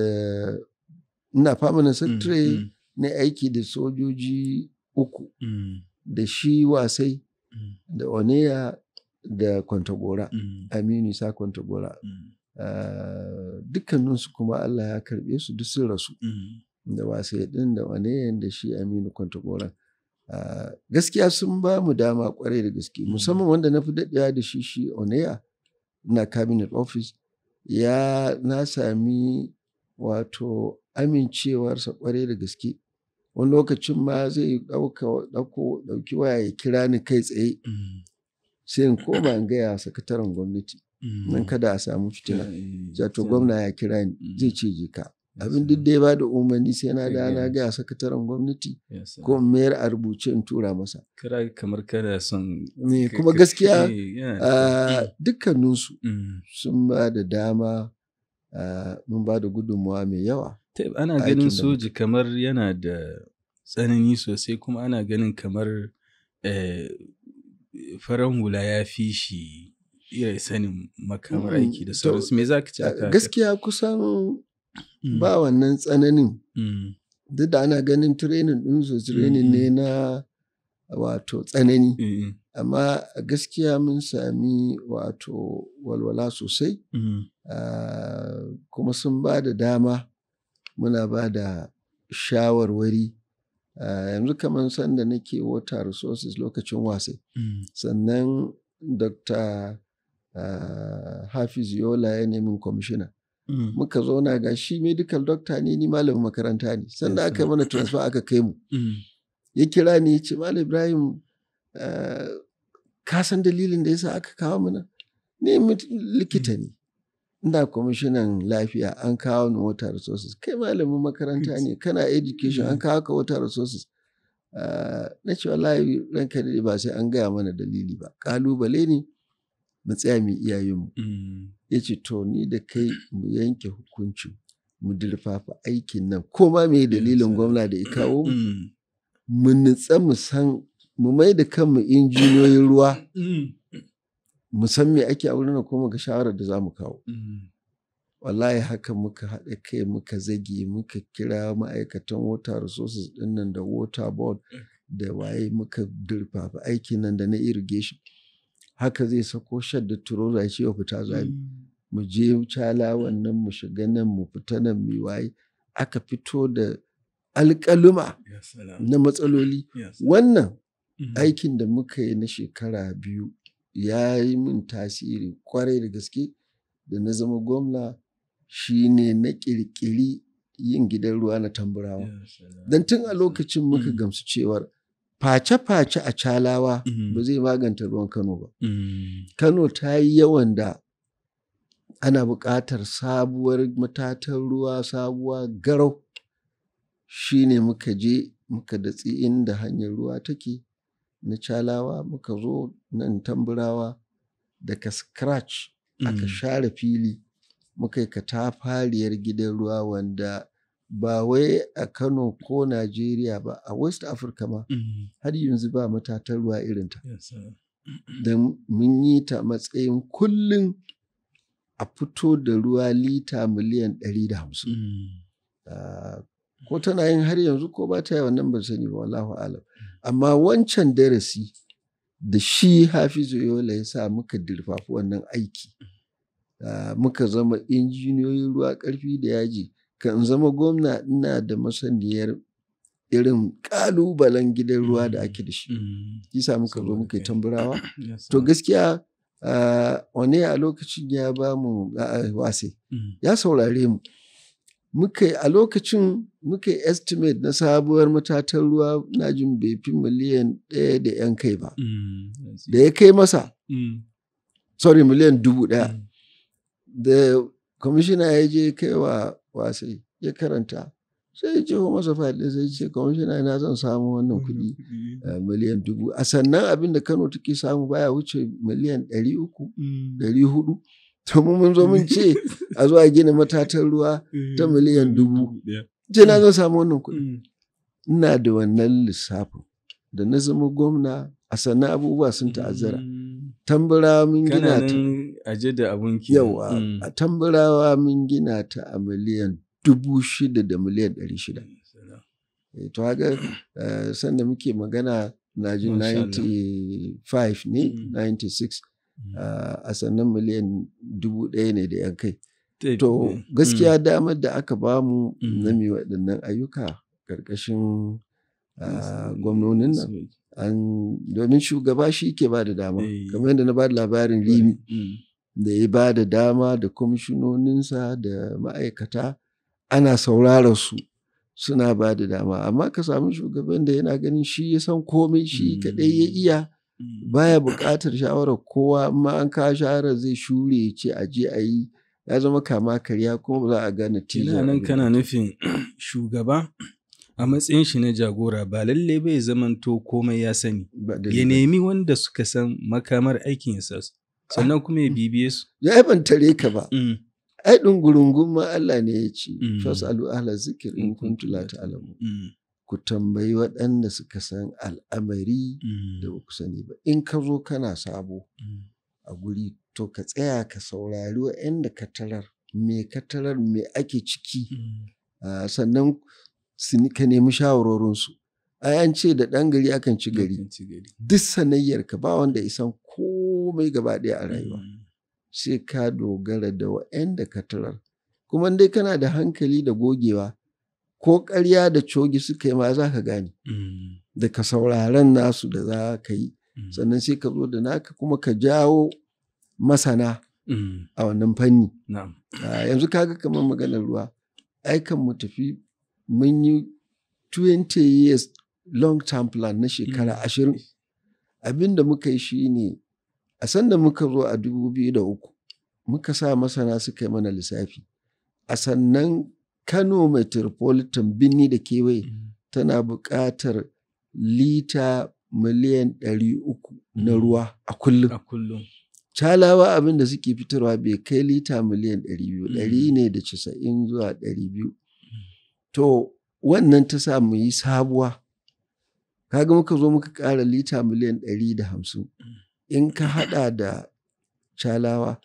ina famanin mm, sattire na aiki da sojoji uku da shi wasai mm. da oneya da kwantagora mm. aminu sa kwantagora mm. ah, dukkaninsu kuma allah ya karɓe su duk sun rasu da wasai din da oneya da shi aminu kwantagora ah, gaskiya sun ba mu dama kwarai da gaske musamman wanda na fi daɗewa da shi shi oneya na cabinet office ya na sami wato amincewarsa kwarai da gaske wani lokacin ma zai ɗauki waya ya kira ni kai tsaye mm. sai in koma in gaya sakataren gwamnati mm. nan kada a samu fitina zato eh, eh, gwamna ya kira ni mm. zai ce je ka abin duk dai ba da umarni sai na da na gaya sakataren gwamnati ko mayar a rubuce in tura masa kira kamar kada son ne kuma gaskiya ah, dukkaninsu sun ba da dama ah, mun ba da gudunmawa mai yawa taib ana ganin soji kamar yana da tsanani sosai kuma ana ganin kamar eh, faran hula ya fi shi iya sanin makamar aiki da sauransu me za ka ci aka gaskiya kusan mm. ba wannan tsananin mm. duk da ana ganin training ɗin su training ne na wato tsanani amma gaskiya mun sami wato walwala sosai mm-hmm. ah, kuma sun ba da dama muna ba da shawarwari ah, yanzu kamar sanda nake water resources lokacin wasa, mm. sannan dr ah, hafiz yola ya nemi kwamishina mm. muka zauna ga shi medical doctor ne ni malamin makaranta ne sanda aka mana transfer aka kai mu mm. ya kira ni ya ce malam ibrahim ah, ka san dalilin da yasa aka kawo mana ne likita ne ina kwamishinan lafiya an kawo ni water resources kai malamin makaranta ne kana education an mm. kawo ka water resources ah, na ce wallahi ranka ne ba sai an gaya mana dalili ba kalubale ne mu tsaya mu iyayenmu mm. ya ce to ni da kai mu yanke hukunci mu dirfafa aikin nan ko ma me dalilin gwamna da ya kawo mu mm. mu nutsa mu san mu mai da kanmu injiniyoyin ruwa musan me ake a wurin ko ga shawarar da za mu kawo mm-hmm. wallahi haka muka haɗa kai muka zage muka kira ma'aikatan water resources ɗin nan da water board mm. da waye muka durfafa aikin nan da na irrigation haka zai sako shan turola ya ce wa fita zami mm. mu je cala wannan mu shiga nan mu fita nan mu waye aka fito da alƙaluma na matsaloli wannan mm-hmm. aikin da muka yi na shekara biyu ya yi min tasiri kwarai da gaske da na zama gwamna shine na ƙirƙiri yin gidan ruwa na tamburawa. Don tun a lokacin mm. muka gamsu cewar face-face a calawa mm-hmm. ba zai maganta ruwan Kano ba. Mm. Kano ta yi yawan da ana buƙatar sabuwar matatan ruwa sabuwa garau shi ne muka je muka datsi inda hanyar ruwa take na chalawa muka zo nan tamburawa daga scratch aka mm. share fili muka yi katafariyar gidan ruwa wanda ba wai a kano ko nigeria ba a west africa ma mm. har yanzu ba matatar ruwa irinta <clears throat> don mun yi ta matsayin kullum a fito da ruwa lita miliyan 150 mm. ah, ko tana yin har yanzu ko ba ta yi wannan ban sani ba wallahu alam amma wancan darasi da shi hafizu yola ya sa muka dirfafi wannan aiki ah, muka zama injiniyoyin ruwa ƙarfi da yaji kan zama gwamna ina da masaniyar irin ƙalubalen gidan ruwa da ake da shi mm-hmm. isa muka zo muka yi tamburawa <clears throat> to gaskiya wane ah, a lokacin ya ba mu ah, wase mm. ya saurare mu muka a lokacin muka estimate na sabuwar matatan ruwa na jin bai miliyan ɗaya da yan kai ba mm, da ya kai masa mm. sorry miliyan dubu ɗaya mm. da kwamishina ya je kai wa wasai ya karanta sai ya ce masa faɗi sai ce kwamishina na zan samu wannan kuɗi eh, miliyan dubu a sannan abin da kano take samu baya wuce miliyan ɗari uku ɗari hudu to mun zo mun ce a zuwa gina matatan ruwa ta eh, miliyan dubu ce na zo samu wannan kuɗi mm. ina da wannan lissafin da na zama gwamna a sannan abubuwa sun ta'azzara mm. tambura mun gina ta aje da abun yawa mm. a tambarawa mun gina ta a miliyan dubu shida da miliyan ɗari shida eh, to haka eh, sanda muke magana na jin 95 ne 96 Mm. Ah, a sannan miliyan dubu ɗaya ne da 'yan kai. To gaskiya mm. damar da aka bamu mm. na mi waɗannan ayyuka ƙarƙashin ah, gwamnonin nan. domin shugaba shi ke ba da dama, eh. kamar yadda na ba da labarin limi da ya ba da dama da kwamishinoninsa da ma'aikata ana saurara su suna ba da dama. Amma ka samu shugaban da yana ganin shi ya san komai shi kaɗai ya iya. Mm. baya buƙatar shawarar kowa amma an kawo shawarar zai shure ya ce a je a yi ya zama kama karya kuma ba za a gane tilo nan kana nufin <clears throat> shugaba a matsayin shi na jagora ba lalle bai zamanto komai ya sani ya nemi wanda suka san makamar aikin ya sasu sannan kuma ya mm. bibiye su ya ban tare ka ba mm. ai ɗin ma Allah ne ya ce fasalu ala zikir in kuntum la ta'lamun ku tambayi waɗanda suka san al'amari mm. da ba ku sani ba in ka zo kana sabo mm. a guri to ka tsaya ka saurari waɗanda ka tarar me ka tarar me ake ciki mm. sannan ka nemi shawarorinsu ai an ce da ɗan gari akan ci gari duk sanayyar ka ba wanda isan komai gaba ɗaya a rayuwa sai ka dogara da waɗanda ka tarar kuma dai kana da hankali da gogewa ko ƙarya da cogi suka yi ma za ka gane mm. Da ka sauraren nasu da za ka yi mm. sannan sai ka zo da naka kuma ka jawo masana mm. a wannan fanni yanzu kaga kamar maganar ruwa aikan mu tafi mun yi 20 years long term plan na shekara ashirin Abinda da muka yi shi ne a sanda muka zo a 2003 muka sa masana suka yi mana lissafi a sannan Kano Metropolitan birni da kewaye mm. tana buƙatar lita miliyan ɗari uku na mm. ruwa a kullum. Calawa abin da suke fitarwa bai kai lita miliyan ɗari biyu, mm. ɗari ne da casa'in zuwa ɗari biyu. To wannan ta sa mu yi sabuwa. Kaga muka zo muka ƙara lita miliyan ɗari da hamsin. In ka haɗa da calawa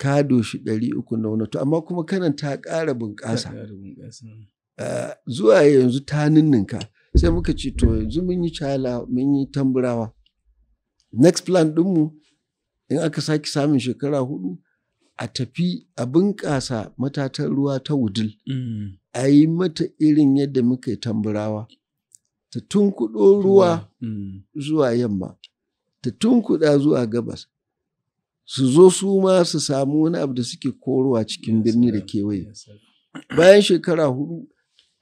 ka doshi ɗari uku na wani amma kuma kanan ta ƙara bunƙasa eh, zuwa yanzu ta ninninka sai muka ce to yanzu mun yi cala mun yi tamburawa next plan ɗinmu in aka sake samun shekara hudu a tafi a bunƙasa matatan ruwa ta wudil mm. a yi mata irin yadda muka yi tamburawa ta tunkuɗo ruwa zuwa mm. yamma ta tunkuɗa zuwa gabas su zo su ma su samu wani abu da suke korowa cikin birni da kewaye bayan shekara hudu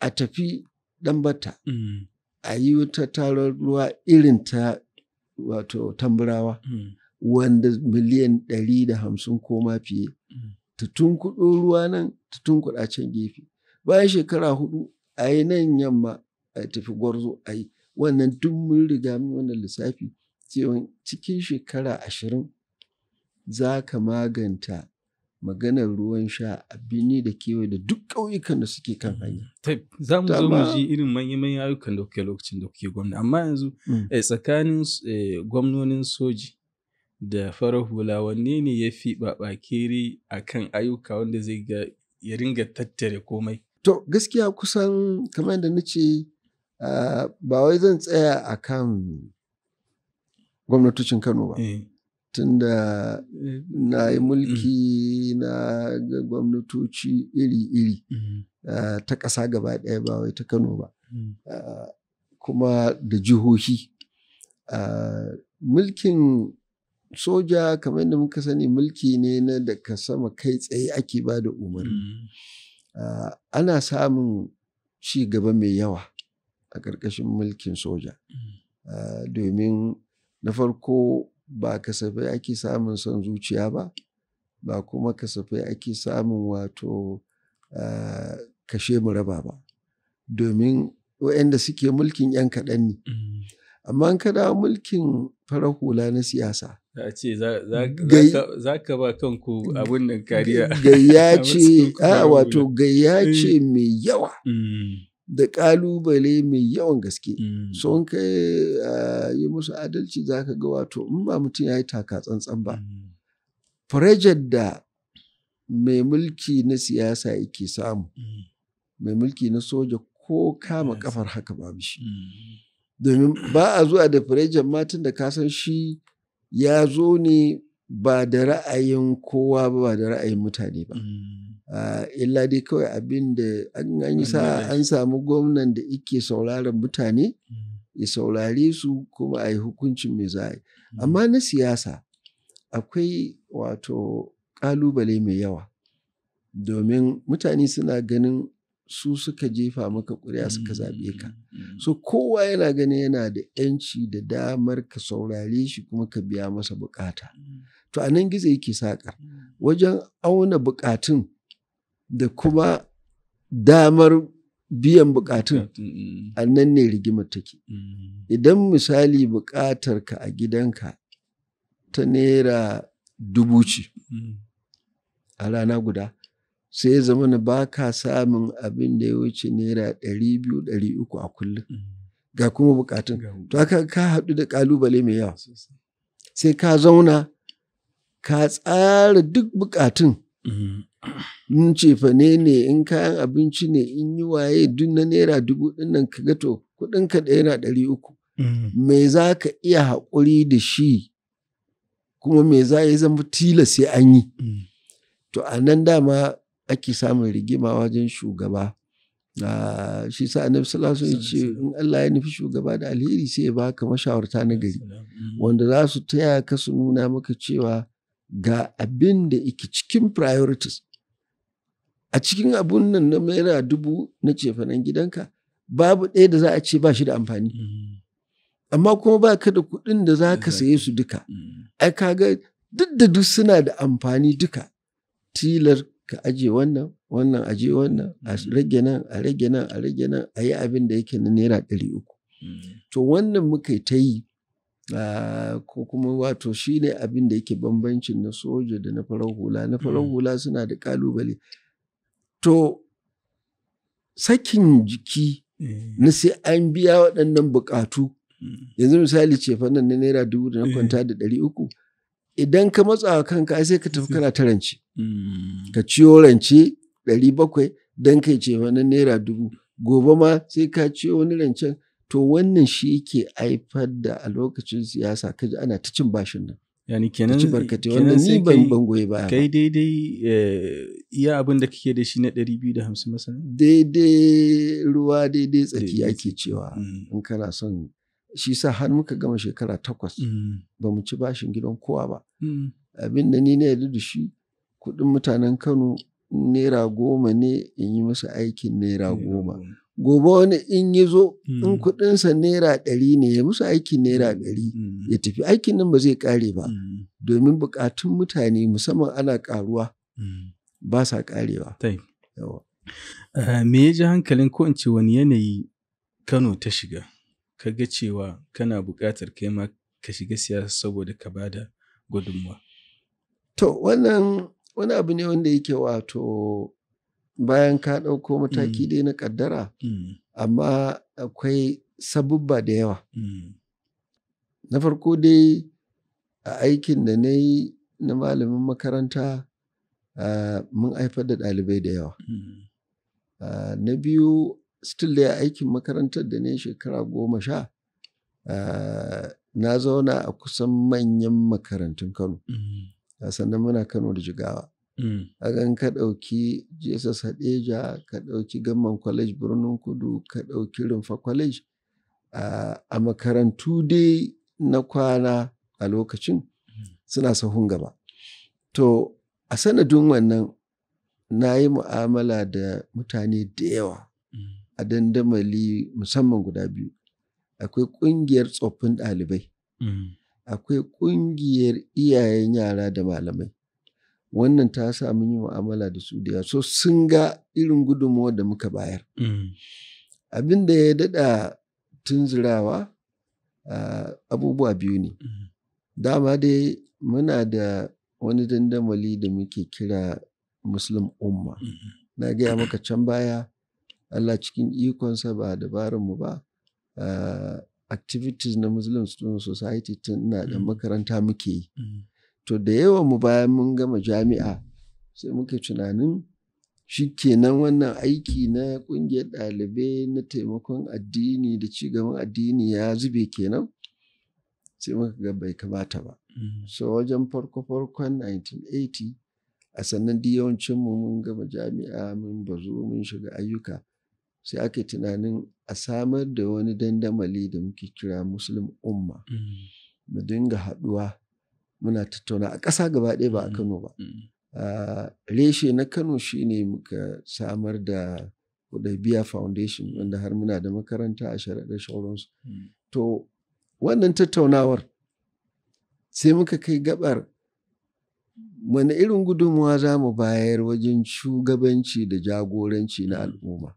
a tafi dambata mm. a yi wata tarar ruwa irin ta wato tamburawa mm. wanda miliyan ɗari da hamsin koma fiye mm. ta tunkuɗo ruwa nan ta tunkuɗa can gefe bayan shekara hudu a yi nan yamma a tafi gwarzo a yi wannan duk mun riga mun wannan lissafi cewa cikin shekara ashirin za ka maganta maganar ruwan sha a bini da kewa da duk ƙauyukan da suke kan mm. hanya. za mu zo mu ji irin manya-manyan ayyukan da kuke lokacin da kuke gwamna amma yanzu mm. eh, tsakanin eh, gwamnonin soji da farar hula wanne ne ya fi babakere a kan ayyuka wanda zai ga ya ringa tattare komai. to gaskiya kusan kamar da na ce ah, ba wai zan tsaya a kan gwamnatocin kano ba. Eh. tunda na yi mm. mulki na ga gwamnatoci iri-iri mm. ta ƙasa gaba ɗaya ba wai ta kano ba mm. kuma da jihohi mulkin soja kamar da muka sani mulki ne na daga sama kai tsaye ake ba da umarni ana samun ci gaba mai yawa a ƙarƙashin mulkin soja domin na farko ba kasafai ake samun son zuciya ba ba kuma kasafai ake samun wato ah, kashe mu raba ba domin waɗanda suke mulkin 'yan kaɗan ne mm-hmm. amma an kada mulkin farar hula na siyasa a ce za ka ba kanku abin nan kariya gayya <laughs> wato gayya ce mm. mai yawa mm. da ƙalubale mai yawan gaske mm. so in yi musu adalci za ka ga wato in ba mutum ya yi taka tsantsan ba farajar mm. da mai mulki na siyasa yake samu mm. mai mulki na soja ko kama kafar haka babu shi domin ba a zuwa da farajar matan da kasan shi ya zo ne ba da ra'ayin kowa ba da ra'ayin mutane ba mm. ah, illa dai kawai abin da an yi sa an samu gwamnan da ike sauraron mutane mm. ya saurare su kuma a yi hukuncin mai za mm. amma na siyasa akwai wato ƙalubale mai yawa domin mutane suna ganin su suka jefa maka ƙuri'a suka zaɓe ka so kowa yana ganin yana da 'yanci da damar ka saurare shi kuma ka biya masa buƙata. to a nan gizo yake saƙa hmm. wajen auna buƙatun da kuma damar biyan buƙatun mm. a nan ne rigimar take hmm. idan misali buƙatarka a gidanka ta naira dubu ce hmm. a rana guda sai ya zama ba ka samun abin da ya wuce naira ɗari biyu ɗari uku a kullum ga kuma bukatun to haka ka haɗu da ƙalubale mai yawa sai ka zauna ka tsara duk bukatun in mm. cefane ne in kayan abinci ne in yi waye duk na naira dubu nan ka ga to kuɗin ka naira ɗari uku mm. me za ka iya haƙuri da shi kuma me za ya zama tila sai an yi mm. to a nan dama ake samun rigima wajen shugaba ah, shi sa annabi sallallahu alaihi ce in Allah ya nufi shugaba da alheri sai ya baka mashawarta na gari wanda za su taya ka su nuna maka cewa ga abin da yake cikin priorities a cikin abun nan na mera dubu na cefanen gidanka babu ɗaya da za a ce ba shi da amfani mm-hmm. amma kuma ba ka da kuɗin da za ka saye su duka mm-hmm. ai kaga duk da duk suna da amfani duka tilar ka aje wannan wannan aje wannan a mm-hmm. rage nan a rage nan a rage nan a yi abin da yake na naira ɗari uku to wannan muka ta yi Ah, ko kuma wato shi ne abin da yake bambancin na soja da na farar hula na farar mm. hula suna da kalubale to sakin jiki eh. na sai an biya waɗannan bukatu mm. yanzu misali ce fannin na naira dubu da na eh. kwanta da ɗari uku idan ka matsa wa kanka sai ka tafi kana ta rance mm. ka ciyo rance ɗari bakwai don kai ce fannin naira dubu gobe ma sai ka ciyo wani rancen to wannan shi yake haifar da a lokacin siyasa kaji ana ta cin bashin nan yani kenan wannan sai ban ban goyi ba kai daidai eh, iya abin da kake da shi na 250 masana daidai ruwa daidai tsaki ake cewa mm. in kana son shi sa har muka gama shekara takwas mm. ba mu ci bashin gidan kowa ba mm. abin da ni ne da shi kuɗin mutanen Kano naira goma ne in yi masa aikin naira goma gobe wani in yi zo in hmm. kuɗinsa naira ɗari ne ya musu aikin naira hmm. ɗari hmm. ya tafi aikin nan ba zai ƙare ba domin buƙatun mutane musamman ana ƙaruwa ba sa ƙarewa. Eh, me ya ji hankalin ko in ce wani yanayi Kano ta shiga ka ga cewa kana buƙatar kai ma ka shiga siyasa saboda ka ba da gudunmuwa. To wannan wani abu ne wanda yake wato bayan ka ɗauko mm. mataki dai na ƙaddara mm. amma akwai sabubba da yawa mm. na farko dai a aikin da na yi na malamin makaranta mun haifar da ɗalibai da yawa na biyu still dai aikin makarantar da na shekara goma sha na zauna a kusan manyan makarantun kano sannan muna kano da jigawa Mm. A gan ka ɗauki Jesus Hadeja, ka ɗauki Gamman College Birnin Kudu, ka ɗauki Rumfa College a makarantu dai na kwana a lokacin mm. suna sahun gaba. To a sanadin wannan na yi mu'amala da mutane da yawa mm. a dandamali musamman guda biyu. Akwai ƙungiyar tsoffin ɗalibai, akwai ƙungiyar iyayen yara da malamai. wannan ta sa mun yi mu'amala da su da so sun ga irin gudunmuwa da muka bayar mm. abin da ya daɗa tunzurawa abubuwa biyu ne mm. dama dai muna da wani dandamali da muke kira muslim umma mm. na gaya maka can baya allah cikin ikonsa ba mu ba activities na muslim student society tun na da makaranta muke yi to da yawan mu bayan mun gama jami'a sai muke tunanin shi kenan wannan aiki na ƙungiyar ɗalibai na taimakon addini da cigaban addini ya zube kenan sai muka ga bai kamata ba mm. so wajen farko-farkon 1980 a sannan yawancinmu mun gama jami'a mun bazu mun shiga ayyuka sai ake tunanin a samar da wani dandamali da muke kira muslim umma mm. mu dinga haɗuwa muna tattauna a ƙasa gaba ɗaya ba a mm, Kano ba. Mm. Reshe na Kano shi ne muka samar da Hudaybiya Foundation mm. wanda har muna da makaranta a sharaɗa shauransu. To wannan tattaunawar sai muka kai gabar wani irin gudunmuwa za mu bayar wajen shugabanci da jagoranci na al'umma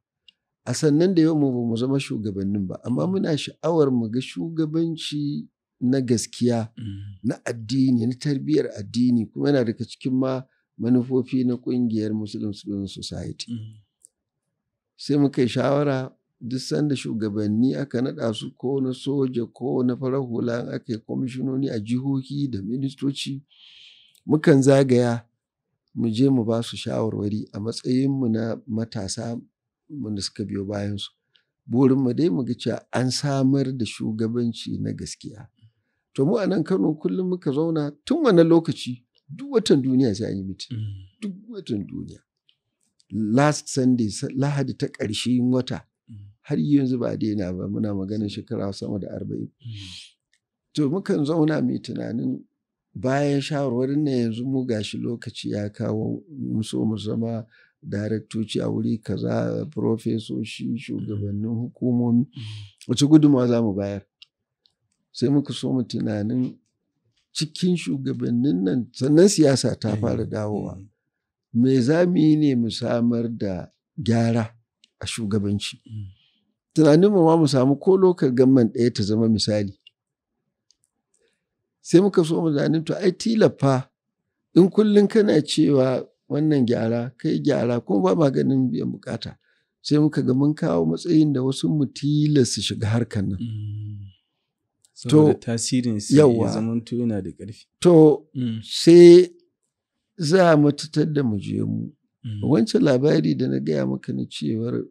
a sannan da yau mu ba mu zama shugabannin ba amma muna sha'awar mu ga shugabanci na gaskiya mm. na addini na tarbiyyar addini kuma yana daga cikin ma manufofi na kungiyar muslim student society mm. sai muka yi shawara duk sanda shugabanni aka naɗa su ko na soja ko na farar hula aka yi kwamishinoni a jihohi da ministoci mukan zagaya mu je mu ba su shawarwari a matsayinmu na matasa wanda suka biyo bayansu burinmu dai mu ga cewa an samar da shugabanci na gaskiya to mu a nan Kano kullum muka zauna tun wannan lokaci duk watan duniya sai an yi mitin mm. duk watan duniya last sunday lahadi ta ƙarshen wata mm. har yanzu ba daina ba muna maganin shekara sama da arba'in mm. to mukan zauna mai tunanin bayan shawarwarin na yanzu mu gashi lokaci ya kawo so mu zama daraktoci a wuri kaza profesoshi shugabannin hukumomi wace gudunmawa za mu bayar sai muka so mu tunanin cikin shugabannin nan sannan siyasa ta eh, fara dawowa eh. me za mu yi ne mu samar da gyara a shugabanci mm. tunanin ma mu samu ko lokal gamman ɗaya ta zama misali sai muka so mu zanen to ai tilafa in kullum kana cewa wannan gyara kai gyara kuma ba maganin biyan bukata sai muka ga mun kawo matsayin da wasu mu tilasta shiga harkar nan mm. to tasirin sai ya yana da ƙarfi to mm. sai za mu tatar da mu je mu mm. wancan labari da na gaya maka na cewar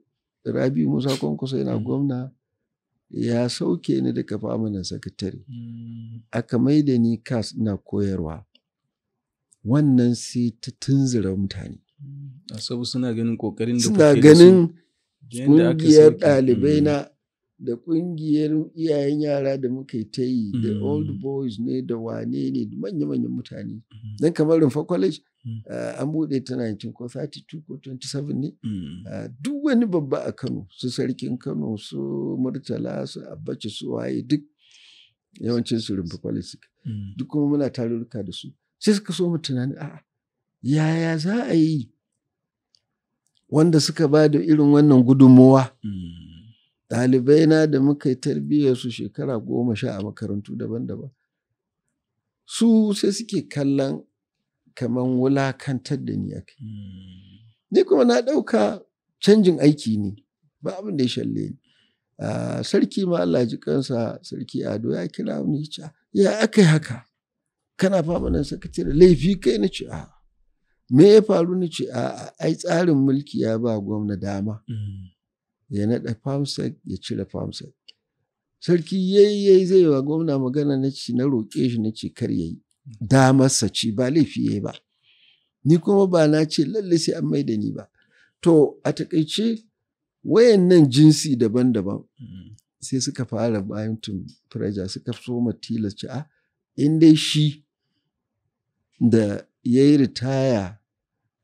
rabi musa kwankwaso yana mm. gwamna ya sauke ni daga famanin sakatare aka maida ni kas na koyarwa wannan sai ta tunzura mutane sabu suna ganin kokarin da suna ganin kungiyar ɗalibai na da ƙungiyar iyayen yara da muka yi ta yi da mm. old boys ne da wane ne da manya-manyan mutane don mm. kamar rumfa college mm. eh, an buɗe ta 19 ko 32 ko 27 ne eh, duk wani babba a kano su sarkin kano su murtala su abaci su waye duk yawancin su rumfa college duk kuma muna tarurruka da su sai suka so mu tunani a'a yaya za a yi wanda suka ba da irin wannan gudunmowa ɗalibai na da muka yi tarbiyyar su shekara goma sha a makarantu daban-daban su sai suke kallon kamar wulakantar da ni kai hmm. ni kuma na ɗauka canjin aiki ne ba abin da ya shalle ni sarki ma Allah ji kansa sarki ado ya kira ni ya ya aka haka kana fama nan sakatare laifi kai na ce me ya faru ni ce a ai tsarin mulki ya ba gwamna dama hmm. ya naɗa famsek ya cire famsek sarki yayi yayi zai wa gwamna magana na ci na roƙe shi na ce kar yayi damarsa ci ba laifi yayi ba ni kuma ba na ce lalle sai an mai da ni ba to a takaice wayannan jinsi daban-daban sai suka fara bayan firaja suka so matila ci a ah, in dai shi da ya yi ritaya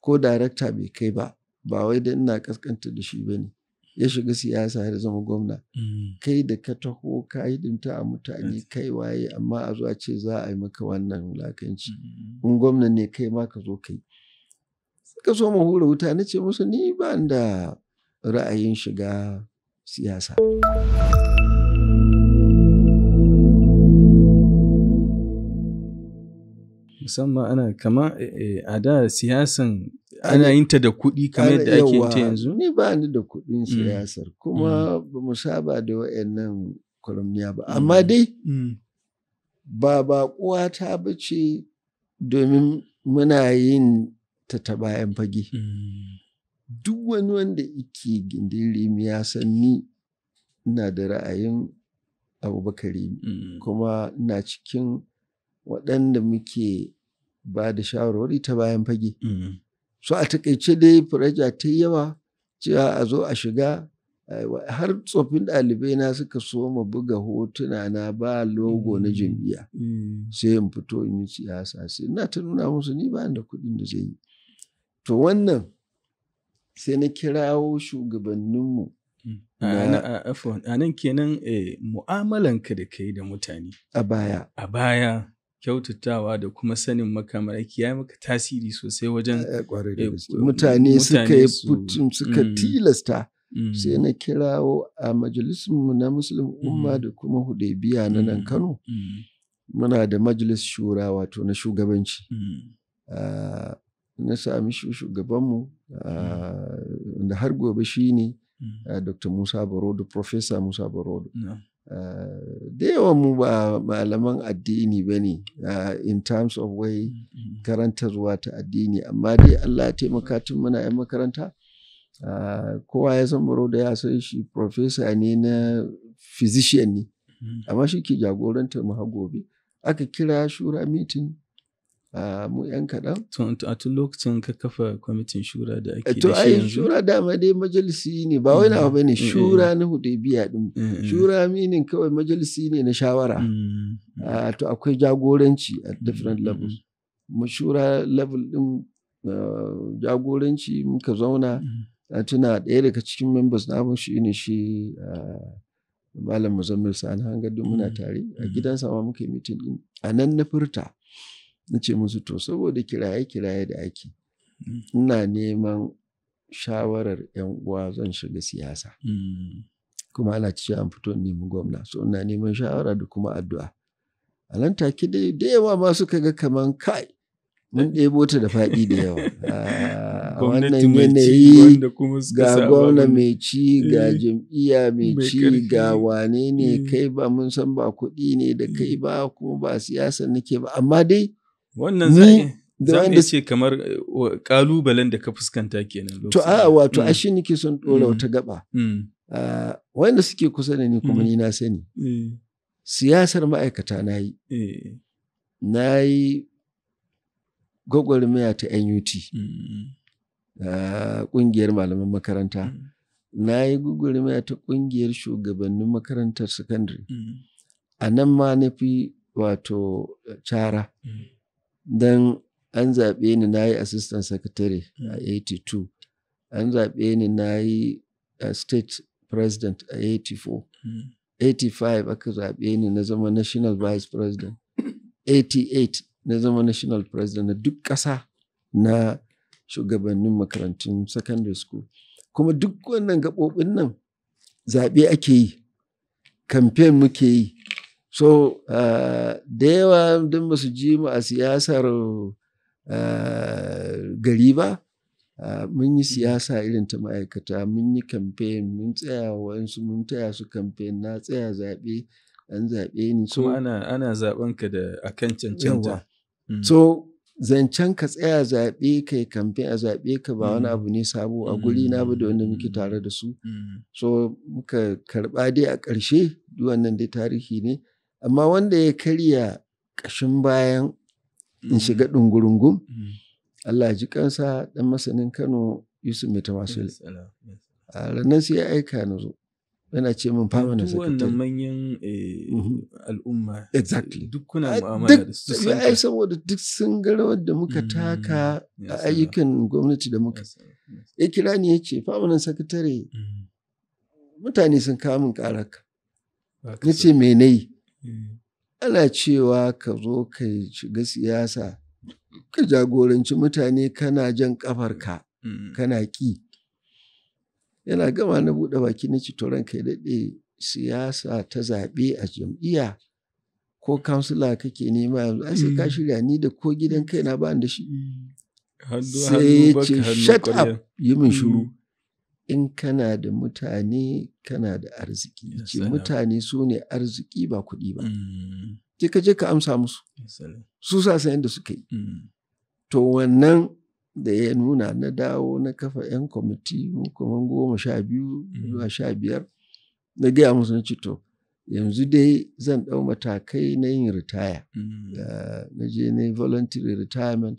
ko darakta bai kai ba ba wai da ina kaskanta da shi ba ne ya shiga siyasa ya zama gwamna mm. kai da ka taho ka yi dinta a mutane kai waye amma a zuwa ce za a yi maka wannan lakanci. Mm-hmm. in gwamna ne kai ma ka zo kai suka so mu hura wuta na ce musu ni ba da ra'ayin shiga siyasa musamman ana kama eh, eh, a da siyasan ana yin ta da kuɗi kamar yadda ake ta yanzu ni ba ni da kuɗin mm. siyasar kuma mm. ba mu saba da wayannan kwaramniya ba mm. amma dai ba ba kuwa ta bace domin muna yin ta ta bayan fage duk wani wanda yake gindin ya san ni ina da ra'ayin abubakari kuma na cikin waɗanda muke ba da shawarwari ta bayan fage. Mm-hmm. So a takaice dai faraja ta yi yawa cewa a zo a shiga eh, har tsofin ɗalibai na suka so mu buga hotuna na ba logo na mm-hmm. jam'iyya mm-hmm. sai in fito in yi siyasa sai ina ta nuna musu ni ba da kuɗin da zai yi. To wannan sai na kirawo shugabanninmu mm. a nan kenan eh, mu'amalanka da kai da mutane a baya a baya kyautatawa da kuma sanin makamaki ya maka tasiri sosai wajen eh, eh, mutane suka yi putin suka mm. tilasta mm. sai na kirawo a majalisunmu na musulun umma mm. da kuma hudaybiya na nan kano muna da majalis shura wato na shugabanci ah, na sami shugabanmu ah, da har gobe shi ne ah, dr musa barodo professor musa barodo da yawan mu ba malaman addini ba ne in terms of way mm-hmm. karantarwa ta addini amma dai Allah ya taimaka tun muna 'yan makaranta kowa ya san baro da ya san shi professor ne na physician ne mm-hmm. amma shi ke jagorantar mu gobe aka kira shura meeting mu yan kaɗan. a tun lokacin ka kafa kwamitin shura da ake da shi yanzu? shura dama dai majalisi ne ba wani abu bane mm-hmm. shura mm-hmm. na hudaybiya ɗin. Mm-hmm. shura minin kawai majalisi ne na shawara to akwai jagoranci a different levels shura level ɗin jagoranci muka zauna a tuna ɗaya daga cikin members na abin shi ne shi malam muzammil sani hanga duk muna tare a gidansa ma muka yi mitin ɗin. a nan na furta na ce musu to saboda kiraye-kiraye da ake mm. ina neman shawarar 'yan uwa zan shiga siyasa mm. kuma ana cewa an fito nemi gwamna so ina neman shawara da kuma addu'a a nan take dai da yawa ma suka ga kaman kai mun ɗebo ta da faɗi da yawa <laughs> ah, a wannan yanayi ga gwamna mai ci ga eh, jam'iyya mai ci ga wane ne mm. kai ba mun san ba kuɗi ne da kai ba kuma ba siyasa nake ba amma dai Wannan zai za ce kamar ƙalubalen da ka fuskanta kenan. To a wato mm. ashe nake son ɗora mm. wata gaba. Mm. wanda suke kusa da ni kuma ni na sani. Eh. Siyasar ma'aikata na yi. Eh. Na yi gwagwarmaya ta NUT. Ƙungiyar malaman makaranta. Na yi gwagwarmaya ta ƙungiyar shugabannin makarantar sakandare. A nan ma na fi wato eh, cara. don an zaɓe ni na yi assistant secretary a 82 hmm. an zaɓe ni na yi eh, state president a 84 85 hmm. aka zaɓe ni na zama national vice president 88 na zama national president na duk ƙasa na shugabannin makarantun secondary school kuma duk wannan gaɓoɓin nan zaɓe ake yi kamfen muke yi So, uh, da yawa don ba su ji mu a siyasar uh, gari ba, uh, mun yi siyasa irin ta ma'aikata, mun yi kamfen, mun tsaya wa'insu, mun taya su kamfen, na tsaya zaɓe, an zaɓe ni. So, ana, ana zaɓen ka da akan cancanta. Mm. So, zancen ka tsaya zaɓe kai kamfen a zaɓe ka ba wani mm. abu ne sabo a mm. guri na ba da wanda muke tare da su mm. so muka karɓa dai a ƙarshe wannan dai tarihi ne amma wanda ya karya ƙashin bayan in shiga mm. ɗungurungun mm. Allah ji kansa ɗan masanin Kano Yusuf Mai Tawasul. A ranar sai ya aika na zo. Yana ce min fama na zakatai. Wannan manyan eh, mm-hmm. al'umma. Eh, exactly. Duk kuna mu'amala da su. Ai saboda duk sun ga rawar da muka mm, taka a ayyukan gwamnati da muka. Ya kira ni ya ce fama na sakatare mutane sun kawo min ka. Na ce me na yi? Ana cewa ka zo ka shiga siyasa, ka jagoranci mutane kana jan ƙafarka, mm. kana ƙi. Yana gama na buɗe baki na ci kai daɗe siyasa ta zaɓe a jam'iyya ko kansila kake nema yanzu ai sai ka mm. shirya ni da ko gidan kai na ba da shi. Mm. Sai ya ce shut up yi min shiru. in kana da mutane kana da arziki ce mutane su ne arziki ba kuɗi ba jika mm. je ka amsa musu su sa san yadda suka yi mm. to wannan da ya nuna na dawo na kafa 'yan kwamiti kuma goma sha biyu mm. zuwa sha biyar na gaya musu na to yanzu dai zan ɗau matakai na yin ritaya ah, na je na voluntary retirement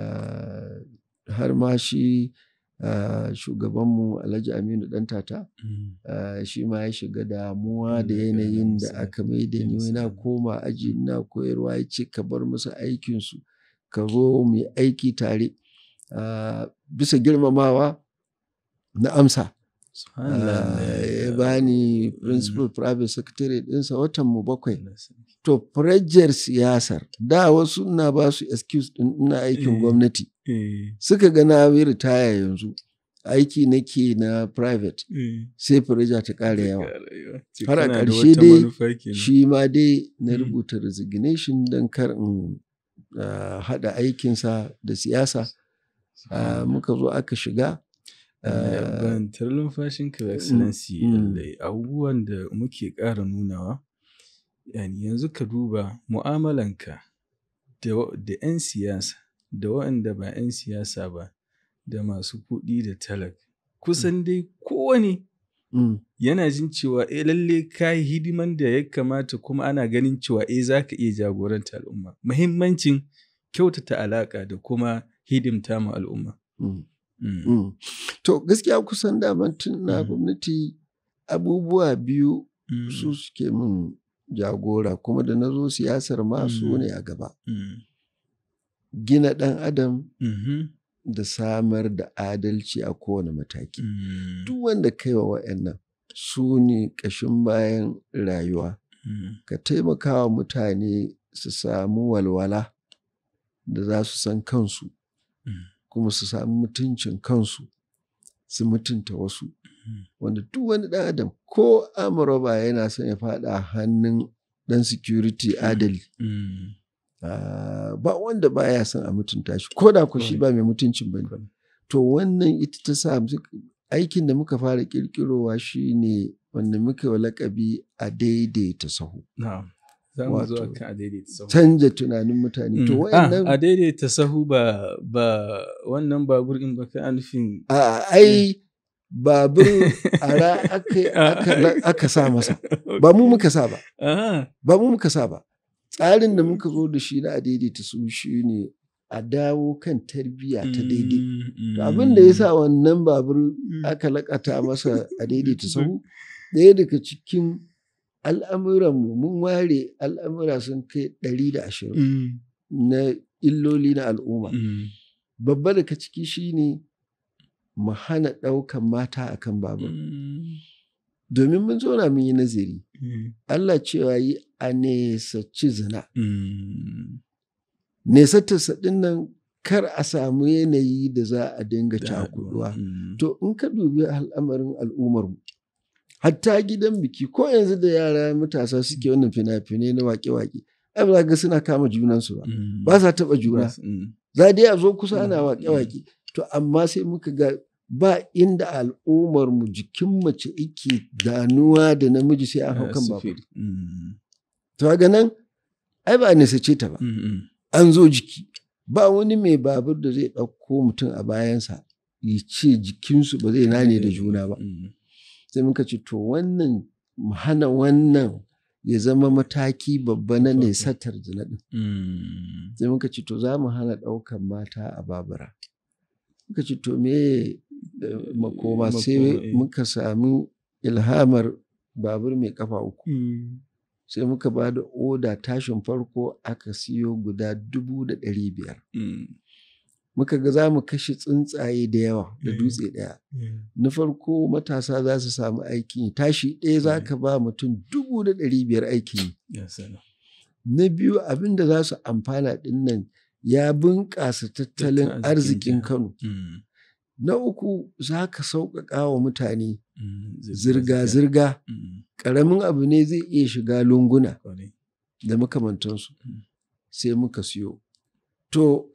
ah, har ma shi Eh, shugabanmu Alhaji Aminu Dantata mm. eh, shi ma ya shiga damuwa da yanayin da aka mai da ni na koma aji na koyarwa ya ce ka bar musu aikinsu ka zo mu aiki tare eh, bisa girmamawa na amsa ya bani mm. principal private secretary ɗinsa watan mu bakwai to farajar siyasar da wasu ina ba su excuse din ina aikin eh, gwamnati eh. suka ga na ritaya yanzu aiki nake na private eh. sai faraja ta kare yawa har a ƙarshe dai shi ma dai na hmm. rubuta resignation don kar in ah, haɗa aikinsa da siyasa ah, muka zo aka shiga ah, ban tarlin fashin ka mm, excellency mm. abubuwan da muke ƙara nunawa yani yanzu ka duba mu'amalanka da 'yan siyasa da waɗanda ba 'yan siyasa ba da masu kuɗi da talak kusan mm. dai kowane mm. yana jin cewa eh lalle ka yi hidiman da ya kamata kuma ana ganin cewa e za ka iya jagoranta al'umma muhimmancin kyautata alaƙa da kuma hidimta ma al'umma. Mm. To gaskiya kusan damar tun na gwamnati abubuwa biyu su suke min jagora kuma da na zo siyasar ma su mm. ne a gaba mm. gina ɗan adam mm-hmm. da samar da adalci a kowane mataki mm. duk wanda kaiwa wa'annan su ne ƙashin bayan rayuwa ka taimaka wa mutane su samu walwala da za su san kansu kuma su samu mutuncin kansu su mutunta wasu mm. wanda duk wani ɗan adam ko amuraba yana son ya faɗa hannun ɗan security adali mm. ah, ba wanda ba ya son a mutunta shi ko da ku shi ba mai mutuncin ba to wannan ita ta sa aikin da muka fara ƙirƙirowa shi ne wanda muka lakabi a daidaita sahu. canza tunanin mutane to mm. ah, wayannan a daidaita sahu ba ba wannan babur in ba ka nufin ai eh. babur ara <laughs> ah. aka aka sa masa ba mu muka sa ba ba mu muka sa ba tsarin da muka zo da shi na a daidaita su shi ne a dawo kan tarbiyya ta daidai mm-hmm. abin da ya sa wannan babur aka lakata masa a daidaita sahu ɗaya daga cikin al'amuranmu mun ware al'amura sun kai ɗari da ashirin mm. na illoli na al'umma mm. babba daga ciki shi ne mu hana ɗaukan mata akan babur mm. domin mun zo na mun yi nazari Allah cewa yi a nesaci zina ta ɗin nan kar a samu yanayi da za a dinga cakuduwa to in ka dubi al'amarin al'ummarmu. hatta gidan biki ko yanzu da yara matasa suke wannan fina-finai na wake-wake ai ba ga suna kama junansu ba mm. ba sa taba juna mm. za dai a zo kusa ana mm, wake-wake to amma sai muka ga ba inda al'ummar mu jikin mace yake danuwa da namiji sai an hau kan to ga nan ai ba a nisace ta ba an zo jiki ba wani mai babur da zai ɗauko mutum a bayansa ya ce jikinsu ba zai nane da eh, juna ba sai muka ce to wannan hana wannan ya zama mataki babba na nesatar zina mm. Sai muka ce to za mu hana ɗaukan mata a babura. Muka ce to me eh, makoma eh, sai eh. muka sami ilhamar babur mai kafa uku. Mm. Sai muka ba da oda tashin farko aka siyo guda dubu da ɗari biyar. Mm. muka ga za mu kashe tsuntsaye da yawa da mm. dutse ɗaya. Mm. Na farko matasa za su samu aikin tashi ɗaya za mm. ka ba mutum dubu da ɗari biyar aikin Na biyu abin da za su amfana ɗin ya bunƙasa tattalin arzikin Kano. Na uku za ka sauƙaƙa wa mutane zirga-zirga, ƙaramin abu ne zai iya shiga lunguna da makamantansu sai muka siyo. To,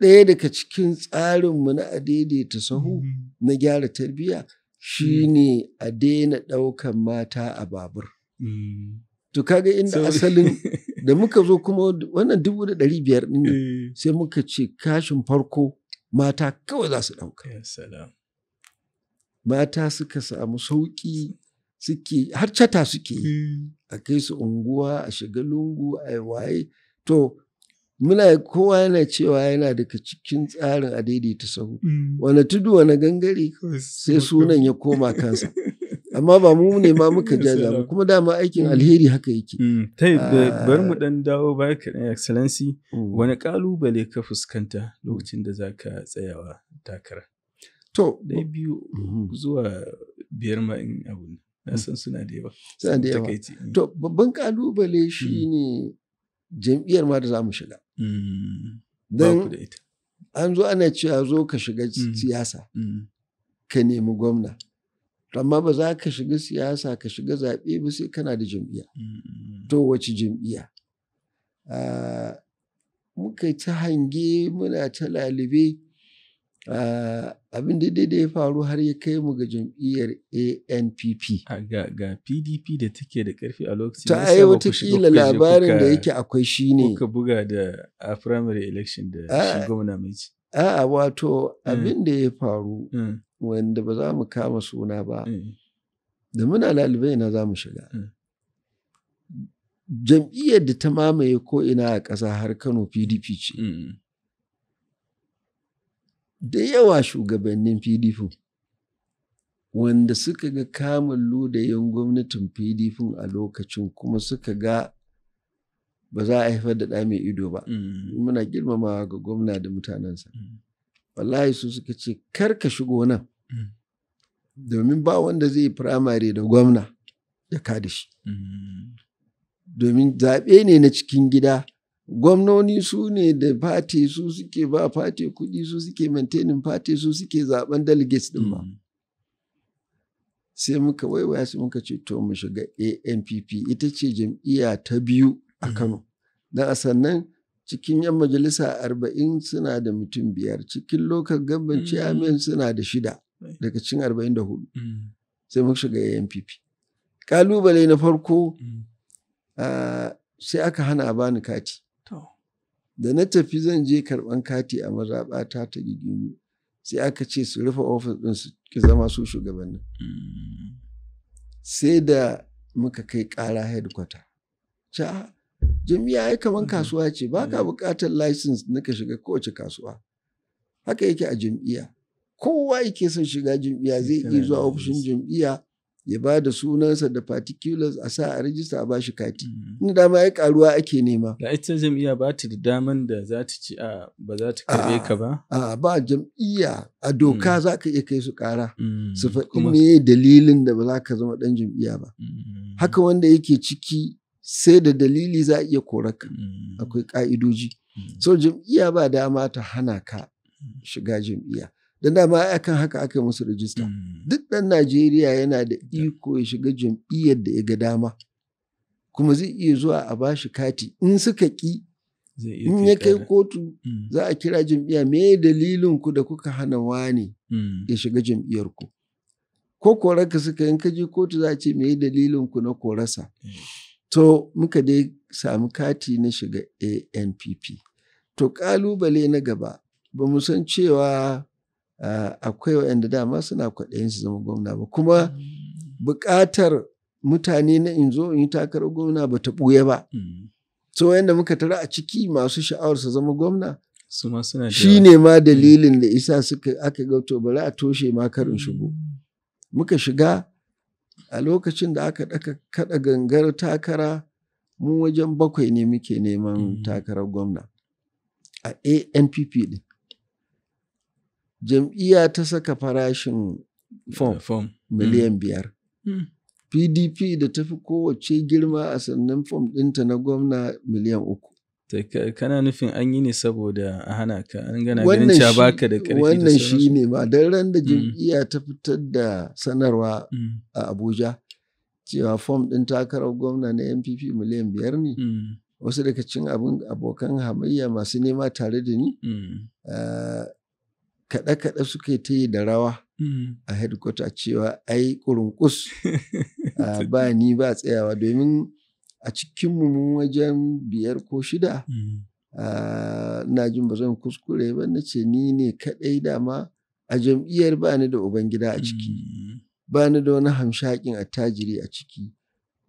ɗaya daga cikin tsarinmu na a daidaita sahu mm-hmm. na gyara tarbiyya shine mm. a daina ɗaukan mata a babur. Mm. To kaga inda asalin <laughs> da muka zo kuma wannan dubu da ɗari biyar ɗin eh. sai muka ce kashin farko mata kawai za su ɗauka. Mata suka samu sauƙi suke har cata suke mm. a kai su unguwa a shiga lungu a waye to muna kowa yana cewa yana daga cikin tsarin a daidaita sahu mm. wani tudu wani gangare sai sunan ya koma kansa <laughs> amma ba mu ne ma muka jaza ba kuma dama aikin mm. alheri haka yake mm. ta yadda ah. bar mu dan dawo baya kaɗan excellency wani kalubale ka fuskanta lokacin da za ka tsayawa takara to dai biyu mm-hmm. zuwa biyar ma in abu na san suna da yawa suna da yawa to babban kalubale shine jam'iyyar ma da za mu shiga Mm. Don an zo ana cewa zo ka shiga mm. siyasa, mm. ka nemi gwamna. Amma ba za ka shiga siyasa ka shiga zaɓe ba sai kana da jam'iyya. To wace jam'iyya? Ah, muka ta hange muna ta lalibe Ah, abin daidai da ya faru har ya kai mu ga jam'iyyar ANPP. Ga, PDP da take da ƙarfi a lokacin ta ai kila labarin da yake akwai shi ne. Kuka buga da a primary election da shi ah, gwamna mai ci. A'a ah, wato hmm. abin da ya faru hmm. wanda ba za mu kama suna ba hmm. da muna lalibai na za mu shiga. Jam'iyyar da ta mamaye ko ina a ƙasa har Kano PDP ce. da yawa shugabannin pdp wanda suka ga kamun ludayen gwamnatin pdp a lokacin kuma suka ga ba za a haifar da ɗa mai ido ba mm. muna girmamawa ga gwamna da mutanensa mm. wallahi su suka ce kar ka shigo nan mm. domin ba wanda zai firamare da gwamna ya kada shi domin zaɓe ne na cikin gida gwamnoni su ne da fati su suke ba fati kuɗi su suke maintaining fati su suke zaben delegates din ba mm. sai muka waiwaya su muka ce to mu shiga ANPP ita ce jam'iyya ta biyu a mm. Kano dan a sannan cikin 'yan majalisa arba'in suna da mutum biyar cikin lokal gamban mm. chairman suna da shida daga cikin arba'in da hudu sai muka shiga ANPP kalubale na farko ah, sai aka hana bani kati da na tafi zan je karɓan kati a mazaɓata ta gigimi sai aka ce su rufe ofis ɗin su ki zama su shugabanni. Mm. sai da muka kai ƙara headquarter ca ah, jami'a ya kamar mm-hmm. kasuwa ce ba ka mm-hmm. buƙatar license na ka shiga kowace kasuwa haka yake a jami'a. kowa yake son shiga jami'a zai iya zuwa ofishin jami'a. ya ba da sunansa da particulars a sa a rijista a ba shi kati. Inda mhm. dama ya karuwa ake nema. Da ita jam'iyya ba ta da daman da za ta ci a ba za ta karbe ka ba? A ba jam'iyya a doka mhm. za ka iya kai su kara. Mhm. Su faɗi me dalilin da ba za ka zama ɗan jam'iyya ba. Haka wanda yake ciki sai da dalili za a iya koraka. Akwai ƙa'idoji. So jam'iyya ba dama ta hana ka shiga jam'iyya. da dama akan haka aka musu rajista hmm. duk ɗan najeriya yana da iko ya shiga jam'iyyar da ya ga dama kuma zai iya zuwa a ba shi kati in suka ki in ya kai kotu hmm. za a kira jam'iyya me dalilin ku da kuka hana wani hmm. ya shiga jam'iyyar ku ko korarka suka in ka je kotu za a ce me dalilin ku na korasa to muka dai sami kati na shiga anpp to kalubale na gaba ba mu san cewa akwai waɗanda dama suna kwaɗayin su zama gwamna ba kuma mm. buƙatar mutane na in zo in yi takarar gwamna ba ta ɓuya ba mm. so waɗanda muka tara a ciki masu sha'awar su zama gwamna shi ne ma mm. dalilin da isa suka aka ga to bari a toshe ma karin shigo muka shiga a lokacin da aka ɗaka kaɗa gangar takara mu wajen bakwai ne muke neman takarar gwamna a anpp ɗin jam'iyya ta saka farashin fom miliyan mm. biyar pdp mm. da ta fi kowace girma a sannan fom ɗinta na gwamna miliyan uku kana nufin an yi ne saboda a hana ka an gana ganin cewa baka da ƙarfi wannan shi ne ma don ran da mm. jam'iyya ta fitar da sanarwa a abuja cewa fom ɗin takarar gwamna na npp miliyan biyar ne wasu daga cin abokan hamayya masu nema tare da ni eh, kaɗe-kaɗe suke ta yi da rawa mm. a headquarter cewa ai kurunkus <laughs> ah, ba ni ba tsayawa domin a cikin mun wajen biyar ko shida mm. ah, na jin ba zan kuskure ba na ce ni ne kaɗai dama a jam'iyyar ba ni da ubangida a ciki mm. ba ni da wani hamshakin attajiri a ciki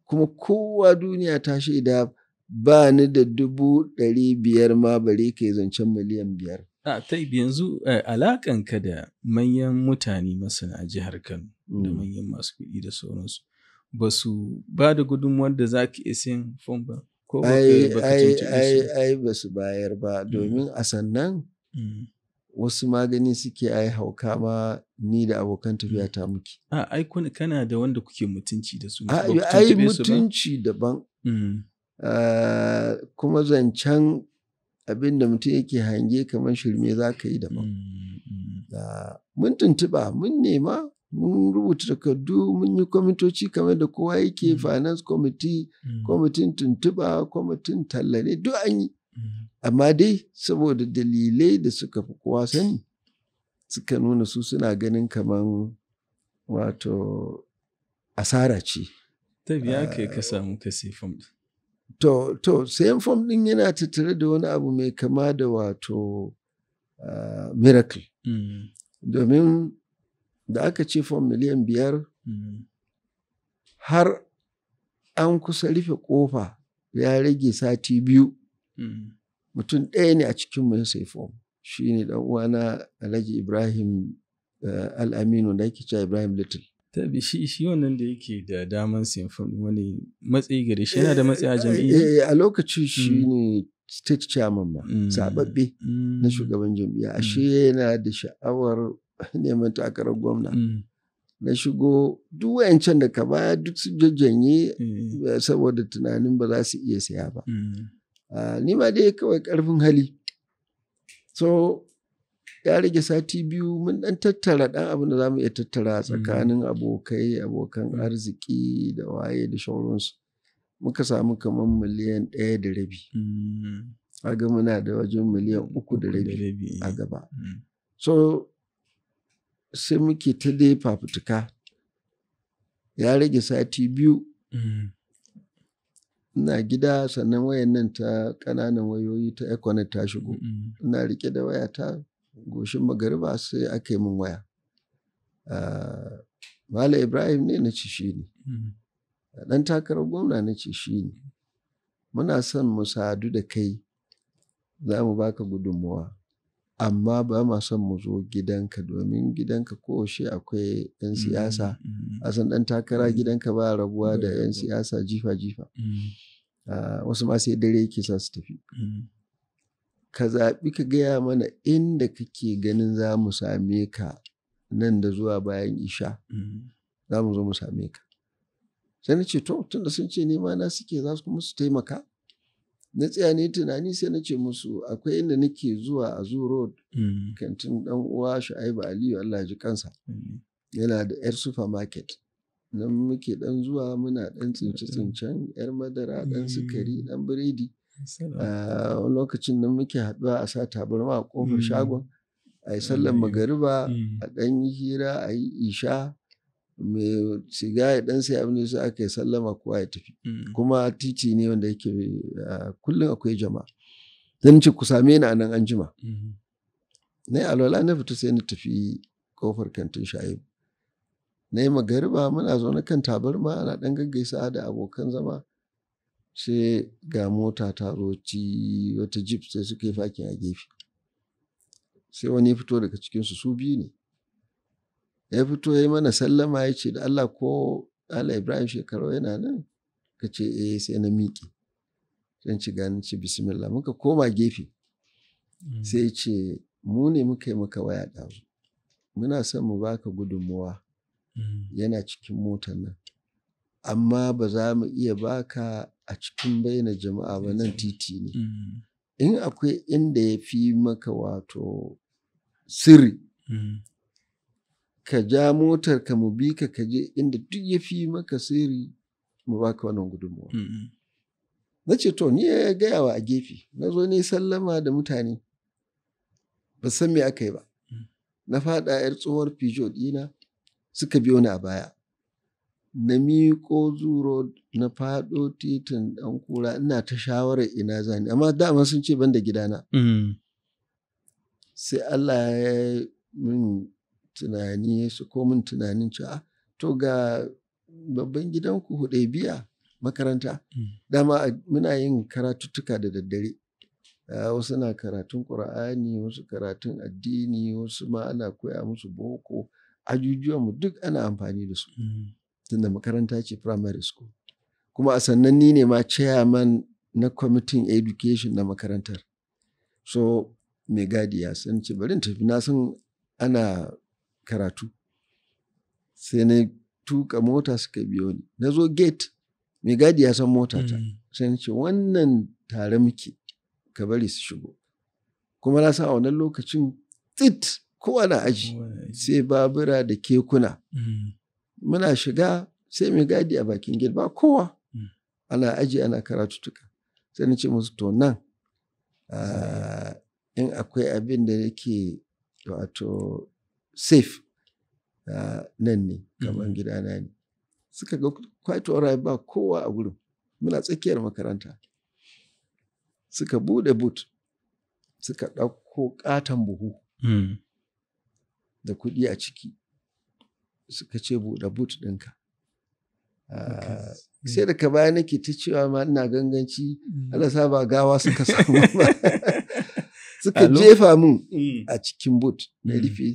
kuma kowa duniya ta shaida ba ni da dubu ɗari biyar ma bare ka yi zancen miliyan biyar A ah, taib yanzu eh, alaƙanka da manyan mutane masana jihar Kano da mm. manyan masu kuɗi da sauransu ba su ba da gudunmuwar da za ka isa yin fom ba? Ko ba ai ba su bayar ba mm. domin a sannan mm. wasu magani suke ai hauka ma ni da abokan tafiya ta muke. A ah, ai kana da wanda kuke mutunci da su. Ai mutunci daban. Ah, kuma zancen abin da mutum yake hange kamar shirme za ka yi daban. Mm, mm. Ah, mun tuntuɓa, mun nema, mun rubuta takardu, mun yi kwamitoci kamar da kowa yake mm. finance committee, kwamitin tuntuɓa, kwamitin talla duk an yi. Amma dai saboda dalilai da suka fi kowa sani, suka nuna su suna ganin kamar wato asara ce. Ta biya ka ah, samu kasifin. To, to sayan fom ɗin yana tattare da wani abu mai kama da wato uh, miracle. Mm. Domin da aka ce fom miliyan biyar mm-hmm. har an kusa rufe ƙofa ya rage sati biyu. Mm-hmm. Mutum ɗaya ne a cikin mun sai fom. Shi ne uwana Alhaji Ibrahim uh, Al'aminu da ake cewa Ibrahim Little. Tabi shi shi wannan da yake da daman siyan wani matsayi gare shi yana da matsayi a eh, eh, jam'iyya. Eh, a lokaci mm. shi ne state chairman ma sababbe mm. mm. na shugaban jam'iyya ashe yana da sha'awar <laughs> neman takarar gwamna. Na shigo duk wayancan da ka baya duk su jajjanye saboda tunanin ba za su iya saya ba. Ah, ni ma dai kawai karfin hali. So ya rage sati biyu mun dan tattara dan abin da za mu iya tattara mm. tsakanin abokai abokan mm. arziki da waye da shauransu muka samu kamar miliyan ɗaya da rabi mm. ga muna da wajen miliyan uku da rabi a gaba so sai muke ta dai fafutuka ya rage sati biyu ina gida sannan wayannan ta ƙananan wayoyi ta econet ta shigo ina rike da waya ta goshin magariba sai aka yi min waya ah, Malam Ibrahim ne na ce shi ne. Mm-hmm. Ɗan takarar gwamna na ce shi ne. Muna son mu sadu da kai za mu baka gudunmuwa. Amma ba ma son mu zo gidanka domin gidanka kowace akwai 'yan mm-hmm. siyasa. Mm-hmm. A san ɗan takara gidanka ba rabuwa da 'yan siyasa jifa-jifa. Ah, wasu ma sai dare yake sa su tafi. ka zaɓi ka gaya mana inda kake ganin za mu same ka nan da zuwa bayan isha mm-hmm. za mu zo mu same ka sai na ce to tunda sun ce nema na suke za su kuma su taimaka na tsaya ne tunani sai na ce musu akwai inda nake zuwa a zoo road mm-hmm. kantin dan uwa shu'aibu aliyu allah ji kansa mm-hmm. yana da yar supermarket nan muke dan zuwa muna dan tsince tsincen yar madara dan sukari dan biredi Eh, lokacin da muke haɗuwa a sa tabarma a ƙofar mm. shagon a yi sallar magariba mm. a ɗan yi hira a yi isha mai shiga ya ɗan sai abin su aka yi sallama kowa ya tafi mm. kuma titi ne wanda yake eh, kullum akwai jama'a zan ce ku same ni a nan an jima mm-hmm. na yi alwala na fita sai na tafi kofar kantin sha'ibu na yi magariba muna zaune kan tabarma ana ɗan gaggaisa da abokan zama sai ga mota ta roci wata jeep sai suka yi fakin a gefe sai wani fito daga cikinsu su biyu ne ya fito ya yi mana sallama ya ce da Allah ko Allah Ibrahim shekaru yana nan ka ce eh sai na miƙe zan ci gani ci bismillah muka koma gefe mm. sai ya ce mu ne muka yi maka waya ɗazu muna son mu baka gudunmuwa mm. yana cikin motar nan amma ba za mu iya baka a cikin baina jama'a ba nan titi ne mm. in akwai inda ya fi maka wato sirri mm. ka ja motar ka mu bi ka je inda duk ya fi maka sirri mu baka wannan gudunmawa na ce to ni ya gaya wa a gefe na zo ne sallama da mutane ba san me aka yi ba mm. na fada 'yar tsohuwar pijo ɗina suka biyo ni a baya na miƙo zuro na faɗo titin ɗan kura ina ta shawarar ina zani amma dama sun ce ban da gidana mm. sai Allah ya min tunani su ko min tunanin cewa ah, to ga babban gidanku huɗe biya makaranta mm. dama muna yin karatuttuka da daddare wasu na karatun ƙur'ani wasu karatun addini wasu ma ana koya musu boko ajujuwanmu duk ana amfani da su mm. tunda makaranta ce primary school kuma a sannan ni ne ma chairman na kwamitin education na makarantar so mai gadi ya san ce bari tafi na san ana karatu sai na tuka mota suka biyo ni na zo gate mai gadi ya san mota ta mm. sai ce wannan tare muke ka bari su shigo kuma na san a wannan lokacin tsit kowane aji sai babura da kekuna mm. muna shiga sai mai gadi a bakin gida ba kowa hmm. ana aji ana karatutuka sai na ce musu to nan eh, in akwai abin da yake wato safe eh, nan ne kamar hmm. gidana ne suka ga quite rai ba kowa a gurin muna tsakiyar makaranta suka bude but. suka ɗauko ƙaton buhu hmm. da kuɗi a ciki suka ce buɗe but ɗinka ah, sai da ka baya nake ta cewa ma ina ganganci mm. Allah sa ba gawa suka <laughs> samu ba suka jefa mun mm. a cikin but na mm. rufe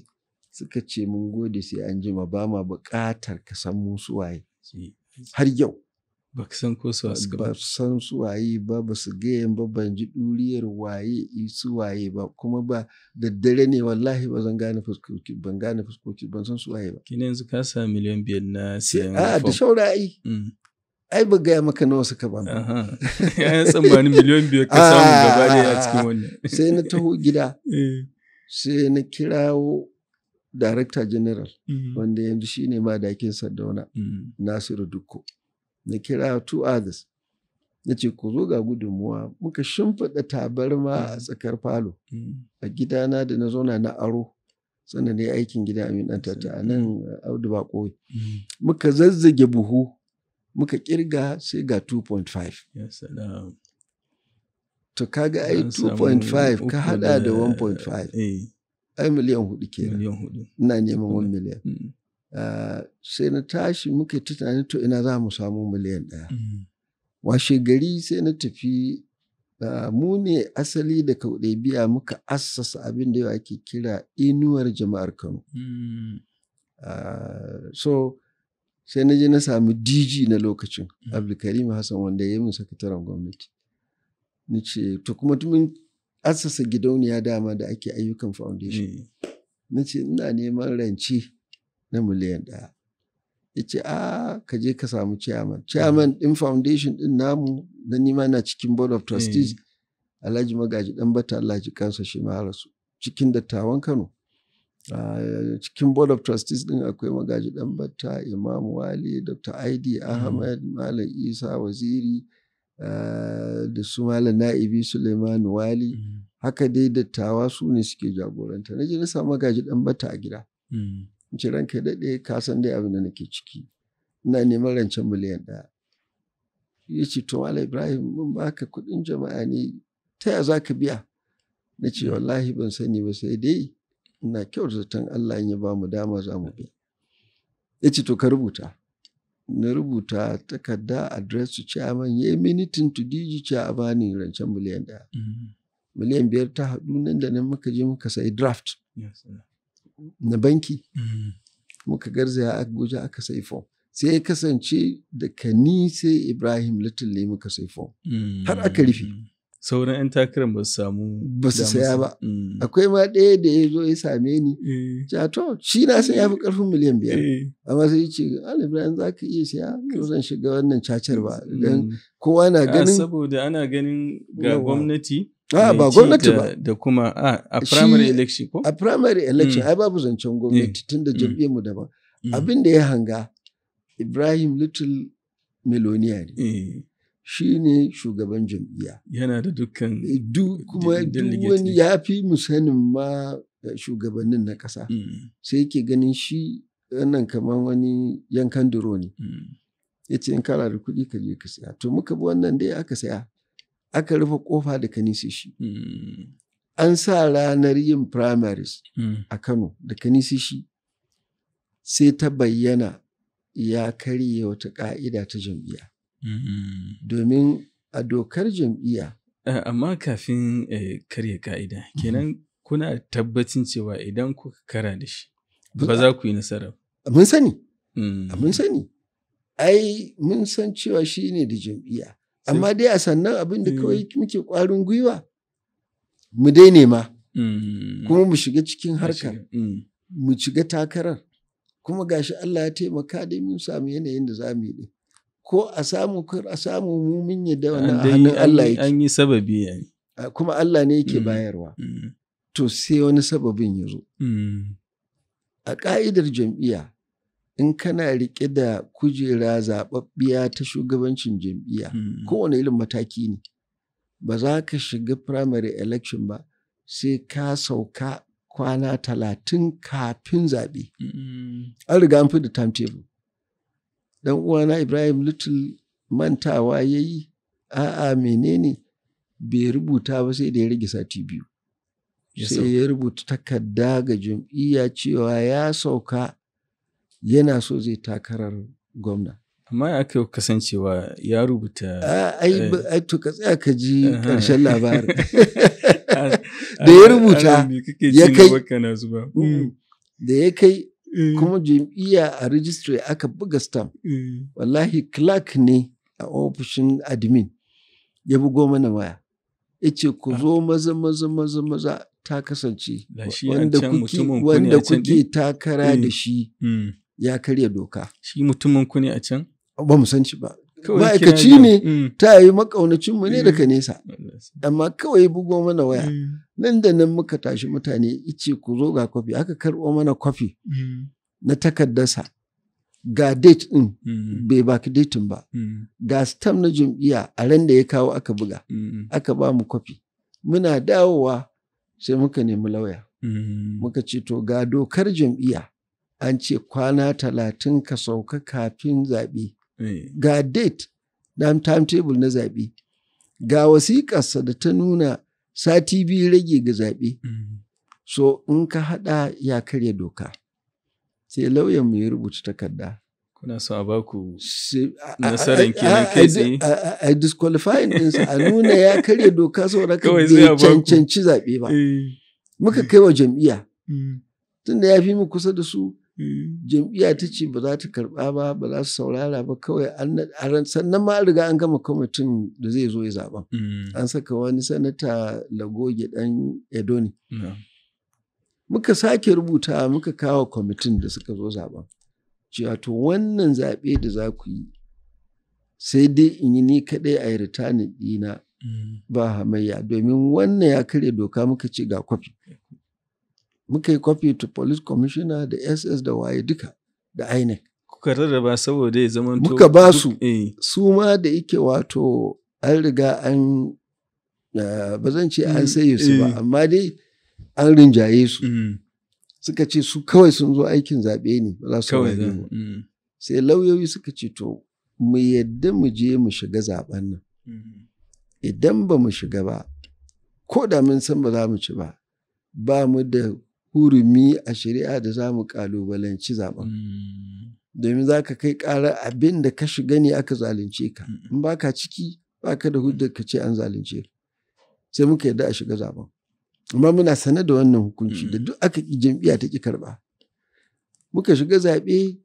suka ce mun gode sai an jima ba ma buƙatar ka san musu waye. har yau ba san ko su suka ba san su waye ba ba su gayan ba ban ji duriyar waye su waye ba kuma ba da dare ne wallahi ba zan gane fuskoki ban gane fuskoki ban san su waye ba kina yanzu ka sa miliyan biyar na siyan a da shaura ai mm. ai ba gaya maka nawa suka ba ya <laughs> tsammani miliyan biyar ka samu ah, gaba ne a cikin wannan <laughs> sai na taho gida <laughs> eh. sai na kirawo director general mm. wanda yanzu shine ma dakin sardauna mm. nasiru dukko na kira two others na ce ku zo ga gudunmuwa muka shimfiɗa tabarma a mm. tsakar falo mm. a gidana da na zauna na aro sannan ne aikin gida amin ɗan tata a nan mm. audu bako muka zazzage buhu muka kirga sai ga 2.5 to kaga ai 2.5 ka hada da 1.5 eh. ai miliyan hudu ke ina neman 1 miliyan Eh, sai na tashi muke tunanin to ina za mu samu miliyan ɗaya mm. washe gari sai na tafi eh, mu ne asali da biya muka assasa abin da yawa ake kira inuwar jama'ar kano mm. eh, so sai na je na sami dg na lokacin mm. abdulkarim hassan wanda ya yi min sakataren gwamnati ni ce to kuma mun assasa gidauniya dama da ake ayyukan foundation na ce ina neman rance na miliyan ɗaya ya ce a ah, ka je ka samu chairman mm. chairman ɗin foundation ɗin namu na nima na cikin board of trustees mm. alhaji magaji ɗan bata Allah ji kansa shi ma cikin dattawan kano ah, cikin board of trustees ɗin akwai magaji ɗan bata imam wali dr id ahmed mm. malam isa waziri ah, da su malam na'ibi suleiman wali haka dai dattawa su ne suke jagoranta na je na samu magaji ɗan bata a gida ce ka daɗe ka san dai abin da nake ciki ina neman rancen miliyan ɗaya ya ce to Malam Ibrahim mun baka kuɗin jama'a ne ta ya za ka biya na ce wallahi ban sani ba sai dai ina kyau zaton Allah ya ba mu dama za mu biya ya ce to ka rubuta na rubuta takarda adres su chairman ya yi minitin to diji ce a bani rancen miliyan ɗaya mm-hmm. miliyan biyar ta haɗu nan da nan muka je muka sayi draft na banki mm. muka garzaya abuja aka sai sai ya kasance da kani sai ibrahim ne muka sai mm. har aka rufe sauran 'yan takarar ba su samu ba su saya ba mm. akwai ma ɗaya da ya zo ya same ni jato eh. ah, shi na san ya fi ƙarfin miliyan biyar eh. amma sai ce alibiran ah, za ka iya saya ko zan shiga wannan cacar ba don kowa na ganin ah, saboda ana ganin ga gwamnati a ah, ba gwamnati ba da kuma ah, a primary election ko a primary election mm. ai babu zancen gwamnati mm. tun da mm. jam'iyyar mu daban abin da ya hanga Ibrahim Little Melonia ne eh. shi ne shugaban jam'iyya yana da dukkan eh, kuma duk wani ya fi musanin ma eh, shugabannin na ƙasa sai yake ganin shi wannan kamar wani yankan duro ne ya ce in kara da kuɗi ka je ka saya to muka bi wannan dai aka saya aka rufe kofa da kanisishi hmm. an sa ranar yin primaries hmm. a kano da kanisishi sai ta bayyana ya karye wata ka'ida ta jam'iyya hmm. domin a dokar jam'iyya eh, amma kafin eh, karya ka'ida mhm. kenan kuna tabbacin cewa idan kuka kara da shi ba za ku yi nasara mun sani mun sani ai mun san cewa shi ne da jam'iyya amma dai a sannan abin da eh. kawai muke ƙwarin gwiwa mu dai nema mm. kuma mu shiga cikin harkar mm. mu shiga takarar kuma gashi Allah ya taimaka dai mun samu yanayin da za mu yi ko a samu kar a samu mu mun yadda wannan a hannun Allah yake an yi sababi yani kuma Allah ne yake mm. bayarwa to sai wani sababin ya zo a ka'idar jam'iyya in kana riƙe da kujera zaɓaɓɓiya ta shugabancin jam'iyya kowane irin mataki ne ba za ka shiga primary election ba sai ka sauka kwana talatin kafin zaɓe an riga an fi da timetable dan uwana ibrahim little mantawa ya yi a'a menene bai rubuta ba sai da ya rage sati biyu sai ya rubuta takarda ga jam'iyya cewa ya sauka yana so zai takarar gwamna amma aka yi kasancewa ya rubuta ai eh, to ka tsaya ka ji ƙarshen labarin <laughs> <laughs> da ya rubuta ya kai mm. Mm. da ya kai mm. kuma jam'iyya a registry aka buga stamp wallahi clerk ne a ofishin admin ya bugo mana waya ya ce ku ah. zo maza maza maza maza ta kasance wanda kuke takara da shi ya karya doka shi mutumin ku ne a can ba mu san shi ba ma'aikaci ne mm. ta yi makaunacin mu ne mm. daga nesa amma kawai bugo mana waya mm. nan da nan muka tashi mutane ice ku zo ga kwafi aka karɓo mana kwafi na takaddasa ga date ɗin bai baki datin ba ga stam na jam'iyya a ran da ya kawo aka buga aka ba mu kwafi muna dawowa sai muka nemi lauya muka ce to ga dokar jam'iyya an ce kwana talatin ka sauka kafin zaɓe eh. ga date na timetable na zaɓe ga wasiƙarsa da ta nuna sati biyu rage ga zaɓe mm. so in ka haɗa ya karya doka sai lauyan mu ya rubuta takarda kuna so a baku nasarar kenan kai tsaye a disqualifying ɗinsa a nuna ya karya doka saboda ka bai cancanci zaɓe ba eh. muka kai wa jam'iyya mm. tunda ya fi mu kusa da su jam'iyya ta ce ba za ta karɓa ba ba za su saurara ba kawai an sannan ma riga an gama kwamitin da zai zo ya zaɓa mm. an saka wani sanata lagoge dan edo muka sake rubuta muka kawo kwamitin da suka zo zaɓa cewa to wannan zaɓe da za ku yi sai dai in yi ni kaɗai a yi ni ɗina mm. ba hamayya domin wannan ya karya doka muka ce ga kwafi muka yi kwafi to police commissioner da ss da waye duka da inec kuka rarraba saboda ya zama muka ba su eh. su ma da yake wato an riga an eh, ba zan ce an mm, saye su ba eh. amma dai an rinjaye su mm. suka ce su kawai sun zo aikin zaɓe ne ba za su kawai mm. sai lauyoyi suka ce to mu yadda mu je mu shiga zaben nan idan ba mu shiga ba ko da mun san ba za mu ci ba ba mu da hurumi a shari'a da za mu kalubalanci zaɓen. Mm. Domin za ka kai ƙara abin da ka shiga ne aka zalunce ka, in ba ka ciki ba ka da hudu ka ce an zalunce sai muka yarda a shiga zaben. Amma muna sane da wannan hukunci da mm. duk aka ƙi jam'iyya ta ƙi karɓa. Muka shiga zaɓe,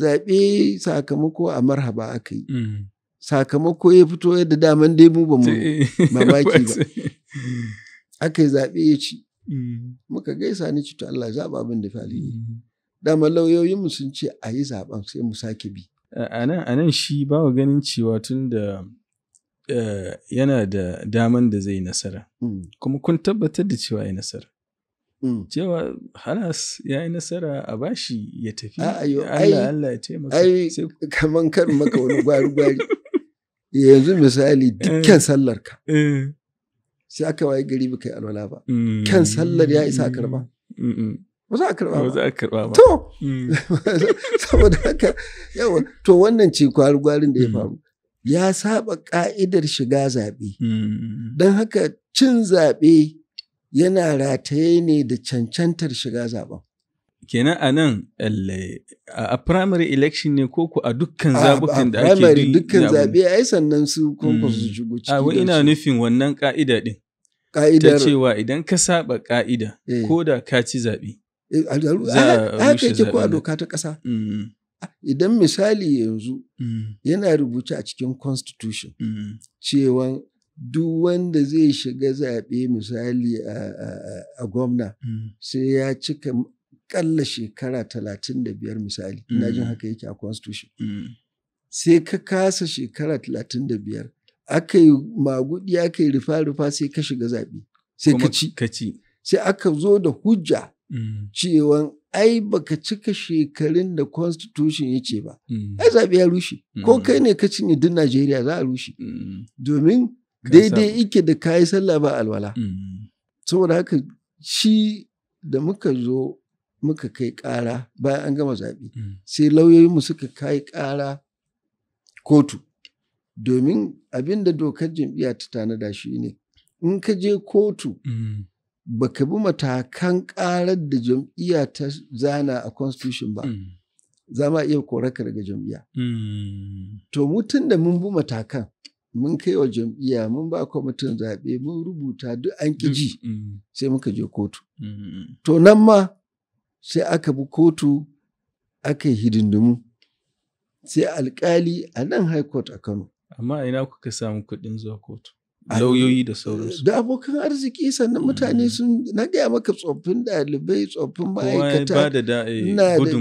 zaɓe sakamako a marhaba aka yi. Mm. Sakamako ya fito yadda daman dai mu ba mu <laughs> mamaki ba. Aka yi zaɓe ya ci. Mm. muka gaisa ni ci to Allah ya zaba abin da fi alheri mm. dama lauyoyinmu sun ce a yi zaben sai mu sake bi a nan shi ba wa ganin cewa tun da eh, yana da daman da zai nasara mm. kuma kun tabbatar da cewa ya nasara cewa halas ya yi nasara a bashi ya tafi Allah ya taimaka ai kaman kar maka wani gwari gwari <laughs> yanzu misali dukkan eh. sallar ka. Eh. sai aka waye gari ba kai alwala ba mm. kan sallar ya isa a karba mm, mm. ba za a karba ba za a karba ba to <laughs> saboda haka yawa to wannan ce gwarin da ya faru ya saba ka'idar shiga zaɓe don haka cin zaɓe yana rataye ne da cancantar shiga zaɓen kenan a nan a primary election ne ko a dukkan zabukan da ake primary dukkan zaɓe ai sannan su kuma su mm. shigo ciki a ina nufin wannan ka'ida din ta cewa idan ka saba ka'ida eh. ko da ka ci zaɓe eh, haka yake ko a doka ta kasa. Mm. idan misali yanzu mm. yana rubuce a cikin constitution cewa duk wanda zai shiga zaɓe misali a gwamna sai ya cika akalla shekara talatin da biyar misali ina jin mm. haka yake a constitution mm. sai ka kasa shekara talatin da biyar aka yi magudi aka yi rufa-rufa sai ka shiga zaɓe sai ka ci sai aka zo da hujja mm. cewan ai baka cika shekarun da constitution ya ce ba ai zaɓe ya rushe ko kai ne ka cinye duk najeriya za a rushe domin daidai ike da kayi sallah ba alwala saboda haka shi da muka zo muka kai ƙara bayan an gama zaɓe mm. sai lauyoyin mu suka kai ƙara kotu domin abin da dokar jam'iyya ta tanada shi ne in ka je kotu mm. baka bi matakan ƙarar da jam'iyya ta zana a constitution ba mm. za ma iya koraka daga jam'iyya. To mutum da mun bi matakan mun kai wa jam'iyya mun ba kwamitin zaɓe mun rubuta duk an ƙi ji. sai muka je kotu. To nan ma sai aka bi kotu aka yi hidindimu sai alkali a nan high court a kano amma ina kuka samu kuɗin zuwa kotu lauyoyi da sauransu da abokan arziki sannan mutane mm. sun na gaya maka tsoffin ɗalibai tsoffin ma'aikata na da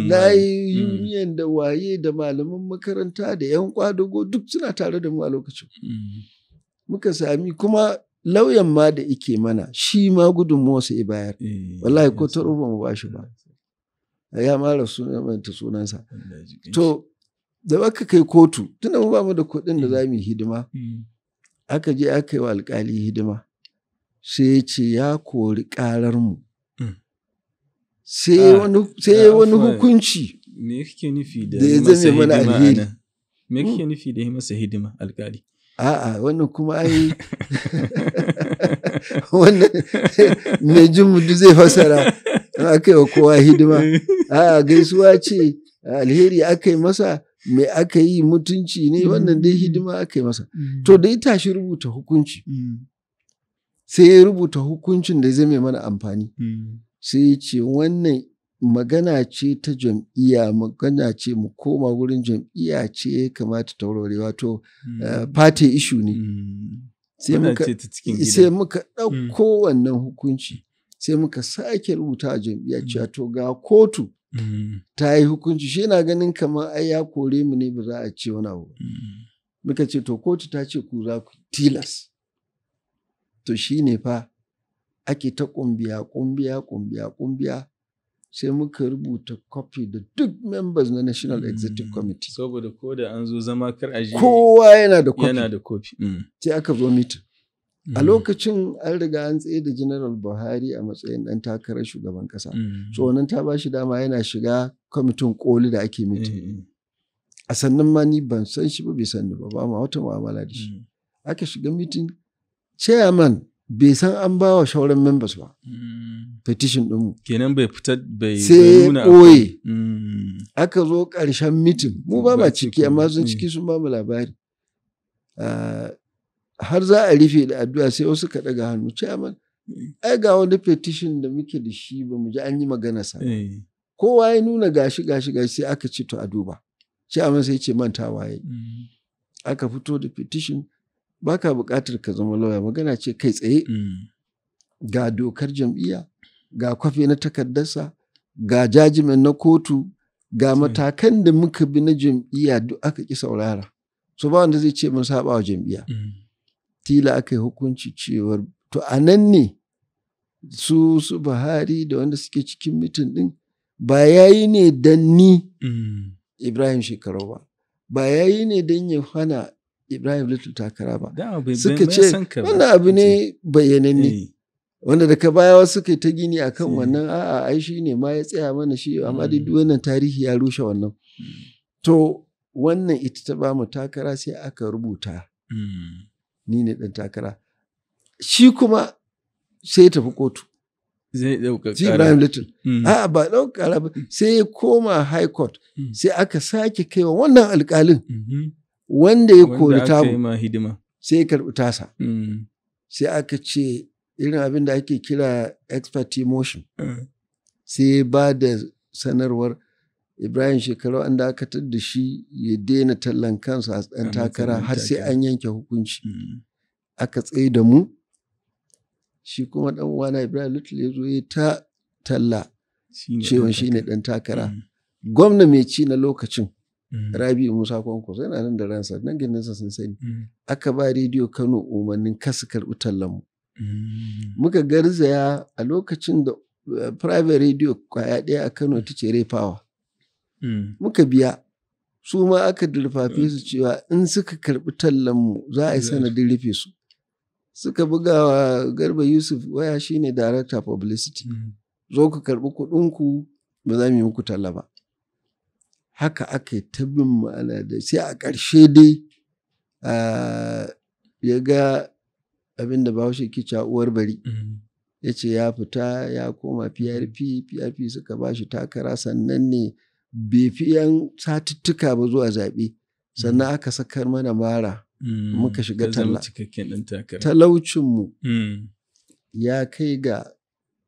layi mm. union da waye da malaman makaranta da yan kwadago duk suna tare da mu a lokacin mm. muka sami kuma lauyan ma da ike mana shi ma gudunmuwarsa ya bayar eh, wallahi ko ta ba mu ba shi ba ya mara rasu manta sunansa to da aka kai kotu tunda ba mu da kuɗin da mm. za mu yi hidima mm. aka je aka yi wa alƙali hidima sai ya ce ya kori karar mu mm. sai ah, wani hukunci me nufi da ya zame mana alheri me kake nufi da ya masa hidima alƙali. a'a wannan kuma ai <laughs> <laughs> wannan <laughs> mai jin mu zai fasara aka yi wa kowa hidima a gaisuwa ce alheri aka yi masa mai aka yi mutunci ne wannan dai hidima aka yi masa mm. to da ita shi rubuta hukunci mm. sai ya rubuta hukuncin da zai mai mana amfani mm. sai ya ce wannan magana ce ta jam'iyya magana ce mu koma wurin jam'iyya ce ya kamata taurarewa wato fati eh, ishu ne sai muka ɗauko wannan hukunci sai muka sake rubuta a jam'iyyar mm. cewa to ga kotu mm. ta yi hukunci shi na ganin kamar ai ya kore mu ne ba za a ce wani abu mm. muka ce to kotu ta ce ku za ku tilas to shi ne fa ake ta kumbiya kumbiya kumbiya kumbiya sai muka rubuta kwafi da duk members na national executive committee saboda ko da an zo zama kar a kowa yana da kwafi. sai aka zo mitin a mm. lokacin an riga an tsaye da general buhari a matsayin dan takarar shugaban kasa mm. so wannan ta ba shi dama yana shiga kwamitin koli da ake miti mm, a sannan ma ni ban san shi ba bai san ni ba ba ma wata mu'amala da shi aka shiga mitin chairman bai san an ba wa shauran members ba petition mu. kenan bai fitar bai nuna sai aka zo ƙarshen mitin mu ba ma ciki amma sun ciki sun ba mu labari ah, har za a rufe da addu'a sai wasu ka ɗaga hannu chairman eh. ai ga wani petition da muke da shi ba mu ji an yi magana sa eh. kowa ya nuna gashi gashi gashi sai aka ci to a duba chairman sai ce manta waye mm-hmm. aka fito da petition baka buƙatar ka zama lauya magana ce kai tsaye mm. ga dokar jam'iyya ga kwafe na takardarsa ga jajimin na kotu ga eh. matakan da muka bi na jam'iyya duk aka ki saurara Su ba wanda zai ce mun saba wa jam'iyya mm. tila aka yi hukunci cewar to a nan ne su su Buhari da wanda suke cikin mitin din ba yayi ne don ni mm. Ibrahim shekaru ba ba yayi ne don ya hana Ibrahim Little takara ba suka ce wannan abu ne bayyananne eh. wanda daga baya wasu kai ta gini akan eh. wannan a'a ai shi ne ma ya tsaya mana shi amma dai duk mm. wannan tarihi ya rushe wannan mm. to wannan ita ta bamu takara sai aka rubuta ni ne ɗan takara shi kuma sai ya tafi kotu zai ƙara Ibrahim mm. a'a ba ɗauka ba mm. sai ya koma high court mm. sai aka sake kaiwa wannan alƙalin mm-hmm. wanda ya kori tabu sai ya karɓi tasa sai aka ce irin abin da ake kira expert motion sai ba da sanarwar ibrahim shekaru an dakatar da shi ya daina tallan kansa a ɗan takara har sai an yanke hukunci mm. aka tsaye da mu shi kuma ɗan uwana ibrahim lutul ya zo ya ta talla cewa shi ne ɗan takara mm. gwamna mai ci na lokacin mm. rabi musa sai yana nan da ransa nan sa sun sani aka ba rediyo kano umarnin kasu karɓi tallan mu muka garzaya a lokacin da eh, private radio kwaya ɗaya a kano ta ce Power. Mm. muka biya su ma aka durfafe su cewa in suka karɓi tallanmu za a yi sanadin rufe su suka buga wa garba yusuf waya shine director publicity mm. zo ku karɓi kudinku ba za mu yi muku talla ba haka aka yi ta bin ma'ana da sai a ƙarshe dai ya ga abin da bahaushe ke uwar bari mm. ya ce ya fita ya koma prp prp suka ba shi takara sannan ne bai fi yan satuttuka ba zuwa zaɓe sannan mm. aka sakar mana mara mm. muka shiga talla talaucinmu mm. ya kai ga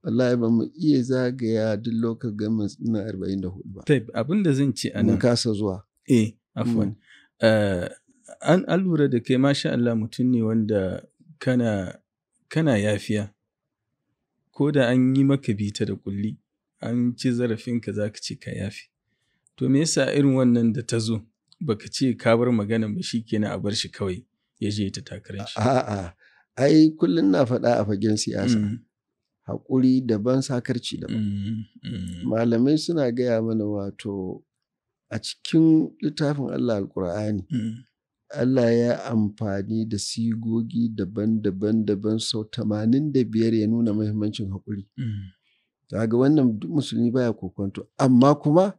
wallahi ba mu iya zagaya duk lokacin government na 44 ba taib abinda zan ce anan kasa zuwa eh afwan eh, an alura da kai masha Allah mutum ne wanda kana kana yafiya ko da an yi maka bita da kulli an ci zarafinka za ka ce ka yafi to me yasa irin wannan da ta zo baka ce ka bar magana ba shi kenan a bar shi kawai ya je ta takarar shi a'a ai kullum na faɗa a fagen siyasa mm. haƙuri daban sakarci daban mm, mm. malamai suna gaya mana wato a cikin littafin Allah alkur'ani Allah ya amfani da sigogi daban-daban daban sau tamanin da biyar ya nuna muhimmancin haƙuri. ga wannan duk musulmi baya kokonto amma kuma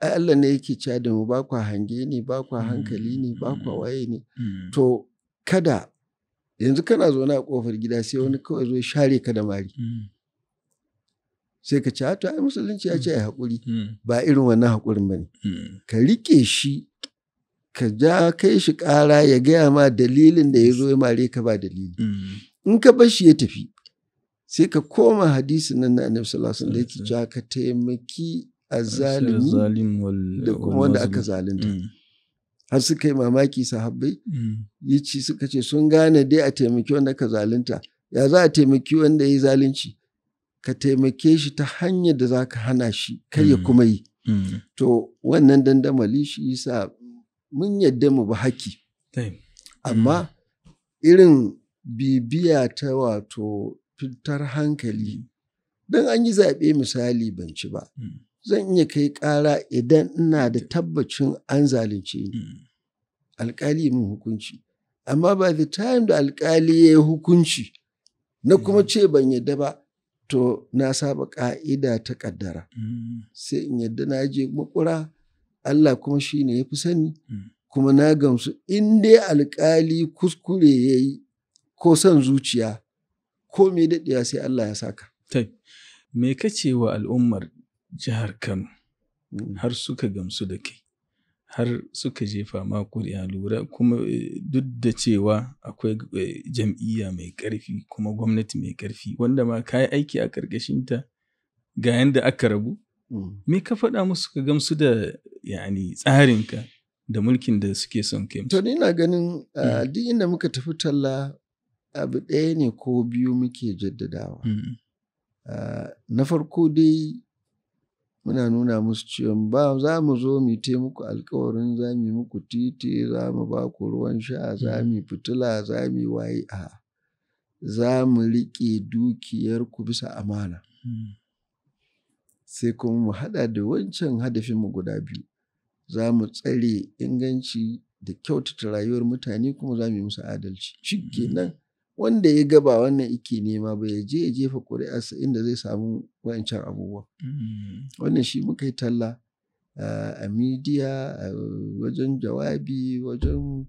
ai Allah ne yake cewa da mu ba kwa hange ne ba kwa hankali ne ba kwa mm. waye ne mm. to kada yanzu kana zaune a kofar gida sai wani kawai zo share ka da mari mm. sai ka ce to ai musulunci ya ce ai hakuri. ba irin wannan hakurin bane ka rike shi ka ja kai shi kara ya gaya ma dalilin da ya zo ya mare ka ba dalili in ka bar shi ya tafi sai ka koma hadisin nan na annabi sallallahu alaihi wasallam da yake cewa ka taimaki azzalimi wanda aka zalunta mm. har suka yi mamaki sahabbai mm. Yici suka ce sun gane dai a taimaki wanda aka zalunta ya za a taimaki wanda ya yi zalunci ka taimake shi ta hanyar da za ka hana shi kai ya mm. kuma yi to wannan dandamali shi sa mun yadda mu ba haki amma irin bibiya ta wato fitar hankali don an yi zaɓe misali ban ci ba zan iya kai ƙara idan ina da tabbacin an zalunce ni mm. alƙali min hukunci amma by the time da alkali ya yi hukunci na kuma mm. ce ban yadda ba to na saba ƙa'ida ta ƙaddara mm. sai in yadda na je makura Allah kuma shi ne ya fi sani kuma na gamsu in dai alkali kuskure ya yi ko son zuciya ko mai daɗewa sai Allah ya saka. me kace wa al'ummar jihar Kano mm. har suka gamsu da kai har suka jefa ma kuri'a lura kuma eh, duk da cewa akwai eh, jam'iyya mai ƙarfi kuma gwamnati mai ƙarfi wanda ma ka yi aiki a ƙarƙashinta ga yanda aka rabu mm. me ka faɗa musu ka gamsu da yani tsarinka da mulkin da suke son kai to ni ina ganin ah, mm. duk inda muka tafi talla abu ɗaya ne ko biyu muke jaddadawa ah, na farko dai muna nuna musu cewa ba za mu zo mu yi muku alkawarin za mu yi muku titi za mu ba ku ruwan sha za hmm. mu yi fitila za mu yi waye a za mu riƙe dukiyarku bisa amana hmm. sai kuma mu haɗa da wancan hadafin mu guda biyu za mu tsare inganci da kyautata rayuwar mutane kuma za mu yi musu adalci shi hmm. kenan wanda ya ga ba wannan ike nema ba ya je ya jefa ƙuri'arsa inda zai samu wa'ancan abubuwa mm. wannan shi muka yi talla a midiya wajen jawabi wajen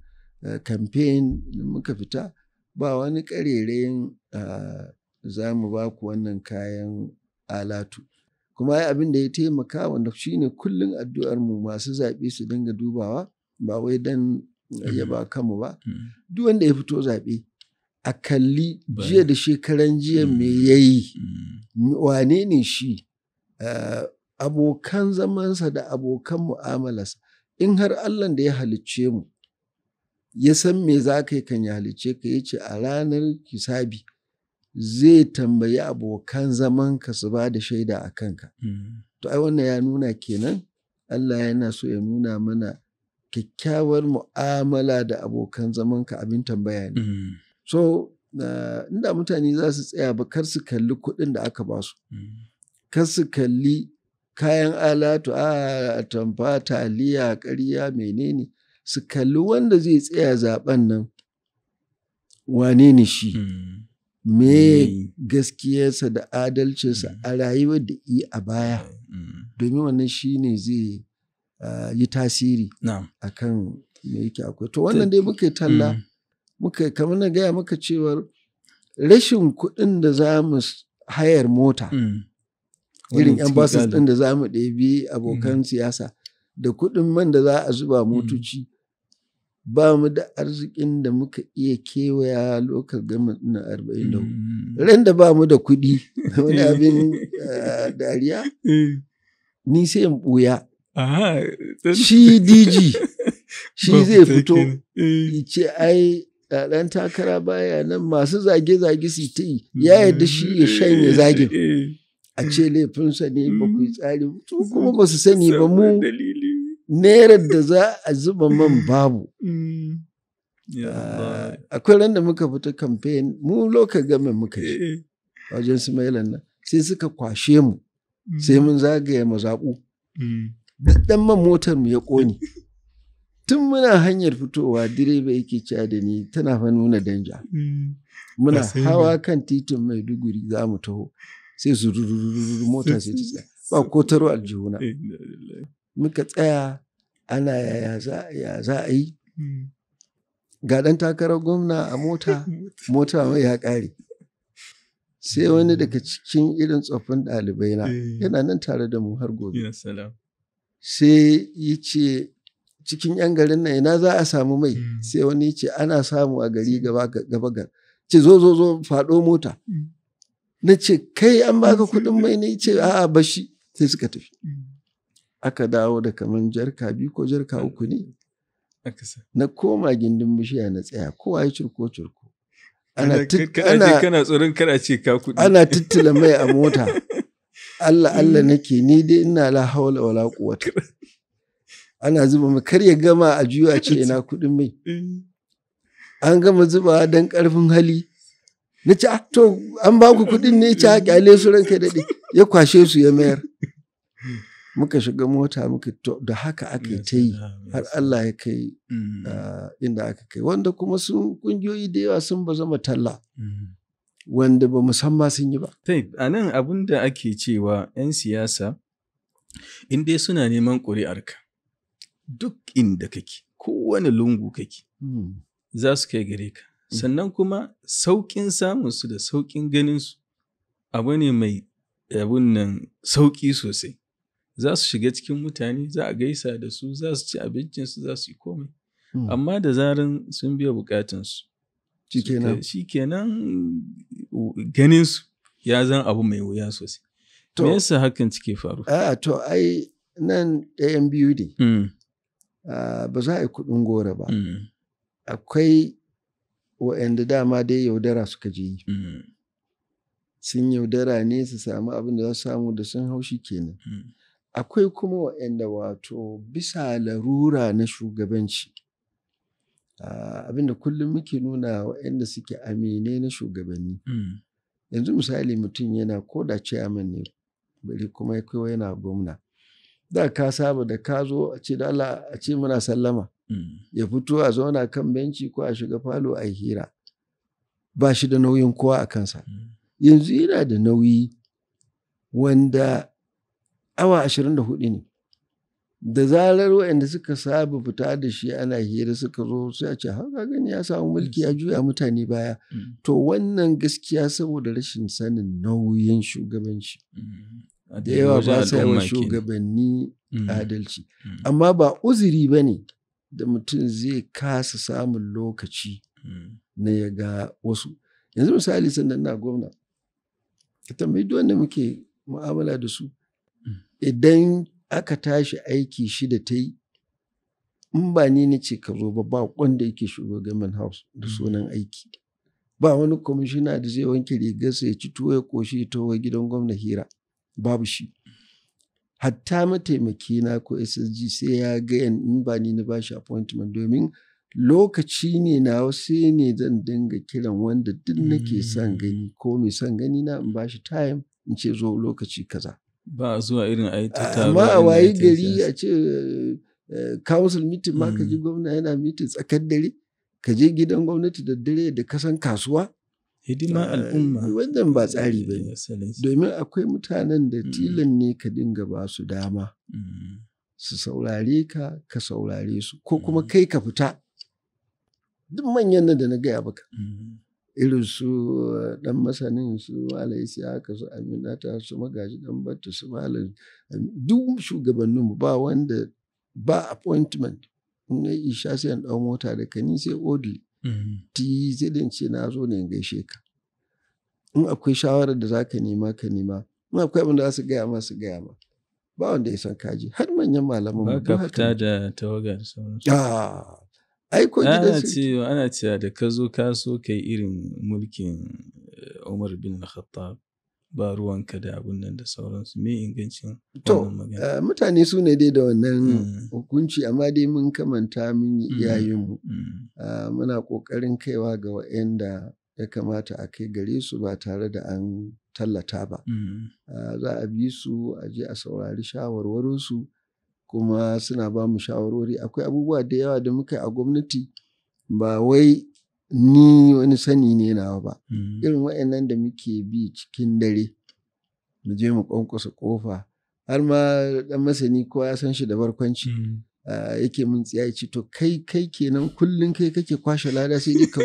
kamfen muka fita ba wani ƙarerayin za mu ba ku wannan kayan alatu kuma abin da ya taimaka wanda shine kullum addu'armu masu zaɓe su dinga dubawa ba wai dan ya mm. ba kanmu ba mm. duk wanda ya fito zaɓe a kalli jiya da shekaran jiya me mm. ya yi mm. wane ne shi eh, abokan zamansa da abokan mu'amalarsa in har allah da ya halicce mu ya san me za ka yi kan ya halicce ka yi ce a ranar kisabi zai tambayi abokan zamanka su ba da shaida a kanka mm. to ai wannan ya nuna kenan allah yana so ya nuna mana kyakkyawar mu'amala da abokan zamanka abin tambaya ne so eh, inda mutane za su tsaya ba kar su kalli kuɗin da aka ba su mm. kar su kalli kayan alatu a tamfa taliya karya menene su kalli wanda zai tsaya zaben nan wane ne shi mm. me gaskiyarsa da adalcinsa mm. a rayuwar da yi a baya domin wannan shi ne zai eh, yi tasiri a kan me yake akwai to wannan dai muka talla muka kamar na gaya maka cewar rashin kuɗin da za mu hayar mota mm. irin yan basis ɗin da za mu ɗebi abokan mm. siyasa da kuɗin man da za a zuba mm. motoci ba mu da arzikin da muka iya kewaya lokal gama na arba'in da ran da ba mu da kuɗi <laughs> wani abin eh, dariya eh. ni sai in ɓuya shi dg <laughs> shi zai fito eh. ya ce ai ɗan takara baya nan masu zage-zage su ta yi ya yarda shi ya shanye eh, zagin eh. a ce laifinsa ne ba ku yi tsari su hmm. kuma ba su sani ba mu nerar da za a zuba man hmm. babu ah, akwai ran da muka fita kamfen mu lokacin gama muka yi eh, wajen su mailan nan sai suka kwashe mu sai hmm. mun zagaya mazaɓu duk ɗan man motar mu ya ƙone <laughs> tun muna hanyar fitowa direba yake cewa da ni tana fa nuna danja mm. muna hawa kan titin maiduguri za mu taho sai su mota sai ta tsaya ba ko taro aljihuna muka tsaya ana ya za a yi mm. ga ɗan takarar gwamna a <laughs> mota mota mai ya ƙare sai wani daga mm. cikin irin tsoffin ɗalibai na eh. yana nan tare da mu har gobe sai ya ce cikin 'yan garin nan ina za a samu mai mm. sai wani ce ana samu a gari mm. gaba gaba ce zo zo zo faɗo mota mm. na ce kai an baka kuɗin mai ne ce a'a bashi sai suka tafi aka dawo da kamar jarka biyu ko jarka uku ne na koma gindin bishiya na tsaya kowa ya curko curko ana tsoron kada ce ka kuɗi ana mai a mota <laughs> Allah Allah nake ni dai ina la hawla wala quwwata ana zuba mai kar gama a juyo a ce ina <laughs> kuɗin mai mm. an gama zuba don karfin hali na ci ah, to an ba ku kuɗin ne ci kyale ah, su ranka daɗe ya kwashe su ya mayar muka shiga mota muka to da haka aka ta yi har Allah ya kai mm. ah, inda aka kai wanda kuma su kungiyoyi da yawa sun ba zama talla mm. wanda ba musamman sun yi ba. a nan abin da ake cewa 'yan siyasa in dai suna neman ƙuri'arka duk inda kake kowane lungu kake hmm. za su kai gare ka hmm. sannan kuma sauƙin samunsu da sauƙin ganinsu abu ne mai abun nan sauƙi sosai za su shiga cikin mutane za a gaisa da su za su ci abincinsu za su yi komai hmm. amma da zaran sun biya bukatansu shi kenan ganinsu ya zan abu mai wuya sosai me yasa hakan cike faru a to ai nan ɗayan biyu ne Ah, ba za a yi kuɗin gora ba mm. akwai wa'anda dama dai yaudara suka je yi mm. sun yaudara ne su samu abin da za su samu da sun haushi kenan mm. akwai kuma wa'anda wato bisa larura na shugabanci ah, abinda kullum muke nuna wa'anda suke amine na shugabanni yanzu misali mutum yana koda ciyaman ne bari kuma ya yana gwamna da ka saba da ka zo a ce dala a ce muna sallama mm. ya fito a zauna kan benci ko a shiga falo a hira ba shi da nauyin kowa a kansa mm. yanzu yana da nauyi wanda awa 24 ne da zarar waɗanda suka saba fita da shi ana hira suka zo sai a ce haka gani ya samu mm. mulki ya juya mutane baya to wannan gaskiya saboda rashin sanin nauyin shugabanci da yawa ba sa wa shugabanni mm. adalci mm. amma ba uzuri ba ne da mutum zai kasa samun lokaci mm. na ya ga wasu yanzu misali sannan na gwamna ka tambayi wanda muke mu'amala da su idan aka tashi aiki shida ta yi in ba ni na ce ka zo ba ba wanda yake shugaban house da sunan aiki ba wani kwamishina da zai wanke rigarsa ya ci tuwo ya koshi ya gidan gwamna hira babu shi hatta mataimaki na ko ssg sai ya gaya in ba ni na bashi appointment domin lokaci ne na sai ne zan dinga kiran wanda duk nake son hmm. gani ko mai son gani na in bashi time in ce zo lokaci kaza ba a zuwa irin a yi amma a wayi gari a ce eh, council meeting ma ka ji hmm. gwamna yana meeting tsakar dare ka je gidan gwamnati da dare da kasan kasuwa hidima al'umma wannan ba tsari ba ne domin akwai mutanen da mm. tilin ne ka dinga ba su dama mm. su saurare ka ka saurare su ko kuma mm. kai ka fita duk manyan nan da na gaya baka irin su dan eh, masanin su sai haka su aminata su magaji dan batta su malam duk shugabanninmu ba wanda ba appointment in ya isha sai an dau mota da kani sai odi Ti zai ce na zo ne gaishe ka. In akwai shawarar da za ka nema ka nema, in akwai abin da za su gaya ma su gaya ma. Ba wanda ya san kaji har manyan malaman mu. ka fita da tawaga da sauransu. Ah, ai ko gidan Ana cewa da ka zo ka so ka yi irin mulkin eh, Umar bin Khattab. ba ruwanka da abun nan da sauransu me ingancin to eh, mutane su ne dai da wannan mm. hukunci amma dai mun kamanta mun yi mm. iyayenmu mm. ah, muna ƙoƙarin kaiwa ga waɗanda ya kamata a kai gare su ba tare da an tallata ba ah, za a bi su a je a saurari shawarwarinsu kuma suna ba mu shawarwari akwai abubuwa da yawa da muka yi a gwamnati ba wai ni wani sani ne nawa ba mm-hmm. irin wa'annan da muke bi cikin dare mu je mu kwankwasa kofa har ma dan masani kowa ya san shi da barkwanci mm-hmm. ah, yake mun ya ce to kai kai kenan kullum kai kake kwashe lada sai dai ka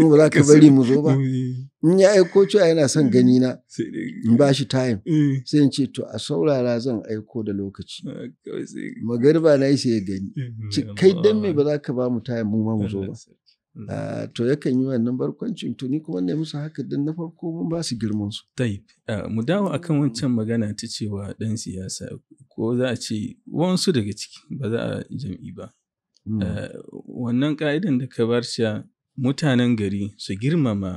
mu ba za ka <laughs> bari mu zo ba in ya aiko cewa yana son mm-hmm. gani na in ba shi time sai in ce to a saurara zan aiko da lokaci ah, magariba na yi sai ya gani kai dan me ba za ka ba mu time mu ma mu zo ba Hm. Ah, to yakan yi wannan barkwancin to ni kuma ne musu haka din na farko mun ba su girman su taib ah, mu dawo akan wancan magana ta cewa dan siyasa ko za a ce wansu daga ciki ba za a jam'i ba hmm. ah, wannan ka'idan da ka bar mutanen gari su girmama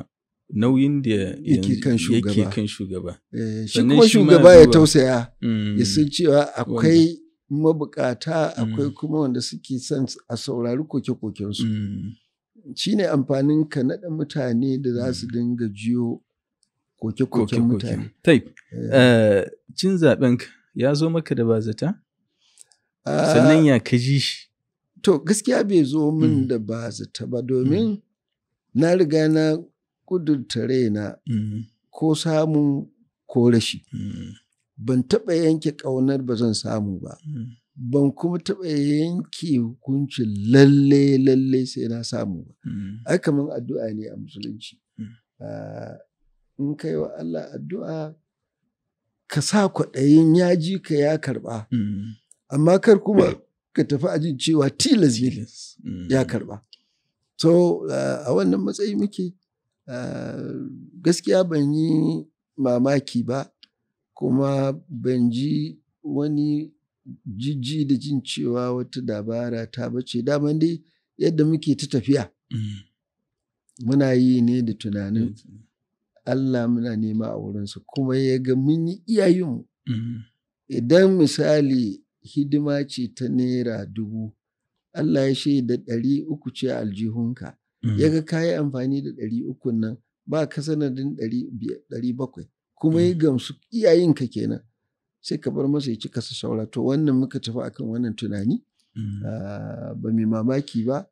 nauyin da yake kan shugaba. Eh, shi kuma shugaba ya tausaya, ya mm. san cewa akwai mabukata akwai mm. kuma wanda suke son a saurari koke-kokensu. Mm. shi ne amfanin ka naɗa mutane da za su mm. dinga jiyo koke-koken mutane. Taip, eh. eh, cin zaɓen ya zo maka da bazata? Sannan ah. ya ka ji shi? To, gaskiya bai zo min mm. da bazata ba domin mm. na riga na kudurta raina ko samun ko rashi. Ban taɓa yanke ƙaunar ba zan samu ba. ban kuma taɓa yanke hukuncin lalle lalle sai na samu ba mm. ai kamar addu'a ne a musulunci mm. ah, in kai wa Allah addu'a ka sa kwaɗayin ya ji ka ya karɓa mm. amma kar kuma ka tafi ajin cewa tilas ya karɓa so ah, a wannan matsayi muke ah, gaskiya ban yi mamaki ba kuma ban ji wani jijji da jin cewa wata dabara ta bace daman dai yadda muke ta tafiya muna yi ne da tunanin Allah muna nema a wurinsa kuma ya ga mun yi iyayenmu idan misali hidima ce ta naira dubu Allah ya da ɗari uku ce aljihunka ya ga kayi amfani da ɗari uku nan ba ka sanadin ɗari bakwai kuma ya gamsu iyayenka kenan sai ka bar masa ya ci kasa saura to wannan muka tafi akan wannan tunani mm. ah, ba mai mamaki ba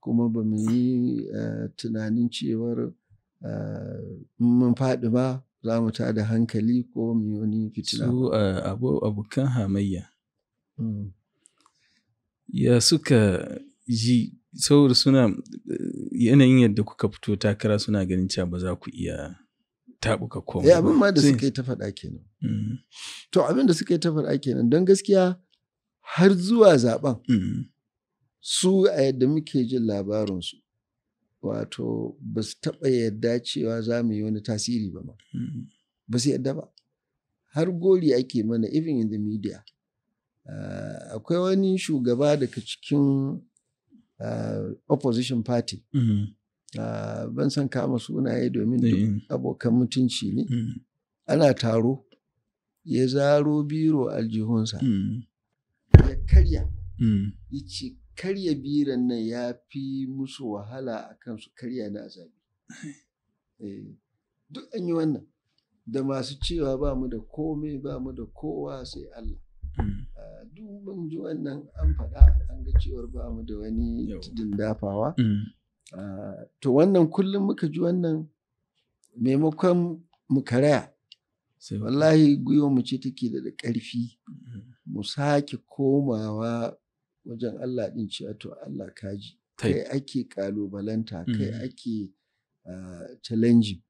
kuma ba mu yi ah, tunanin cewar ah, mun faɗi ba za mu ta da hankali ko mu yi wani fitina su abokan hamayya mm. ya suka ji saboda suna eh, yanayin yadda kuka fito takara suna ganin cewa ba za ku iya tabuka komai eh abin ma da suka yi ta faɗa kenan mm-hmm. to abin da suka yi ta faɗa kenan don gaskiya har zuwa zaben mm-hmm. su a yadda muke jin labarinsu wato ba su taɓa yadda cewa za mu yi wani tasiri ba ma mm-hmm. ba su yadda ba har gori ake mana even in the media ah, akwai wani shugaba daga cikin ah, opposition party Ah, ban san kama sunaye domin eh. abokan mutunci ne hmm. ana taro ya zaro biro aljihunsa hmm. ya karya hmm. ya ce karya biran nan ya fi musu wahala a kansu karya na azabi <laughs> eh, duk an yi wannan da masu cewa ba mu da komai ba mu da kowa sai Allah ah, duk mun ji wannan an faɗa an ga cewar ba mu da wani tudun dafawa Ah, to wannan kullum muka ji wannan maimakon mu karaya wallahi mu ce take da ƙarfi mm-hmm. mu sake komawa wajen Allah ɗin cewa to Allah kaji kai ake ƙalubalanta kai mm-hmm. ake ah, challenge.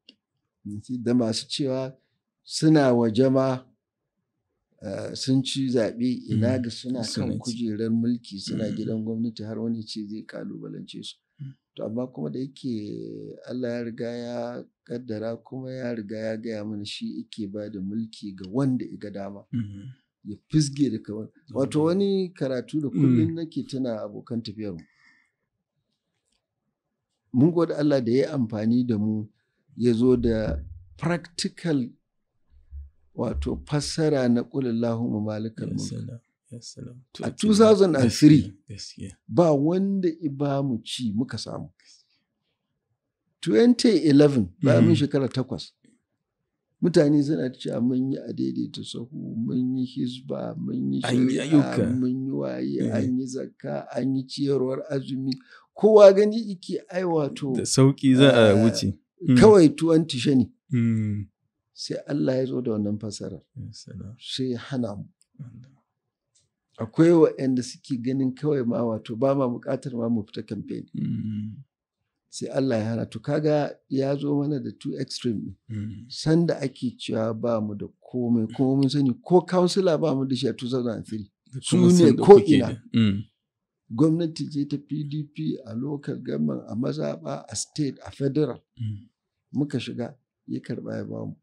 da masu cewa suna waje ma ah, sun ci zaɓe ina mm-hmm. ga suna kan kujerar mulki suna gidan gwamnati har wani ce zai ƙalubalance su To amma kuma da yake Allah ya riga ya kaddara kuma ya riga ya gaya mana shi yake ba da mulki ga wanda ya ga dama. Mm-hmm. Ya fisge da kamar. Wato mm-hmm. wani karatu da mm-hmm. kullum nake tana abokan tafiyar mu. Mun gode Allah da ya amfani da mu ya zo da practical wato fassara na kulallahu malikal mulk. A 2003 ba wanda iba mu ci muka samu. 2011 ba mun mm-hmm. shekara takwas mutane suna cewa mun yi a daidaita sahu mun yi hisba mun yi shari'a mun yi waye mm-hmm. an yi zakka an yi ciyarwar azumi kowa gani ike ai wato da sauki za a eh, wuce mm. kawai tuwon tishe mm. sai Allah ya zo da wannan fasarar sai hana mu akwai waɗanda suke ganin kawai ma wato ba ma buƙatar ma mu fita campaign mm-hmm. sai Allah ya hana to kaga ya zo mana da two extreme mm-hmm. sanda ake cewa ba mu da komai kuma mun sani ko Councilor ba mu da shi a 2003 su ne ko ina mm. gwamnati je ta pdp a local government a mazaɓa a state a federal mm. muka shiga ya karɓa ya bamu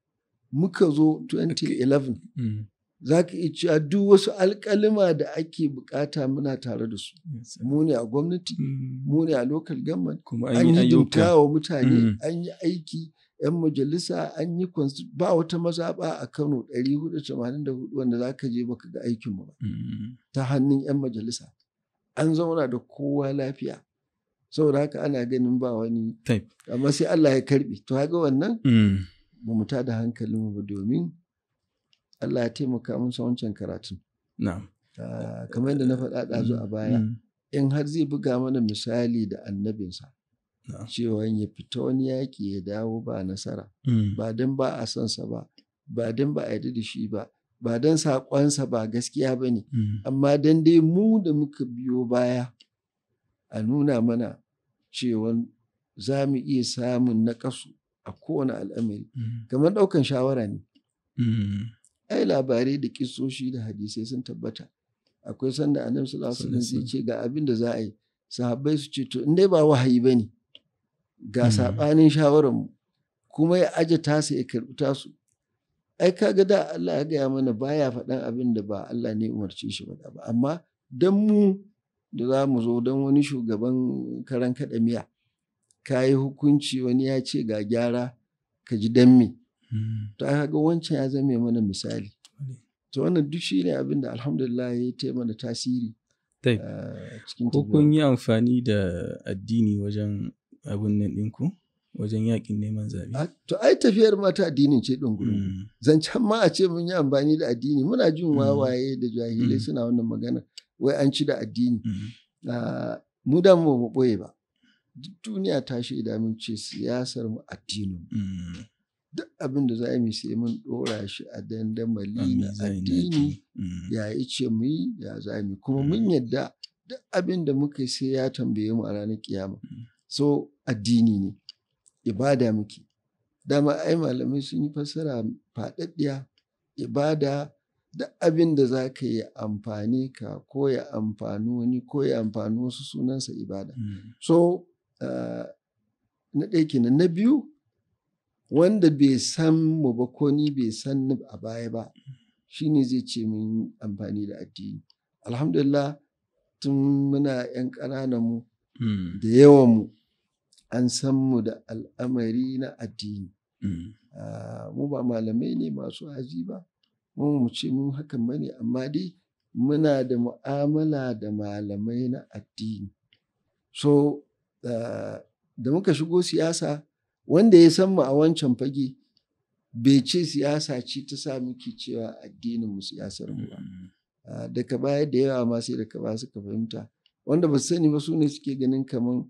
muka zo 2011 za ka iya cewa duk wasu alkalima da ake bukata muna tare da su mu ne a gwamnati mm. mu ne a local government an yi wa mutane mm. an yi aiki 'yan majalisa an yi ba wata mazaɓa a kano 484 wanda za ka je baka ga aikin ba mm. ta hannun 'yan majalisa an zauna da kowa lafiya saboda haka ana ganin ba wani amma sai allah ya karbe to haka wannan Mu muta da hankalin ba domin Allah ya taimaka musu wancan karatun ah, kamar yadda na faɗa ɗazu a baya mm. in har zai buga mana misali da annabinsa cewa ya fita wani yaƙi ya dawo ba nasara mm. ba don ba a son sa ba ba don ba a yarda da shi ba ba don saƙonsa ba gaskiya ba ne mm. amma don dai mu da muka biyo baya a nuna mana cewa za mu iya samun naƙasu a kowane al'amari kamar ɗaukan shawara ne ai labarai da kisoshi da hadisai sun tabbata akwai sanda annabi sallallahu alaihi wasallam ce ga abin da za a yi sahabbai su ce to in dai ba wahayi ba bane ga hmm. saɓanin shawaran mu kuma ya aje tasa ya karbi tasu ai kaga da Allah ya gaya mana baya faɗan abin da ba Allah ne umarce shi ba amma dan mu da za mu zo dan wani shugaban karan kaɗa miya ka yi hukunci wani ya ce ga gyara ka ji dan me Hmm. to aka ga wancan ya zame mana misali to wannan duk shi ne abin da alhamdulillah ya yi mana tasiri ah, ko kun yi amfani da addini wajen abin nan ɗinku wajen yakin neman zaɓe. Ah, to ai tafiyar mata addinin ce ɗin gudu. Hmm. Zancen ma a ce mun yi amfani da addini muna jin hmm. wawaye da jahilai suna wannan magana wai an ci da addini. Ah, mu da mu ɓoye ba. duniya ta shaida mun ce siyasar mu addinin. duk abin da za mu sai mun ɗora shi a dandamali na addini mm. ya yi ce mu yi ya za mu kuma mun mm. yadda duk abin da muka sai ya tambaye mu a ranar kiyama mm. so addini ne ibada muke dama ai malamai sun yi fassara faɗaɗɗiya ibada duk abin da za ka yi amfani ka ko ya amfani wani ko ya amfani wasu sunansa ibada so ah, na ɗaya kenan na biyu wanda bai san mu ba ko ni bai san ni a baya ba shine zai ce mun amfani da addini alhamdulillah tun muna 'yan ƙananan mu hmm. da yawan mu an san mu da al'amari na addini hmm. ah, mu ba malamai ne masu haji ba mu mu ce mun hakan ba ne amma dai muna da mu'amala da malamai na addini so ah, da muka shigo siyasa wanda ya san mu a wancan fage bai ce siyasa ce ta sa muke cewa addinin mu siyasar mu ba mm-hmm. ah, daga baya da yawa ma sai daga baya suka fahimta wanda ba sani ba su ne suke ganin kaman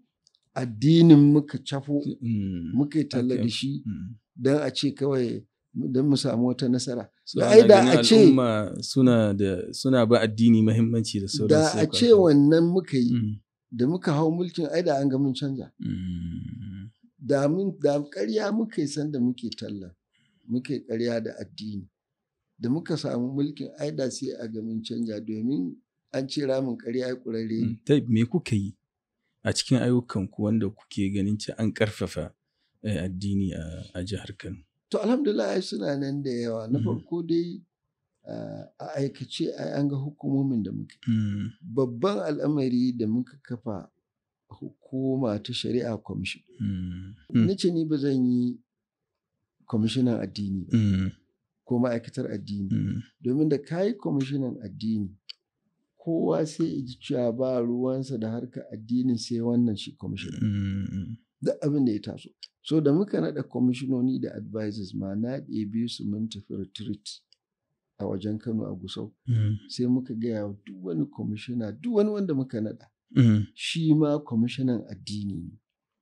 addinin muka cafo mm-hmm. muka talla da shi mm-hmm. don a ce kawai don mu samu wata nasara da ai da a ce suna da suna ba addini muhimmanci da sauransu da a ce wannan muka yi da muka hau mulkin ai da an ga mun canza da ƙarya muke da muke talla muke ƙarya da addini da muka samu mulkin aida sai a gamin canja domin an ce ramin ƙarya ya ƙurare. Mm, ta me kuka yi a cikin ayyukan ku wanda kuke ganin ci an ƙarfafa eh, addini a jihar Kano? To alhamdulillah suna nan da yawa na mm-hmm. farko dai a aikace an ga hukumomin da muke. Mm. Babban al'amari da muka kafa hukuma ta shari'a kwamishin. Mm. Na mm. ce ni ba zan yi kwamishinan addini ba. Mm. ko ma'aikatar addini domin da ka yi kwamishinan addini kowa sai ya ji cewa ba ruwansa da harkar addinin sai wannan shi kwamishin. Da abin da ya taso. So da muka naɗa kwamishinoni da advisors ma na biyu su mun tafi retreat. a wajen Kano a Gusau. Sai muka gaya wa duk wani kwamishina duk wani wanda muka naɗa Mm-hmm. shi ma kwamishinan addini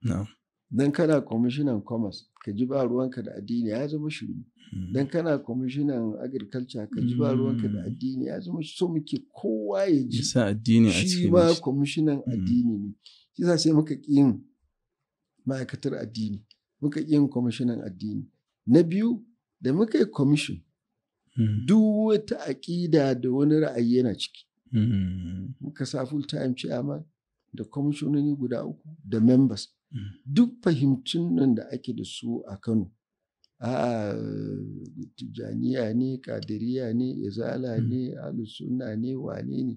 ne Don kana kwamishinan commerce ka ji ba ruwanka da addini ya zama shiru mm-hmm. Don kana kwamishinan agriculture ka ji ba ruwanka da mm-hmm. addini ya zama so muke kowa ya ji shi ma kwamishinan addini ne shi sa sai muka ƙi yin ma'aikatar addini muka ƙi yin kwamishinan addini na biyu da muka yi kwamishin duk wata aƙida da wani ra'ayi yana ciki Hmm. muka sa full time chairman da kwamishinoni guda uku da members hmm. duk fahimcin nan da ake da su a kano a tijaniya ne kadiriya ne izala hmm. ne alusunna ne wane ne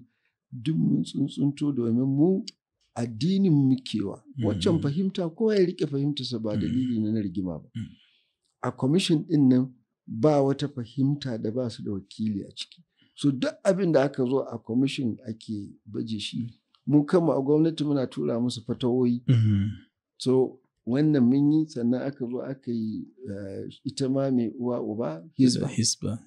duk mun tsuntsunto domin mu addinin mukewa waccan fahimta kowa ya rike fahimtarsa ba dalili na rigima ba a kwamishin din nan ba wata fahimta da ba su da wakili a ciki so duk abin da aka zo a kwamishin ake baje shi mu kama a gwamnati muna tura musu fatawoyi mm-hmm. so wannan mun yi sannan aka zo aka yi eh, ita ma mai uwa uba hisba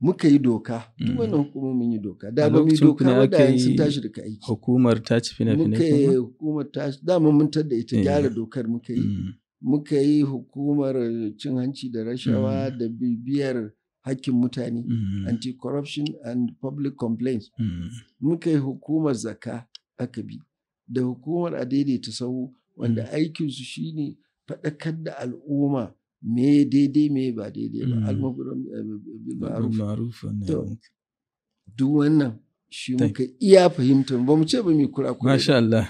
muka yi doka duk mm-hmm. wannan hukumar mun yi doka da ba mu yi doka ba da sun tashi daga aiki hukumar ta ci fina-finai muka yi hukumar ta da mun muntar da ita eh. gyara dokar muka yi mm-hmm. muka yi hukumar cin hanci da rashawa da bibiyar hakkin mutane mm. anti-corruption and public complaints mm. muka yi hukumar zaka aka bi da hukumar a daidaita sahu wanda mm. aikinsu shine faɗakar da al'umma me daidai me ba daidai ba al-ma'ruf eh, duk wannan shi muka iya fahimtar ba mu ce ba mai kura kura masha Allah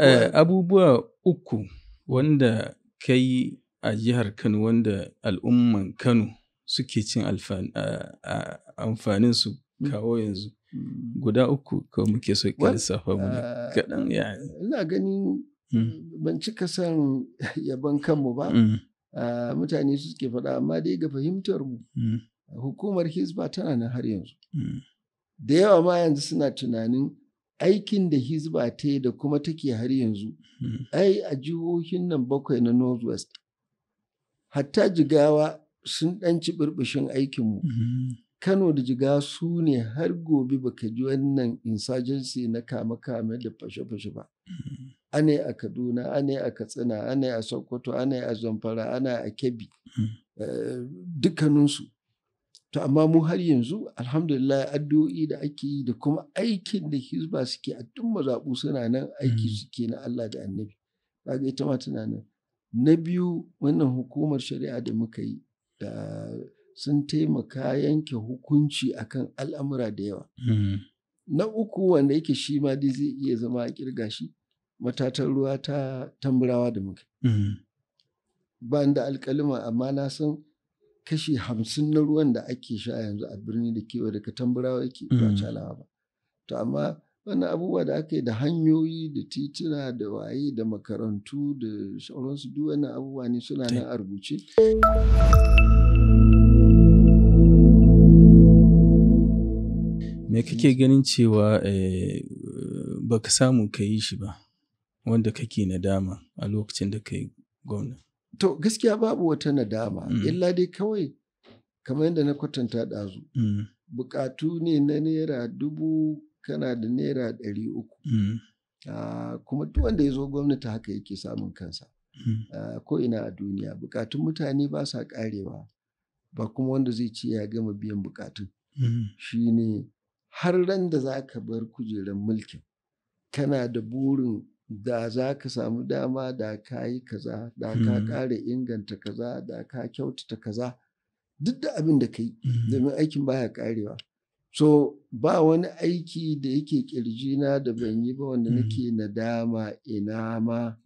eh, abubuwa uku wanda kai a jihar Kano wanda al'umman Kano suke cin amfanin su mm. kawo yanzu mm. guda uku ko muke so ka lissafa mana ah, kaɗan ya ina ganin mm. ban cika son <laughs> yaban kanmu ba ah, mutane su suke faɗa amma dai ga fahimtar mu hukumar hizba tana nan har yanzu da yawa ma yanzu suna tunanin aikin da hizba ta yi da kuma take har yanzu ai a jihohin nan bakwai na northwest hatta jigawa sun ɗan ci birbishin aikinmu. Mm-hmm. Kano da jiga su ne har gobe baka ji wannan insurgency na kame-kame da fashe-fashe ba. Mm-hmm. Ane a Kaduna, ane a Katsina, ane a Sokoto, ane a Zamfara, ane a Kebbi. Mm-hmm. Eh, dukkaninsu. To amma mu har yanzu alhamdulillah addu'o'i da ake yi da kuma aikin da hizba suke a duk mazaɓu suna nan aiki suke na Allah da annabi. Kaga ita ma Na biyu wannan hukumar shari'a da muka yi da sun taimaka yanke hukunci akan al'amura da yawa. Hmm. Na uku wanda yake shi ma dai zai iya zama a kirga shi matatan ruwa ta tamburawa da muka. Hmm. Ba da alkalima amma na san kashi hamsin na ruwan da ake sha yanzu a birni da kewa daga tamburawa yake ba hmm. ba. To amma wannan abubuwa da aka yi da hanyoyi da tituna da waye da makarantu da sauransu duk wannan abubuwa ne suna nan a rubuce. me kake ganin cewa eh, ba ka samu ka yi shi ba wanda kake nadama a lokacin da ka yi gwamna to gaskiya babu wata nadama mm. illa dai kawai kamar yadda na kwatanta ɗazu mm. bukatu ne na naira dubu kana da naira ɗari uku mm. ah, kuma duk wanda ya zo gwamnati haka yake samun kansa mm. ah, ko ina a duniya bukatun mutane ba sa karewa ba kuma wanda zai ce ya gama biyan bukatun mm. ne har ran da za ka bar kujerar mulkin kana da burin da za ka samu dama da ka yi kaza da ka ƙara inganta kaza da ka kyautata kaza duk da abin da ka yi domin aikin baya karewa so ba wani aiki da yake kirjina da ban yi ba wanda mm. nake nadama ina ma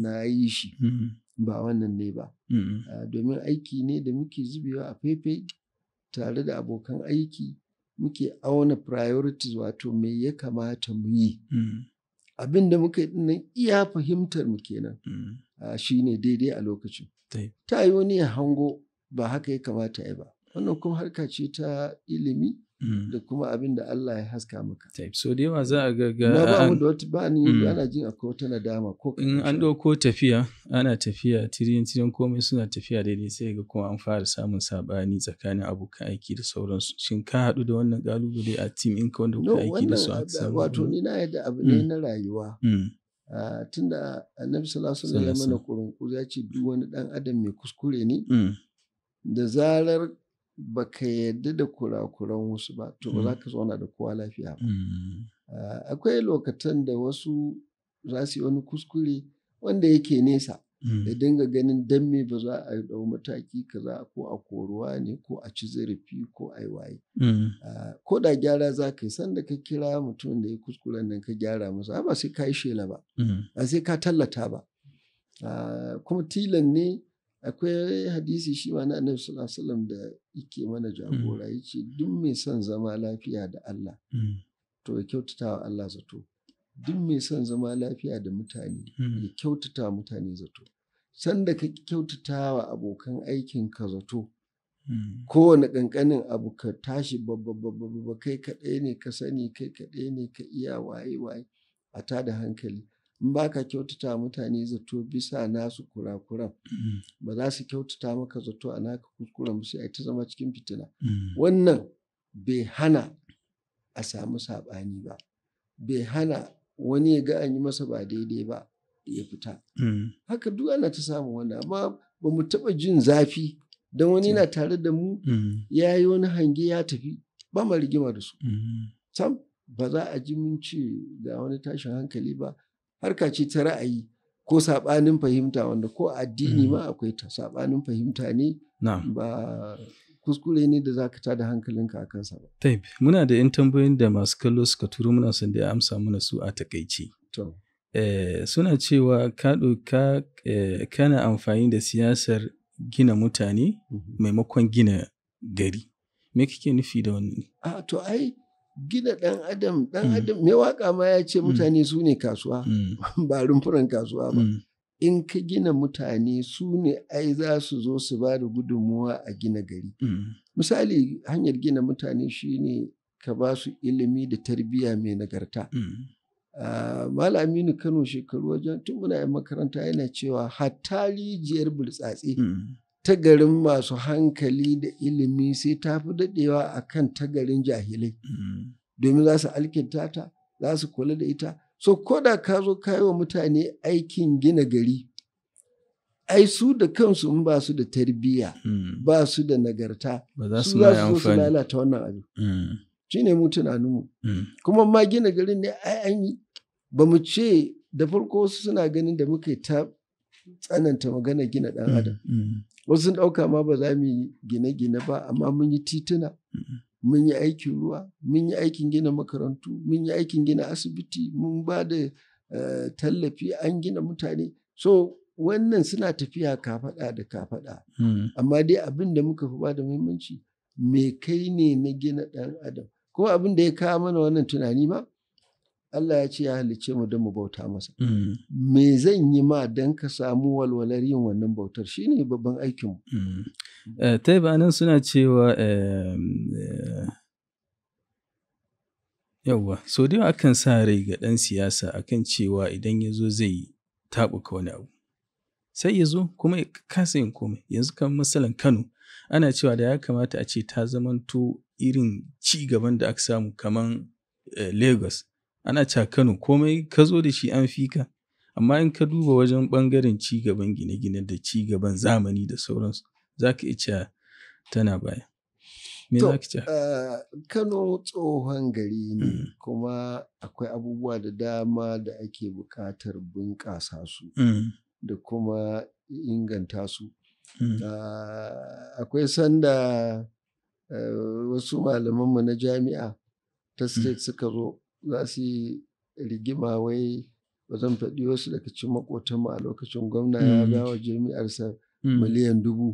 na yi shi mm. ba wannan ne ba mm. ah, domin aiki ne da muke zubewa a faifai tare da abokan aiki muke auna priorities wato mai ya kamata mu yi abin da muka yi iya fahimtar mu kenan ah, shi ne daidai a lokacin ta yi wani hango ba haka ya kamata ya ba wannan kuma harka ce ta ilimi da mm. kuma abin da Allah ya haska maka. So da yawa za a ga ga ba mu da wata ba ni mm. ana jin akwai wata nadama ko in an ɗauko tafiya ana tafiya tirin tirin komai suna tafiya daidai sai ga kuma an fara samun sabani tsakanin abokan aiki da sauransu shin ka haɗu da wannan ƙalubale a team in ka wanda kuka aiki da su a wato ni na yadda abu ne mm. na rayuwa tunda annabi Salasu alaihi ya mana kurunku ya ce duk wani dan adam mai kuskure ne da zarar Ba ka yadda da kurakuran wasu ba to ba za mm. ka zauna da kowa lafiya ba mm. ah, akwai lokacin da wasu za su yi wani kuskure wanda yake nesa Da mm. dinga ganin dan me ba za a dau mataki kaza ko a koruwa ne ko a ci zarafi ko a yi waye ah, ko da gyara za ka yi sanda ka kira mutum da ya kuskuren nan ka gyara masa ba sai ka yi shela ba ba sai ka tallata ba ah, kuma tilan ne akwai hadisi shi ma na annabi sallallahu alaihi da yake mana mm. jagora yace duk mai son zama lafiya da Allah mm. to ya kyautata wa Allah zato duk mai son zama lafiya da mutane mm. ya kyautata mutane zato sanda ka kyautata wa abokan aikin ka zato kowane ƙanƙanin abu ka tashi babba kai kaɗai ne ka sani kai kaɗai ne ka iya waye waye a tada hankali in ba ka kyautata mutane zato bisa nasu kurakuran mm. ba za su kyautata maka zato a naka kuskuren sai a ta zama cikin fitina mm. wannan bai hana a samu saɓani ba bai hana wani ya ga an yi masa ba daidai ba ya fita mm. haka duk ana ta samun wannan amma ba mu taɓa jin zafi don wani na tare da mu ya yi wani hange ya tafi ba ma rigima da su sam ba za a ji mun ce ga wani tashin hankali ba harka ce ta ra'ayi ko saɓanin fahimta wanda ko addini mm. ma akwai ta saɓanin fahimta ne ba kuskure ne da za ka tada hankalinka a kansa ba. muna da 'yan tambayoyin da masu kallo suka turo muna son da ya amsa mana su a takaici. Eh, suna cewa ka ɗauka eh, kana amfani da siyasar gina mutane mhm. maimakon gina gari. Me kake nufi da wannan? A ah, to ai gina ɗan adam ɗan mm. adam mai waka ma ya ce mm. mutane su ne kasuwa mm. <laughs> ba rumfuran kasuwa ba in ka gina mutane su ne ai za su zo su ba da gudunmuwa a gina gari misali hanyar gina mutane shi ne ka ba su ilimi da tarbiyya mai nagarta ah, Malam Aminu Kano shekaru wajen tun muna makaranta yana cewa hatta rijiyar burtsatse ta garin masu hankali da ilimi sai ta fi daɗewa a kan ta jahilai mm. domin za su alkinta ta za su kula da ita so ko da ka zo ka wa mutane aikin gina gari ai su da kansu in ba su da tarbiyya mm. ba su da nagarta su za su su lalata wannan abin mm. shi ne mu tunaninmu kuma ma gina garin ne ai an yi ba mu ce da farko suna ganin da muka ta tsananta magana gina ɗan adam wasu ɗauka ma ba za mu yi gine-gine ba amma mun yi tituna mm-hmm. mun yi aikin ruwa mun yi aikin gina makarantu mun yi aikin gina asibiti mun ba da eh, tallafi an gina mutane so wannan suna tafiya kafaɗa da kafaɗa mm-hmm. amma dai abin da muka fi ba da muhimmanci me kai ne na gina ɗan adam ko abin da ya kawo mana wannan tunani ma Allah ya ce ya halicce mu don mu bauta masa. Mm. Me zan yi ma don ka samu walwalar yin wannan bautar shi ne babban aikinmu. Mm. Eh, ta yi nan suna cewa eh, yawwa so da akan sa rai ga ɗan siyasa akan cewa idan ya zo zai taɓuka wani abu. Sai ya zo kuma ya kasa yin komai yanzu kan matsalan Kano ana cewa da ya kamata a ce ta zamanto irin ci gaban da aka samu kaman eh, Lagos. ana kano komai ka zo da shi an fi ka amma in ka duba wajen ɓangaren ci gaban gine-gine da ci gaban zamani da sauransu za ka iya tana baya me za ka eh, kano tsohon gari ne mm. kuma akwai abubuwa da dama da ake buƙatar bunƙasa su mm. da kuma inganta su mm. ah, akwai sanda eh, wasu malamanmu na jami'a ta state suka zo za su yi rigima wai ba zan faɗi wasu daga cikin makotanmu a lokacin gwamna ya gawa mm. jami'arsa mm. miliyan dubu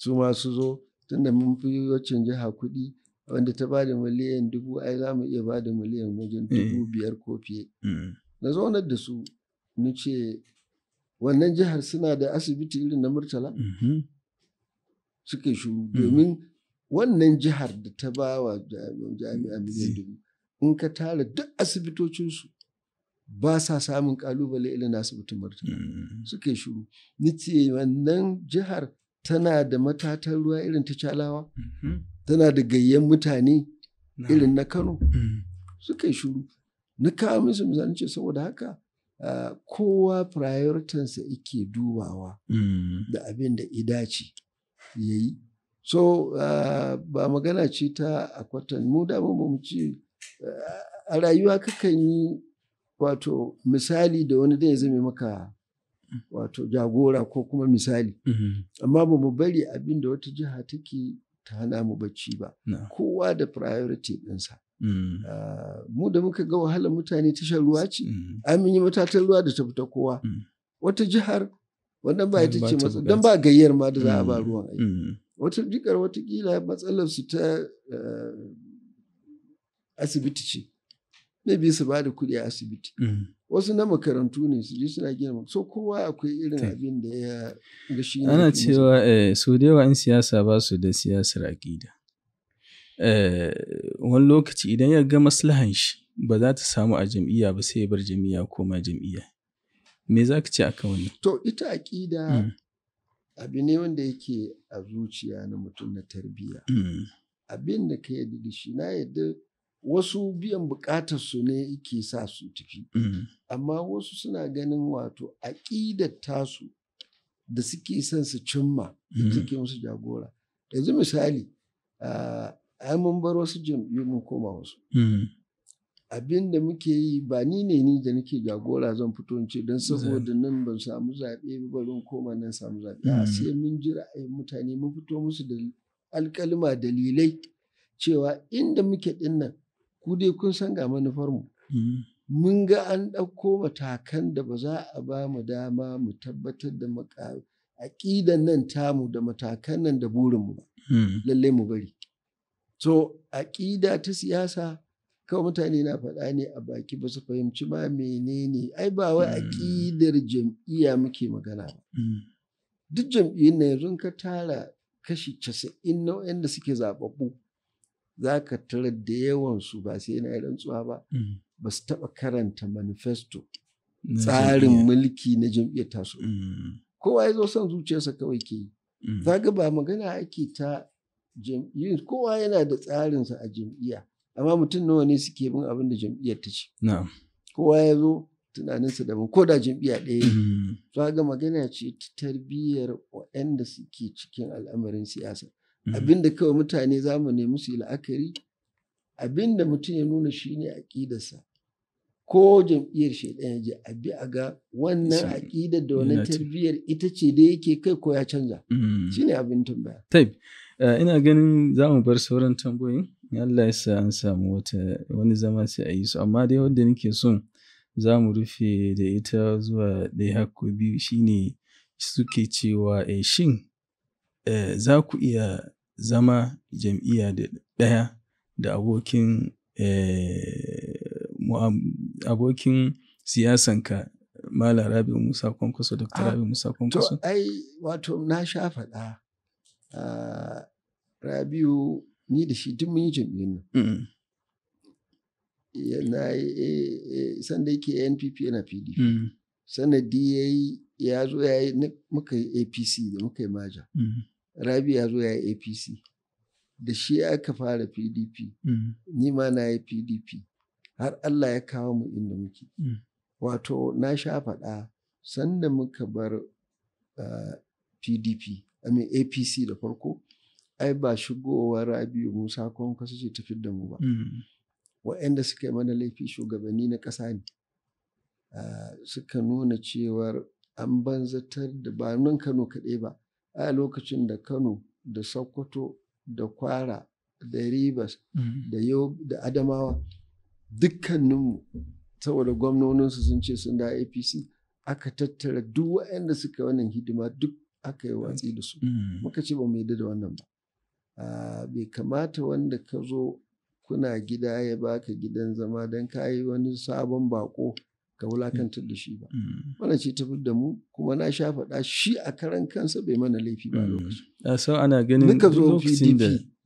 su masu su zo tunda mun fi wacin jiha kuɗi wanda ta ba da miliyan dubu ai za mu iya ba da miliyan wajen eh. dubu biyar ko fiye mm. na zaunar da su ni ce wannan jihar suna da asibiti irin na murtala mm-hmm. suke shuru domin wannan jihar da ta ba wa jami'a miliyan dubu in ka tara duk asibitocinsu ba sa samun kalubale irin asibitin martaba mm. suke shuru. Ni ce wannan jihar tana da matatan ruwa irin ta calawa mm-hmm. tana da gayyan mutane irin na kano mm. suke shuru shiru na kawo musu misali ce saboda haka kowa prioritinsa ike dubawa mm. da abin da idaci ya yi so ba magana ce ta akwatan mu damar ba mu ce a rayuwa kakan yi wato misali da wani zai zame maka wato jagora ko kuma misali mm-hmm. amma ba mu bari abin da wata jiha take ta hana mu bacci ba kowa da priority ɗinsa mm. ah, mu da muka ga wahalar mutane tashar ruwa ce mm-hmm. an yi matatan ruwa da ta fita kowa mm. wata jihar wannan ba ita mm, ce don ba gayyar ma da za a ba ruwan aiki wata jikar watakila matsalar su ta eh, asibiti ce na biyu su ba da kuɗi a asibiti mm. wasu na makarantu ne su je suna gina so kowa akwai irin abin da ya ga shi ana cewa eh, su da yawa 'yan siyasa ba su da siyasar aƙida eh, wani lokaci idan ya ga maslahan shi ba za ta samu a jam'iyya ba sai ya bar jam'iyya ma jam'iyya me za ka ce a kan wani to ita aƙida mm. abu ne wanda yake a zuciya na mutum na tarbiyya mm. abin da ka yarda da shi na yarda wasu biyan bukatar su ne ke sa su tafi mm-hmm. amma wasu suna ganin wato aƙidar tasu da suke son su cimma mm-hmm. suke musu jagora yanzu misali ah, ai mun bar wasu jam'iyyu mun koma wasu mm-hmm. abin da muke yi ba ni ne ni da nake jagora zan fito ce don saboda nan ban samu zaɓe ba bari koma nan samu zaɓe a sai mun ji ra'ayin mutane mun fito musu da alkalima dalilai cewa inda muke ɗinnan ku dai kun san ga manufar mu hmm. mun ga an ɗauko matakan da ba za a ba mu dama mu tabbatar da aƙidan nan tamu da matakan nan da burin mu. Hmm. lallai mu bari so aƙida ta siyasa kawai mutane na faɗa ne a baki ba su fahimci ba menene ai ba wai hmm. aƙidar jam'iyya muke magana ba duk jam'iyyun na yanzu ka tara kashi casa'in na da suke zaɓaɓɓu za ka tara da yawansu ba sai na rantsuwa ba hmm. ba su taɓa karanta manifesto tsarin mulki na jam'iyyar taso hmm. kowa ya zo son zuciyarsa kawai ke yi hmm. za ga ba magana ake ta jam'iyyar kowa yana da tsarinsa a jam'iyya amma mutum nawa ne suke bin abin da jam'iyyar ta ce kowa ya zo tunaninsa daban ko da jam'iyya ɗaya ne za ga magana ce ta tarbiyyar waɗanda suke cikin al'amarin siyasa Mhm. abinda kawai mutane za mu nemi su yi la'akari abinda mutum ya nuna shi ne aƙidarsa ko jam'iyyar shaidan ya je a bi a ga wannan aƙidar da wannan tarbiyyar ita ce da yake kai ko ya canza mhm. shi ne abin tambaya. Taib, eh, ina ganin za mu bar sauran tambayoyin Allah ya an samu wata wani zama sai a yi su amma dai wanda nake son za mu rufe da ita zuwa ɗaya hakko biyu shine suke cewa eh, shin eh, za ku iya zama jam'iyya ɗaya da abokin eh, abokin siyasanka Malam Rabi Musa Kwankwaso, Dr. Ah, Rabi Musa Kwankwaso? To, ai, wato na sha faɗa ah, Rabi'u ni da shi duk mun yi jam'iyyun nan. Yana eh, eh, sanda yake NPP yana PDP. Mm-hmm. Sanadi ya ya zo ya yi muka yi APC da muka yi maja. Mm-hmm. rabi ya zo ya yi apc da shi aka fara pdp mm. ni ma na yi pdp har allah ya kawo mu inda muke mm. wato na sha faɗa sanda muka bar pdp ah, a mean, apc da farko ai ba shigowar rabiu musa kwankwaso ce tafi da mu ba mm. wa'anda suka yi mana laifi shugabanni na ƙasa ne ah, suka nuna cewar an banzatar da ba nan kano kaɗai ba a lokacin da kano da sokoto da kwara da Ribas, mm. da yau da adamawa dukkaninmu saboda gwamnoninsu sun ce sun da apc aka tattara duk waɗanda suka wannan hidima duk aka yi watsi da su mm. muka ce ba mu yadda da wannan ba bai kamata wanda ka zo kuna gida ya baka gidan zama don ka yi wani sabon bako ka wulakantar da shi ba mm. wannan ce tafi da mu kuma na sha faɗa shi a karan kansa bai mana laifi ba mm. lokacin a ana ganin duka zo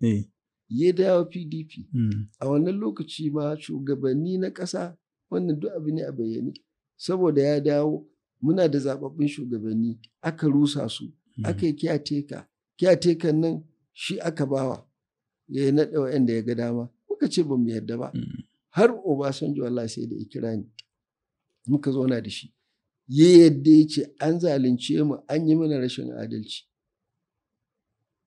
eh. ya dawo pdp mm. a wannan lokaci ma shugabanni na ƙasa wannan duk abu ne a bayyane saboda ya dawo muna da zababbin shugabanni aka rusa su aka yi kyateka kyatekan nan shi aka bawa ya yi naɗa da ya ga dama muka ce ba mu yarda ba har obasanjo Allah sai da ikirani muka zauna da shi Ya yadda ya ce an zalunce mu an yi mana rashin adalci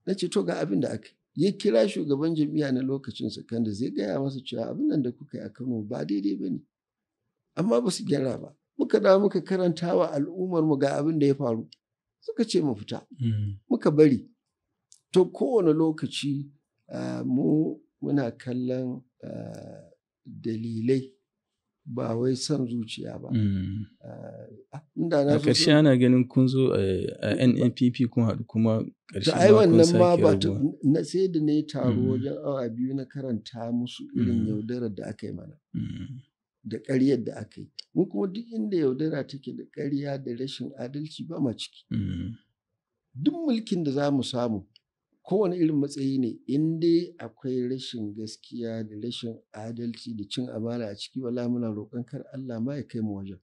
na ce to ga abin da aka ya kira shugaban jami'a na lokacin sakanda zai gaya masa cewa abin nan da kuka yi a kano ba daidai ba ne amma ba su gyara ba muka dawo muka karanta wa al'ummar mu ga abin da ya faru suka ce mu fita hmm. muka bari to kowane lokaci ah, mu muna kallon ah, dalilai ba wai son zuciya ba. Mm. Eh, a ƙarshe ana ganin kun zo eh, a NNPP kun haɗu kuma karshe. ba kun sake ma ba na sai da na yi taro mm. wajen awa biyu na karanta musu irin mm. yaudarar da aka yi mana. Da ƙaryar da aka yi. Mun kuma duk inda yaudara take da ƙarya da rashin adalci ba ma ciki. Duk mulkin da za mu samu kowane irin matsayi ne in dai akwai rashin gaskiya da rashin adalci da cin amana a ciki wala muna roƙon kar Allah ma ya kai mu wajen.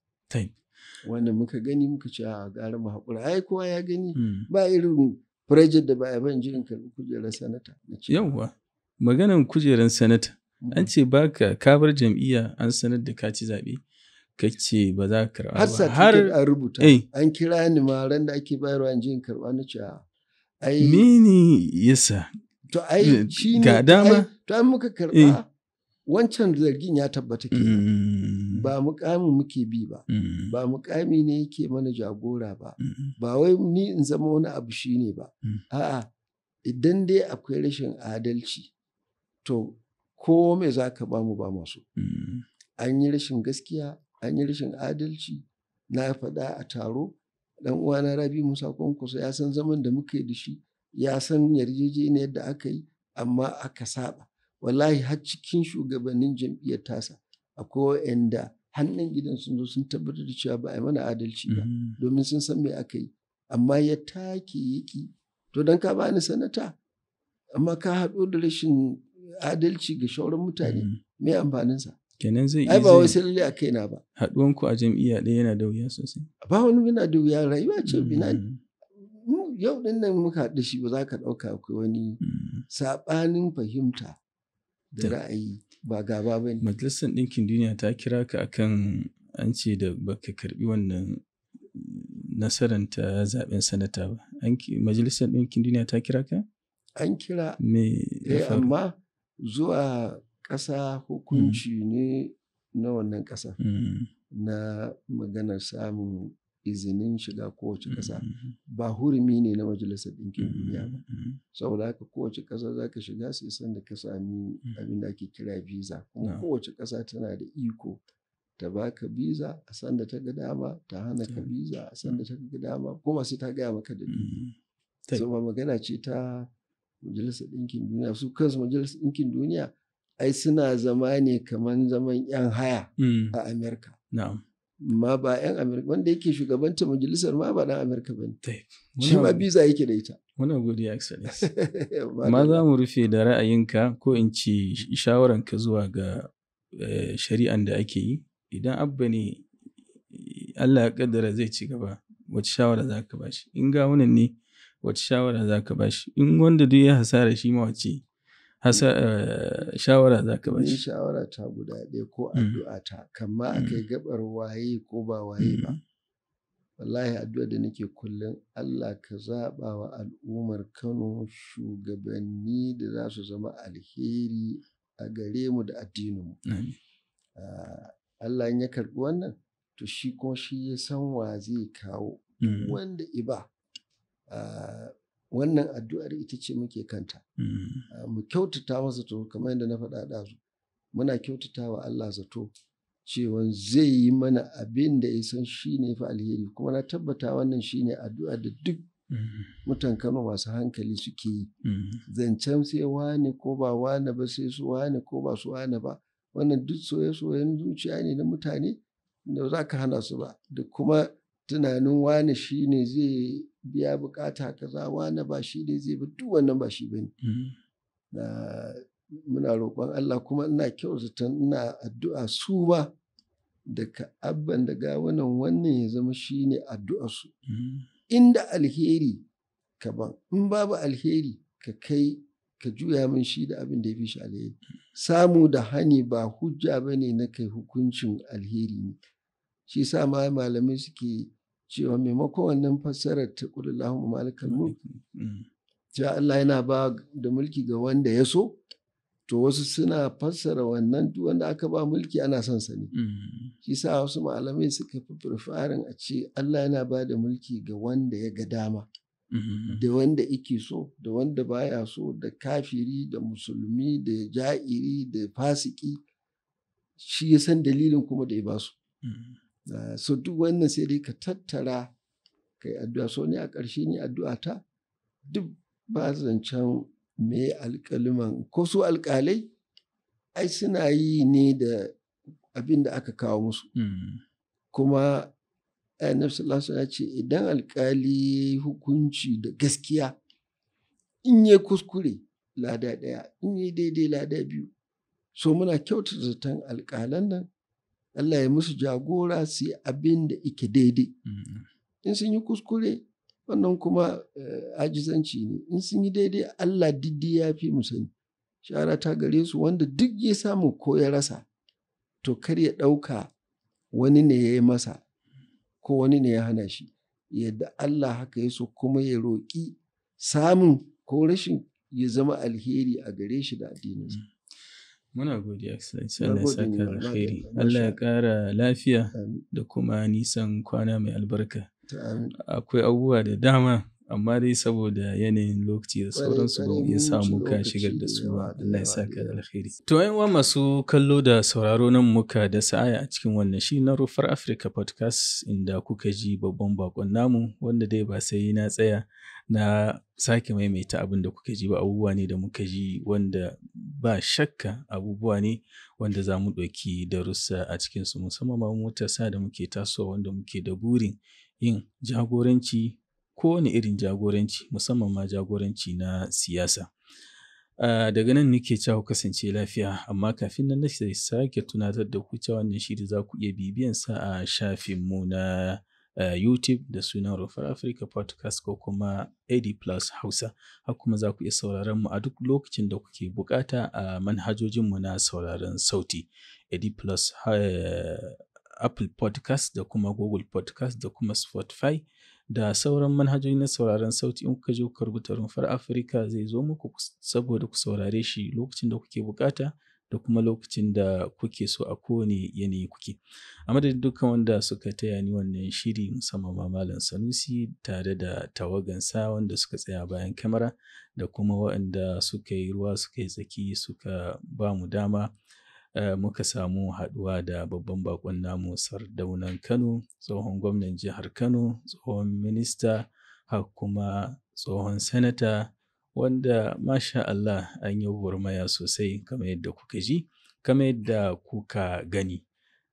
Wanda muka gani muka ce a gara mu haƙura ai kowa ya gani hmm. ba irin firajar da ba a ban jirin karɓi kujerar sanata. Yawwa maganan kujerar sanata hmm. an ce ba ka kabar jam'iyya an sanar da ka ci zaɓe. kace ba za ka karɓa ba har a rubuta eh. an kira ni ma ran da ake bayarwa an je karɓa na ce a ai mini yasa to ai eh, shine ga dama to an muka karba eh. wancan zargin ya tabbata ke mm. ba mukami muke bi ba mm. ba mukami ne yake mana jagora ba mm. ba wai ni in zama wani abu shine ba a'a idan dai akwai rashin adalci to ko me za ka ba mu ba masu an yi rashin gaskiya an yi rashin adalci na faɗa a taro dan uwana rabi musa kwankwaso ya san zaman da muka yi da shi ya san yarjejeniyar da aka yi amma aka saba wallahi har cikin shugabannin jam'iyyar tasa akwai wa'anda hannun gidan sun zo sun tabbatar da cewa ba a mana adalci ba mm-hmm. domin sun san me aka yi amma ya take yaki to dan ka bani sanata amma ka haɗo da rashin adalci ga shauran mutane mm-hmm. me amfaninsa kenan zai iya ba wai sai lalle a kaina ba haduwan ku a jam'iyya ɗaya yana da wuya sosai ba wani yana da wuya rayuwa ce mm-hmm. bina yau din nan muka haɗu shi ba za ka ɗauka akwai wani mm-hmm. saɓanin fahimta da ra'ayi ba gaba ba ne majalisar ɗinkin duniya ta kira ka akan an ce da baka karbi wannan nasarar ta zaben sanata ba majalisar ɗinkin duniya ta kira ka an kira me eh, amma zuwa ƙasa hukunci ne mm. na wannan ƙasa mm. na maganar samun izinin shiga kowace ƙasa mm-hmm. ba hurumi ne na majalisar ɗinkin mm-hmm. duniya ba mm-hmm. saboda haka kowace ƙasa za ka shiga sai sanda ka sami mm. abin da ake kira visa kuma kowace ƙasa tana da iko ta baka biza a sanda ta ga dama ta hana ka biza a sanda ta ga dama kuma sai ta gaya maka da so ba magana ce ta majalisar ɗinkin duniya su kansu majalisar ɗinkin duniya ai suna zama ne kamar zaman 'yan haya mm. a Amerika. Ma ba 'yan Amerika wanda yake shugabanta majalisar ma ba dan Amerika ba ne. Shi ma biza yake da ita. Muna godiya <laughs> da Ma za mu rufe da ra'ayinka ko in ce shawaranka zuwa ga eh, shari'an da ake yi idan abba ne Allah ya kaddara zai ci gaba wacce shawara za ka bashi in ga wani ne wacce shawara za ka bashi in wanda duk ya hasara shi ma wace hasa eh, shawara za ka bashi shawara ta guda ɗaya ko mm. addu'a ta kamma a kai mm. gabar waye ko ba waye ba mm. wallahi addu'a da nake kullum Allah ka zaɓa wa al'ummar Kano shugabanni da za su zama alheri a gare mu da addininmu. Ah, Allah ya karbi wannan to shi kuma shi ya san wa zai kawo wanda iba ah, wannan addu'ar ita ce muke kanta mm. mu kyautata wa zato kamar yadda na faɗa ɗazu muna kyautata wa Allah zato cewa zai yi mana abin da ya san shi ne fa alheri kuma na tabbata wannan shi ne addu'a da duk mm. mutan kano masu hankali suke yi mm. zancen sai wane ko ba wani ba sai su wani ko ba su wani ba wannan duk soye-soyen zuciya ne na mutane da za ka hana su ba da kuma tunanin wane shi ne zai biya bukata kaza wani ba shi ne zai bi duk wannan ba shi bane mm-hmm. na muna roƙon Allah kuma ina kyau kyautata ina addu'a su ba da ka'abban da ga wannan ya zama shi ne su. Mm-hmm. inda alheri ka ban in babu alheri ka kai ka juya min shi da abin da ya fi shi alheri samu da hani ba hujja ba ne na kai hukuncin alheri ne shi sa ma malamai suke cewa maimakon wannan fassarar ta ƙulun lahun malikan mu cewa mm. Allah yana ba da mulki ga wanda ya so to wasu suna fassara wannan duk wanda aka ba mulki ana son sa ne mm. shi sa wasu malamai suka fi firfarin a ce Allah yana ba da mulki ga wanda ya ga dama mm. da wanda ike so da wanda baya so da kafiri da musulmi da ja'iri da fasiki shi ya san dalilin kuma da ya ba su Eh, so duk wannan sai dai ka tattara ka yi addu'a so ni a ƙarshe ni addu'a ta duk ba zancen me alƙaliman ko su alƙalai ai suna yi ne da abin da aka kawo musu mm. kuma eh, annabi lasu ya ce idan alƙali hukunci da gaskiya in yi kuskure lada ɗaya in yi daidai lada biyu so muna kyautata zaton alƙalan nan Allah ya musu jagora su yi abin da ike daidai mm-hmm. in sun yi kuskure wannan kuma eh, ajizanci ne in sun yi daidai Allah diddi ya fi mu sani shara ta gare su wanda duk ya samu ko ya rasa to kar ya ɗauka wani ne ya yi masa ko wani ne ya hana shi yadda Allah haka ya so kuma ya roƙi samun ko rashin ya zama alheri a gare shi da addininsa. Mm-hmm. Muna gode Excellency, Allah ya saka alheri. Allah ya ƙara lafiya da kuma nisan kwana mai albarka. Akwai abubuwa da dama amma dai saboda yanayin lokaci da sauransu ba mu iya samu ka shigar da su ba Allah ya saka da alkhairi to ayin wa masu kallo da sauraro nan muka da sa'aya a cikin wannan shi na Rufar Africa podcast inda kuka ji babban bakon namu wanda dai ba sai na tsaya na sake maimaita abin da kuka ji ba abubuwa ne da muka ji wanda ba shakka abubuwa ne wanda za mu ɗauki darussa a cikinsu musamman ta matasa da muke tasowa wanda muke da burin yin jagoranci kowane irin jagoranci musamman ma jagoranci na siyasa. Uh, daga nan nake cewa kasance lafiya amma kafin nan nake sake tunatar da ku cewa wannan shiri za ku iya bibiyan sa a shafin mu na uh, YouTube da sunan Rufar Africa Podcast ko kuma AD Plus Hausa. Har kuma za ku iya sauraron mu a duk lokacin da kuke bukata a manhajojinmu na sauraron sauti. AD Plus Apple Podcast da kuma Google Podcast da kuma Spotify. da sauran manhajoji na sauraron sauti in kuka je kuka rubuta rumfar Afirka zai zo muku saboda ku saurare shi lokacin da kuke bukata da kuma lokacin da kuke so a kowane yanayi kuke. A madadin dukkan wanda suka taya ni wannan shiri musamman ma Malam Sanusi tare da tawagansa wanda suka tsaya bayan kyamara da kuma waɗanda suka yi ruwa suka yi tsaki suka ba mu dama Eh, muka samu haɗuwa da babban bakon namu sardaunan Kano, tsohon gwamnan jihar Kano, tsohon minista, har kuma tsohon sanata wanda masha Allah an yi gwarmaya sosai kamar yadda kuka ji, kamar yadda kuka gani.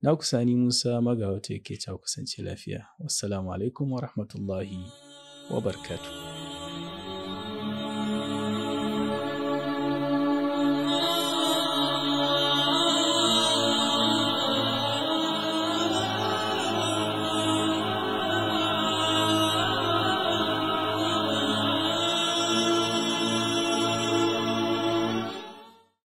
Na kusani Musa magawata yake ta kusance lafiya. Wassalamu alaikum wa rahmatullahi wa barkatu.